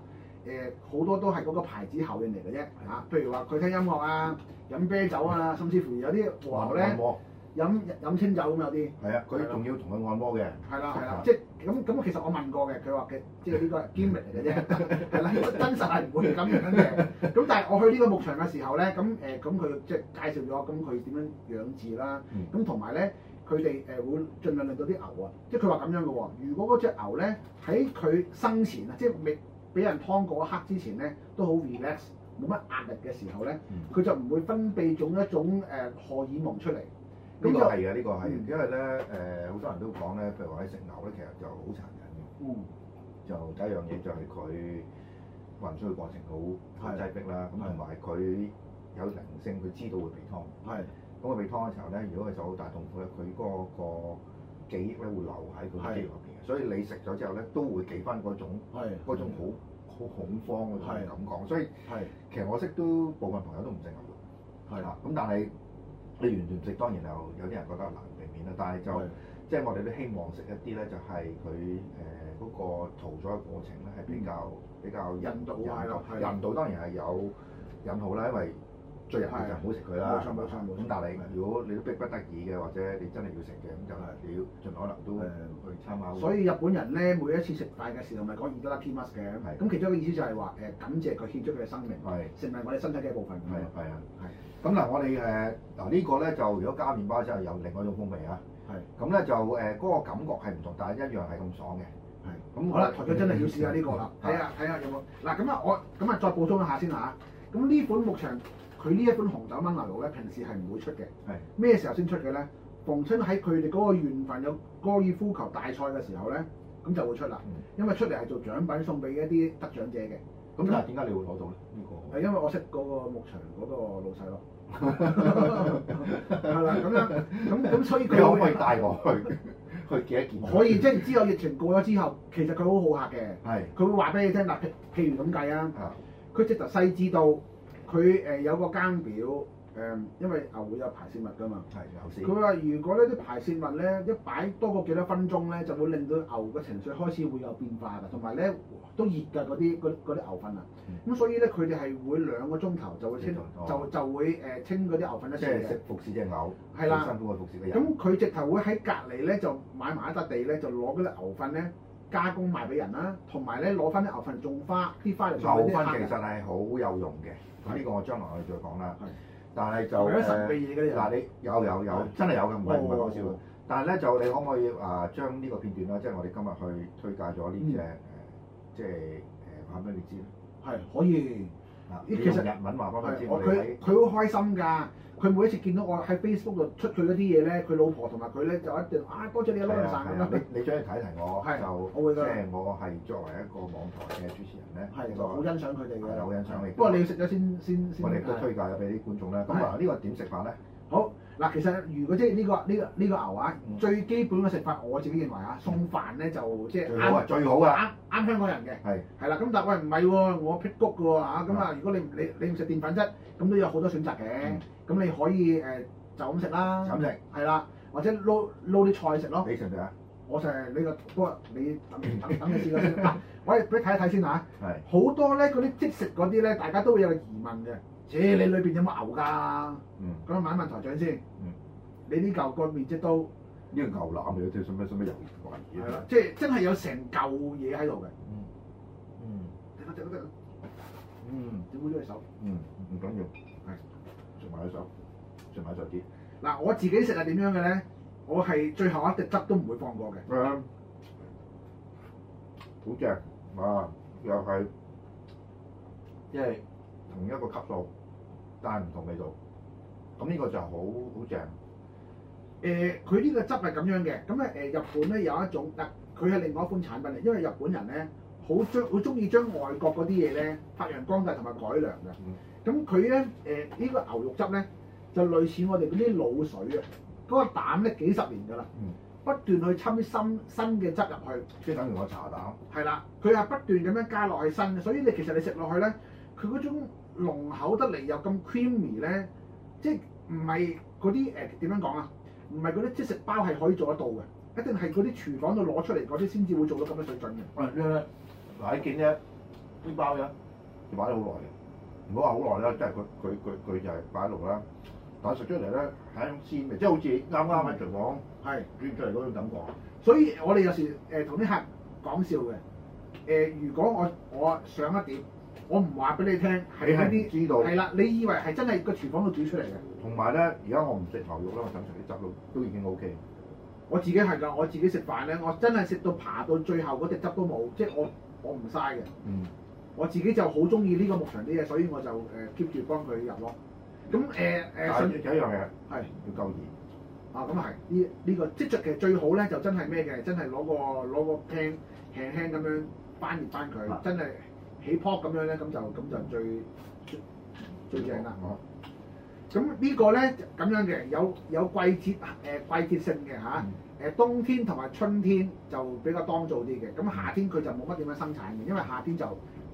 誒好多都係嗰個牌子效應嚟嘅啫，嚇，譬如話佢聽音樂啊，飲啤酒啊，甚至乎有啲和牛咧飲飲清酒咁有啲，係啊，佢仲要同佢按摩嘅，係啦，即係咁咁其實我問過嘅，佢話嘅即係呢個 gimmick 嚟嘅啫，係啦、嗯，真實係唔會咁樣嘅，咁、嗯、但係我去呢個牧場嘅時候咧，咁誒咁佢即係介紹咗，咁佢點樣養殖啦，咁同埋咧。佢哋誒會盡量令到啲牛啊，即係佢話咁樣嘅喎。如果嗰隻牛咧喺佢生前啊，即係未俾人劏嗰刻之前咧，都好 relax，冇乜壓力嘅時候咧，佢、嗯、就唔會分泌種一種誒荷爾蒙出嚟。呢、嗯呢個係嘅，呢、呢個係。因為咧誒，呃嗯、好多人都講咧，譬如話喺食牛咧，其實就好殘忍嘅。嗯。就第一樣嘢就係佢運輸過程好好擠迫啦，咁同埋佢有靈性，佢知道會被劏。係。咁佢被劏嘅時候咧，如果佢受好大痛苦咧，佢嗰、嗰個記憶咧會留喺佢肌肉入邊嘅，的所以你食咗之後咧，都會記翻嗰種嗰種好好恐慌嘅感覺，所以其實我識都部分朋友都唔食牛肉啦，咁但係你完全唔食，當然又有啲人覺得難避免啦，但係就即係的我哋都希望食一啲咧，就係佢誒嗰個屠宰嘅過程咧係比較比較人道。人道當然係有引號啦，因為。最人哋就唔好食佢啦，咁但你，如果你都逼不得已嘅，或者你真係要食嘅，咁就係要盡可能都誒去參考。所以日本人咧，每一次食飯嘅時候咪講二打啦，key must 嘅，咁其中一個意思就係話誒感謝佢獻出佢嘅生命，成為我哋身體嘅一部分。係啊，係。咁嗱，我哋誒嗱呢個咧就如果加麵包之後有另外一種風味啊。係。咁咧就誒嗰個感覺係唔同，但係一樣係咁爽嘅。係。咁好啦，台長真係要試下呢個啦。係啊，係啊，有冇？嗱，咁啊，我咁啊，再補充一下先啦嚇，咁呢本牧場。佢呢一款紅酒燜牛柳咧，平時係唔會出嘅。係咩時候先出嘅咧？逢親喺佢哋嗰個遠份有高爾夫球大賽嘅時候咧，咁就會出啦。因為出嚟係做獎品送俾一啲得獎者嘅。咁但係點解你會攞到咧？呢個係因為我識嗰個牧場嗰個老細咯。係啦，咁樣咁咁，所以佢可唔可以帶我去？去幾多件？可以，即係知有疫情過咗之後，其實佢好好客嘅。係佢會話俾你聽，嗱，譬如咁計啊，佢即係就細緻到。佢誒有個監表，誒、嗯，因為牛會有排泄物㗎嘛。係的，首先。佢話：如果呢啲排泄物咧一擺多過幾多分鐘咧，就會令到牛嘅情緒開始會有變化㗎。同埋咧都熱㗎嗰啲啲牛糞啊。咁、嗯嗯、所以咧佢哋係會兩個鐘頭就會清，嗯哦、就就會誒清嗰啲、嗯、牛糞一清嘅。即係服侍隻牛。係啦、嗯。辛苦服侍嘅人。咁佢直頭會喺隔離咧就買埋一笪地咧，就攞嗰啲牛糞咧加工賣俾人啦，同埋咧攞翻啲牛糞嚟種花，啲花嚟做。牛糞其實係好工有用嘅。呢個我將來我哋再講啦。但係就，神秘嘢啲嗱你有有有，真係有嘅，唔係唔係講笑嘅。但係咧就你可唔可以啊將呢個片段啦，即係我哋今日去推介咗呢隻誒，即係誒話畀你知？係可以。啊，你其實日文話畀我知？我佢佢好開心㗎。佢每一次見到我喺 Facebook 度出佢嗰啲嘢咧，佢老婆同埋佢咧就一定啊，多謝你嘅 lunch set 咁啦。你你將嚟睇一睇我，就即係我係作為一個網台嘅主持人咧，好欣賞佢哋嘅，好欣賞你。不過你要食咗先先先。我哋都推介咗俾啲觀眾咧。咁啊，呢個點食法咧？好。嗱，其實如果即係呢個呢、呢個呢、呢個牛啊，嗯、最基本嘅食法，我自己認為啊，送飯咧就即係最好啊。啱啱香港人嘅，係係啦。咁但係喂唔係喎，我辟谷嘅喎咁啊，如果你唔你你唔食澱粉質，咁都有好多選擇嘅。咁、嗯、你可以誒就咁食啦，就咁食，係啦，或者撈撈啲菜食咯。你食唔食啊？我成日你個哥，你等等你試過先。啦。 [LAUGHS] 喂，俾你睇一睇先嚇。係、 [LAUGHS] 啊。好多咧嗰啲即食嗰啲咧，大家都會有疑問嘅。切，你裏邊有冇牛㗎？嗯，咁樣問一問台長先。嗯。你呢嚿幹麵即都？呢個牛腩嚟嘅，即係咩咩咩油膩嘅嘢？係啦，即係真係有成嚿嘢喺度嘅。嗯。嗯。嗯。點會呢隻手？嗯，唔緊要。係。食埋呢隻手，食埋手指。嗱，我自己食係點樣嘅咧？我係最後一隻汁都唔會放過嘅。誒。好正啊！又係，即係同一個級數。但係唔同味道，咁呢個就好好正。誒，佢呢、呃、個汁係咁樣嘅，咁咧誒，日本咧有一種，嗱、呃，佢係另外一款產品嚟，因為日本人咧好中好中意將外國嗰啲嘢咧發揚光大同埋改良㗎。咁佢咧誒呢、呃這個牛肉汁咧就類似我哋嗰啲滷水啊，嗰、那個膽咧幾十年㗎啦，嗯、不斷去摻新新嘅汁入去，即係等於我茶膽。係啦，佢係不斷咁樣加落去新，所以你其實你食落去咧，佢嗰種。濃厚得嚟又咁 creamy 咧，即係唔係嗰啲誒點樣講啊？唔係嗰啲即食包係可以做得到嘅，一定係嗰啲廚房度攞出嚟嗰啲先至會做到咁嘅水準嘅。喂，呢一嗱，你見呢啲包嘅，你擺咗好耐嘅，唔好話好耐啦，即係佢佢佢佢就係擺喺度啦。但係食出嚟咧係一種鮮味，即係好似啱啱喺廚房係煮出嚟嗰種感覺。是所以我哋有時誒同啲客講笑嘅誒、呃，如果我我上一碟。我唔話俾你聽，係嗰啲知道，係啦。你以為係真係個廚房度煮出嚟嘅。同埋咧，而家我唔食牛肉啦，我飲場啲汁都都已經 OK。我自己係㗎，我自己食飯咧，我真係食到爬到最後嗰隻汁都冇，即係我我唔嘥嘅。嗯。我自己就好中意呢個牧場啲嘢，所以我就誒 keep 住幫佢入咯。咁誒誒，第一樣嘢係要夠熱。啊，咁啊係呢呢個、這個、即着其實最好咧，就真係咩嘅？真係攞個攞個 pan 輕輕咁樣翻熱翻佢，真係，起泡咁樣咧，咁就咁就最最最正啦。咁呢個咧咁樣嘅，有有季節誒季節性嘅嚇。誒冬天同埋春天就比較當造啲嘅，咁夏天佢就冇乜點樣生產嘅，因為夏天就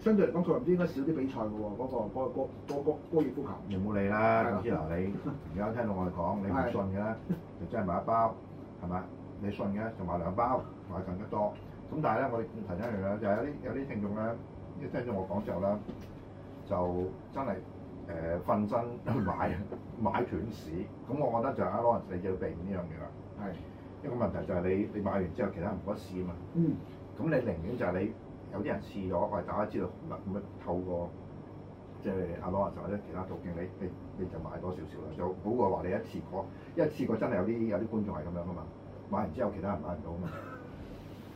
相對嚟講佢唔知應該少啲比賽嘅喎。嗰個嗰個嗰嗰嗰高爾夫球，你冇理啦。唔知嗱你而家聽到我哋講，你唔信嘅咧，就真係買一包，係咪？你信嘅就買兩包，買更加多。咁但係咧，我哋提咗一樣就係有啲有啲聽眾咧。一聽咗我講之後咧，就真係誒瞓身買買斷市，咁我覺得就阿 Lawrence 你要避呢樣嘢啦。係是一個問題就係你你買完之後，其他人唔得試啊嘛。嗯。咁你寧願就係你有啲人試咗，我哋大家知道乜乜透過即係阿 Lawrence 或者其他途徑，你你，你就買多少少啦，就好過話你一次過一次過真係有啲有啲觀眾係咁樣啊嘛，買完之後其他人買唔到啊嘛，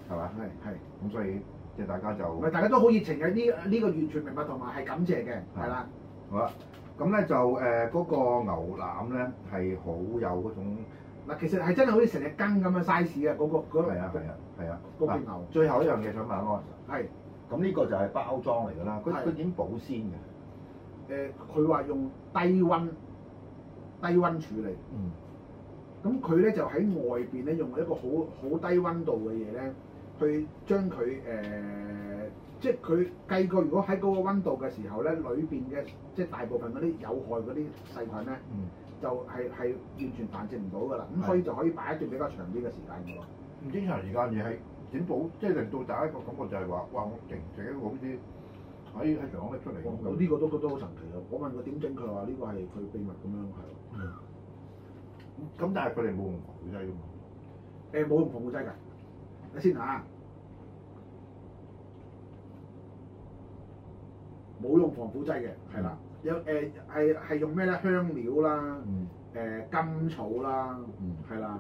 係嘛？係係是，咁所以。即係大家就，唔係大家都好熱情嘅呢？呢、這個完全明白同埋係感謝嘅，係啦。好啦，咁咧就誒嗰、呃那個牛腩咧係好有嗰種嗱，其實係真係好似成隻斤咁樣的 size 嘅嗰、那個係啊係啊係啊，嗰啲牛腩。最後一樣嘢想問下 Lawrence 係，咁呢的個就係包裝嚟㗎啦。佢佢點保鮮嘅？誒，佢話用低温，低温處理。嗯。咁佢咧就喺外邊咧用一個好好低温度嘅嘢咧。去將佢誒、呃，即係佢計過，如果喺嗰個温度嘅時候咧，裏邊嘅即係大部分嗰啲有害嗰啲細菌咧，嗯、就係、是、係完全繁殖唔到噶啦。咁、嗯、所以就可以擺一段比較長啲嘅時間㗎喇。唔止長時間嘢係點保，即係令到大家一個感覺就係話：哇！我勁，突然間我邊啲喺喺廚房拎出嚟，呢個都都好神奇啊！我問佢點整，佢話呢個係佢秘密咁樣係。嗯。咁、嗯嗯、但係佢哋冇用防腐劑㗎嘛？誒、欸，冇用防腐劑㗎。睇先嚇，冇用防腐劑嘅，係啦。有誒係係用咩咧？香料啦，誒甘草啦，係啦。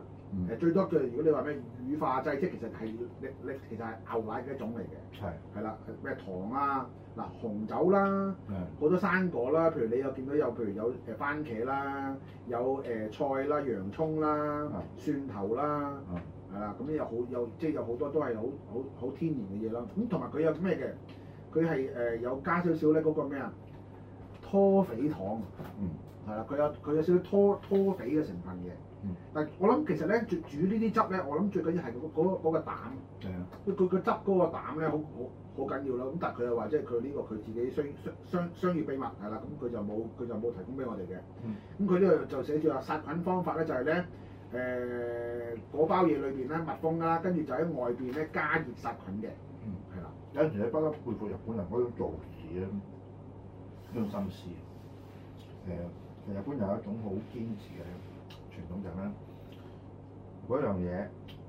誒最多最，如果你話咩乳化劑，即係其實係你你其實係牛奶嘅一種嚟嘅。係係啦，咩糖啦，嗱紅酒啦，好多生果啦。譬如你又見到有，譬如有誒番茄啦，有誒菜啦、洋葱啦、蒜頭啦。係、就是、啦，咁咧好，又即係有好多都係好好好天然嘅嘢啦。咁同埋佢有咩嘅？佢係誒有加少少咧嗰個咩啊？拖肥糖，係、嗯、啦，佢有佢有少少拖拖肥嘅成分嘅。但係我諗其實咧煮呢啲汁咧，我諗最緊要係嗰嗰嗰個膽。係啊，佢佢汁嗰個膽咧，好好好緊要咯。咁但係佢又話，即係佢呢個佢自己商商商商業秘密係啦。咁、嗯、佢就冇佢就冇提供俾我哋嘅。咁佢呢度就寫住話殺菌方法咧，就係、是、咧。誒嗰、呃、包嘢裏邊咧密封啦，跟住就喺外邊咧加熱殺菌嘅。嗯，係啦的。有陣時你不得不佩服日本人嗰種做事咧，嗰種心思。誒是，呃、日本人有一種好堅持嘅傳統，就係咩？嗰樣嘢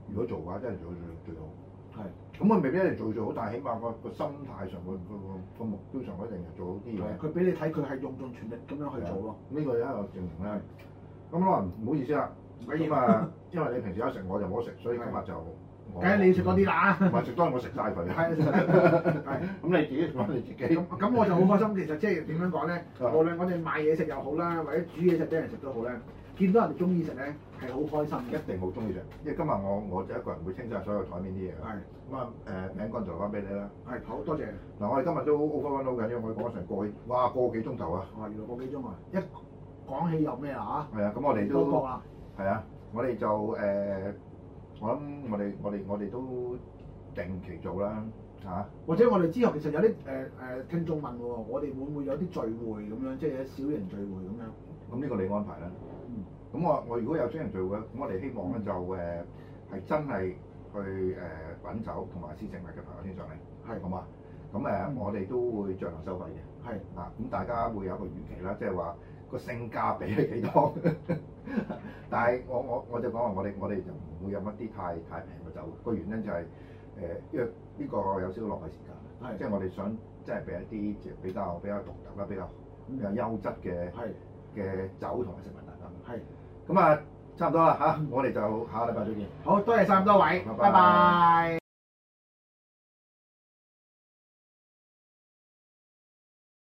如果做嘅話，真係做到最最好。係是。咁佢未必一定做最好，但係起碼個個心態上個個、個個目標上，一定係做好啲嘢。佢俾、嗯、你睇，佢係用盡全力咁樣去做咯。呢、嗯嗯呢個又證明咧。咁可能唔好意思啦。嗯唔緊要嘛，因為你平時有食，我就冇得食，所以今日就，梗係你食嗰啲啦。唔係食多，我食曬佢。係，咁你自己食，你自己。咁咁我就好開心。其實即係點樣講咧？無論我哋買嘢食又好啦，或者煮嘢食俾人食都好咧，見到人哋中意食咧係好開心，一定好中意食。因為今日我我就一個人會清曬所有台面啲嘢。係。咁啊誒餅乾就留翻俾你啦。係，好多謝。嗱，我哋今日都好開心，好緊張。我哋講成個，哇，個幾鐘頭啊！哇，原來個幾鐘啊！一講起又咩啦嚇？係啊，咁我哋都。多謝。係啊，我哋就誒、呃，我諗我哋我哋我哋都定期做啦，嚇、啊。或者我哋之後其實有啲誒誒聽眾問、啊、我我哋會唔會有啲聚會咁樣，即、就、係、是、小型聚會咁樣？咁呢個你安排啦。嗯。咁、嗯、我我如果有小型聚會咧，咁我哋希望咧就誒係、呃、真係去誒、呃、品酒同埋試食物嘅朋友先上嚟，係、嗯、好嘛？咁誒我哋都會酌量收費嘅。係是。嗱、啊，咁大家會有一個預期啦，即係話。個性價比係幾多？ [LAUGHS] 但係我我我就講話，我哋我哋就唔會飲一啲太太平嘅酒。個原因就係、是、誒、呃，因為呢個有少少浪費時間，即係的我哋想即係俾一啲比較比較獨特啦，比較比較，比較優質嘅嘅、嗯、酒同埋食物大家。係咁啊，差唔多啦嚇，的我哋就下個禮拜再見。好多謝咁多位，拜拜。拜拜。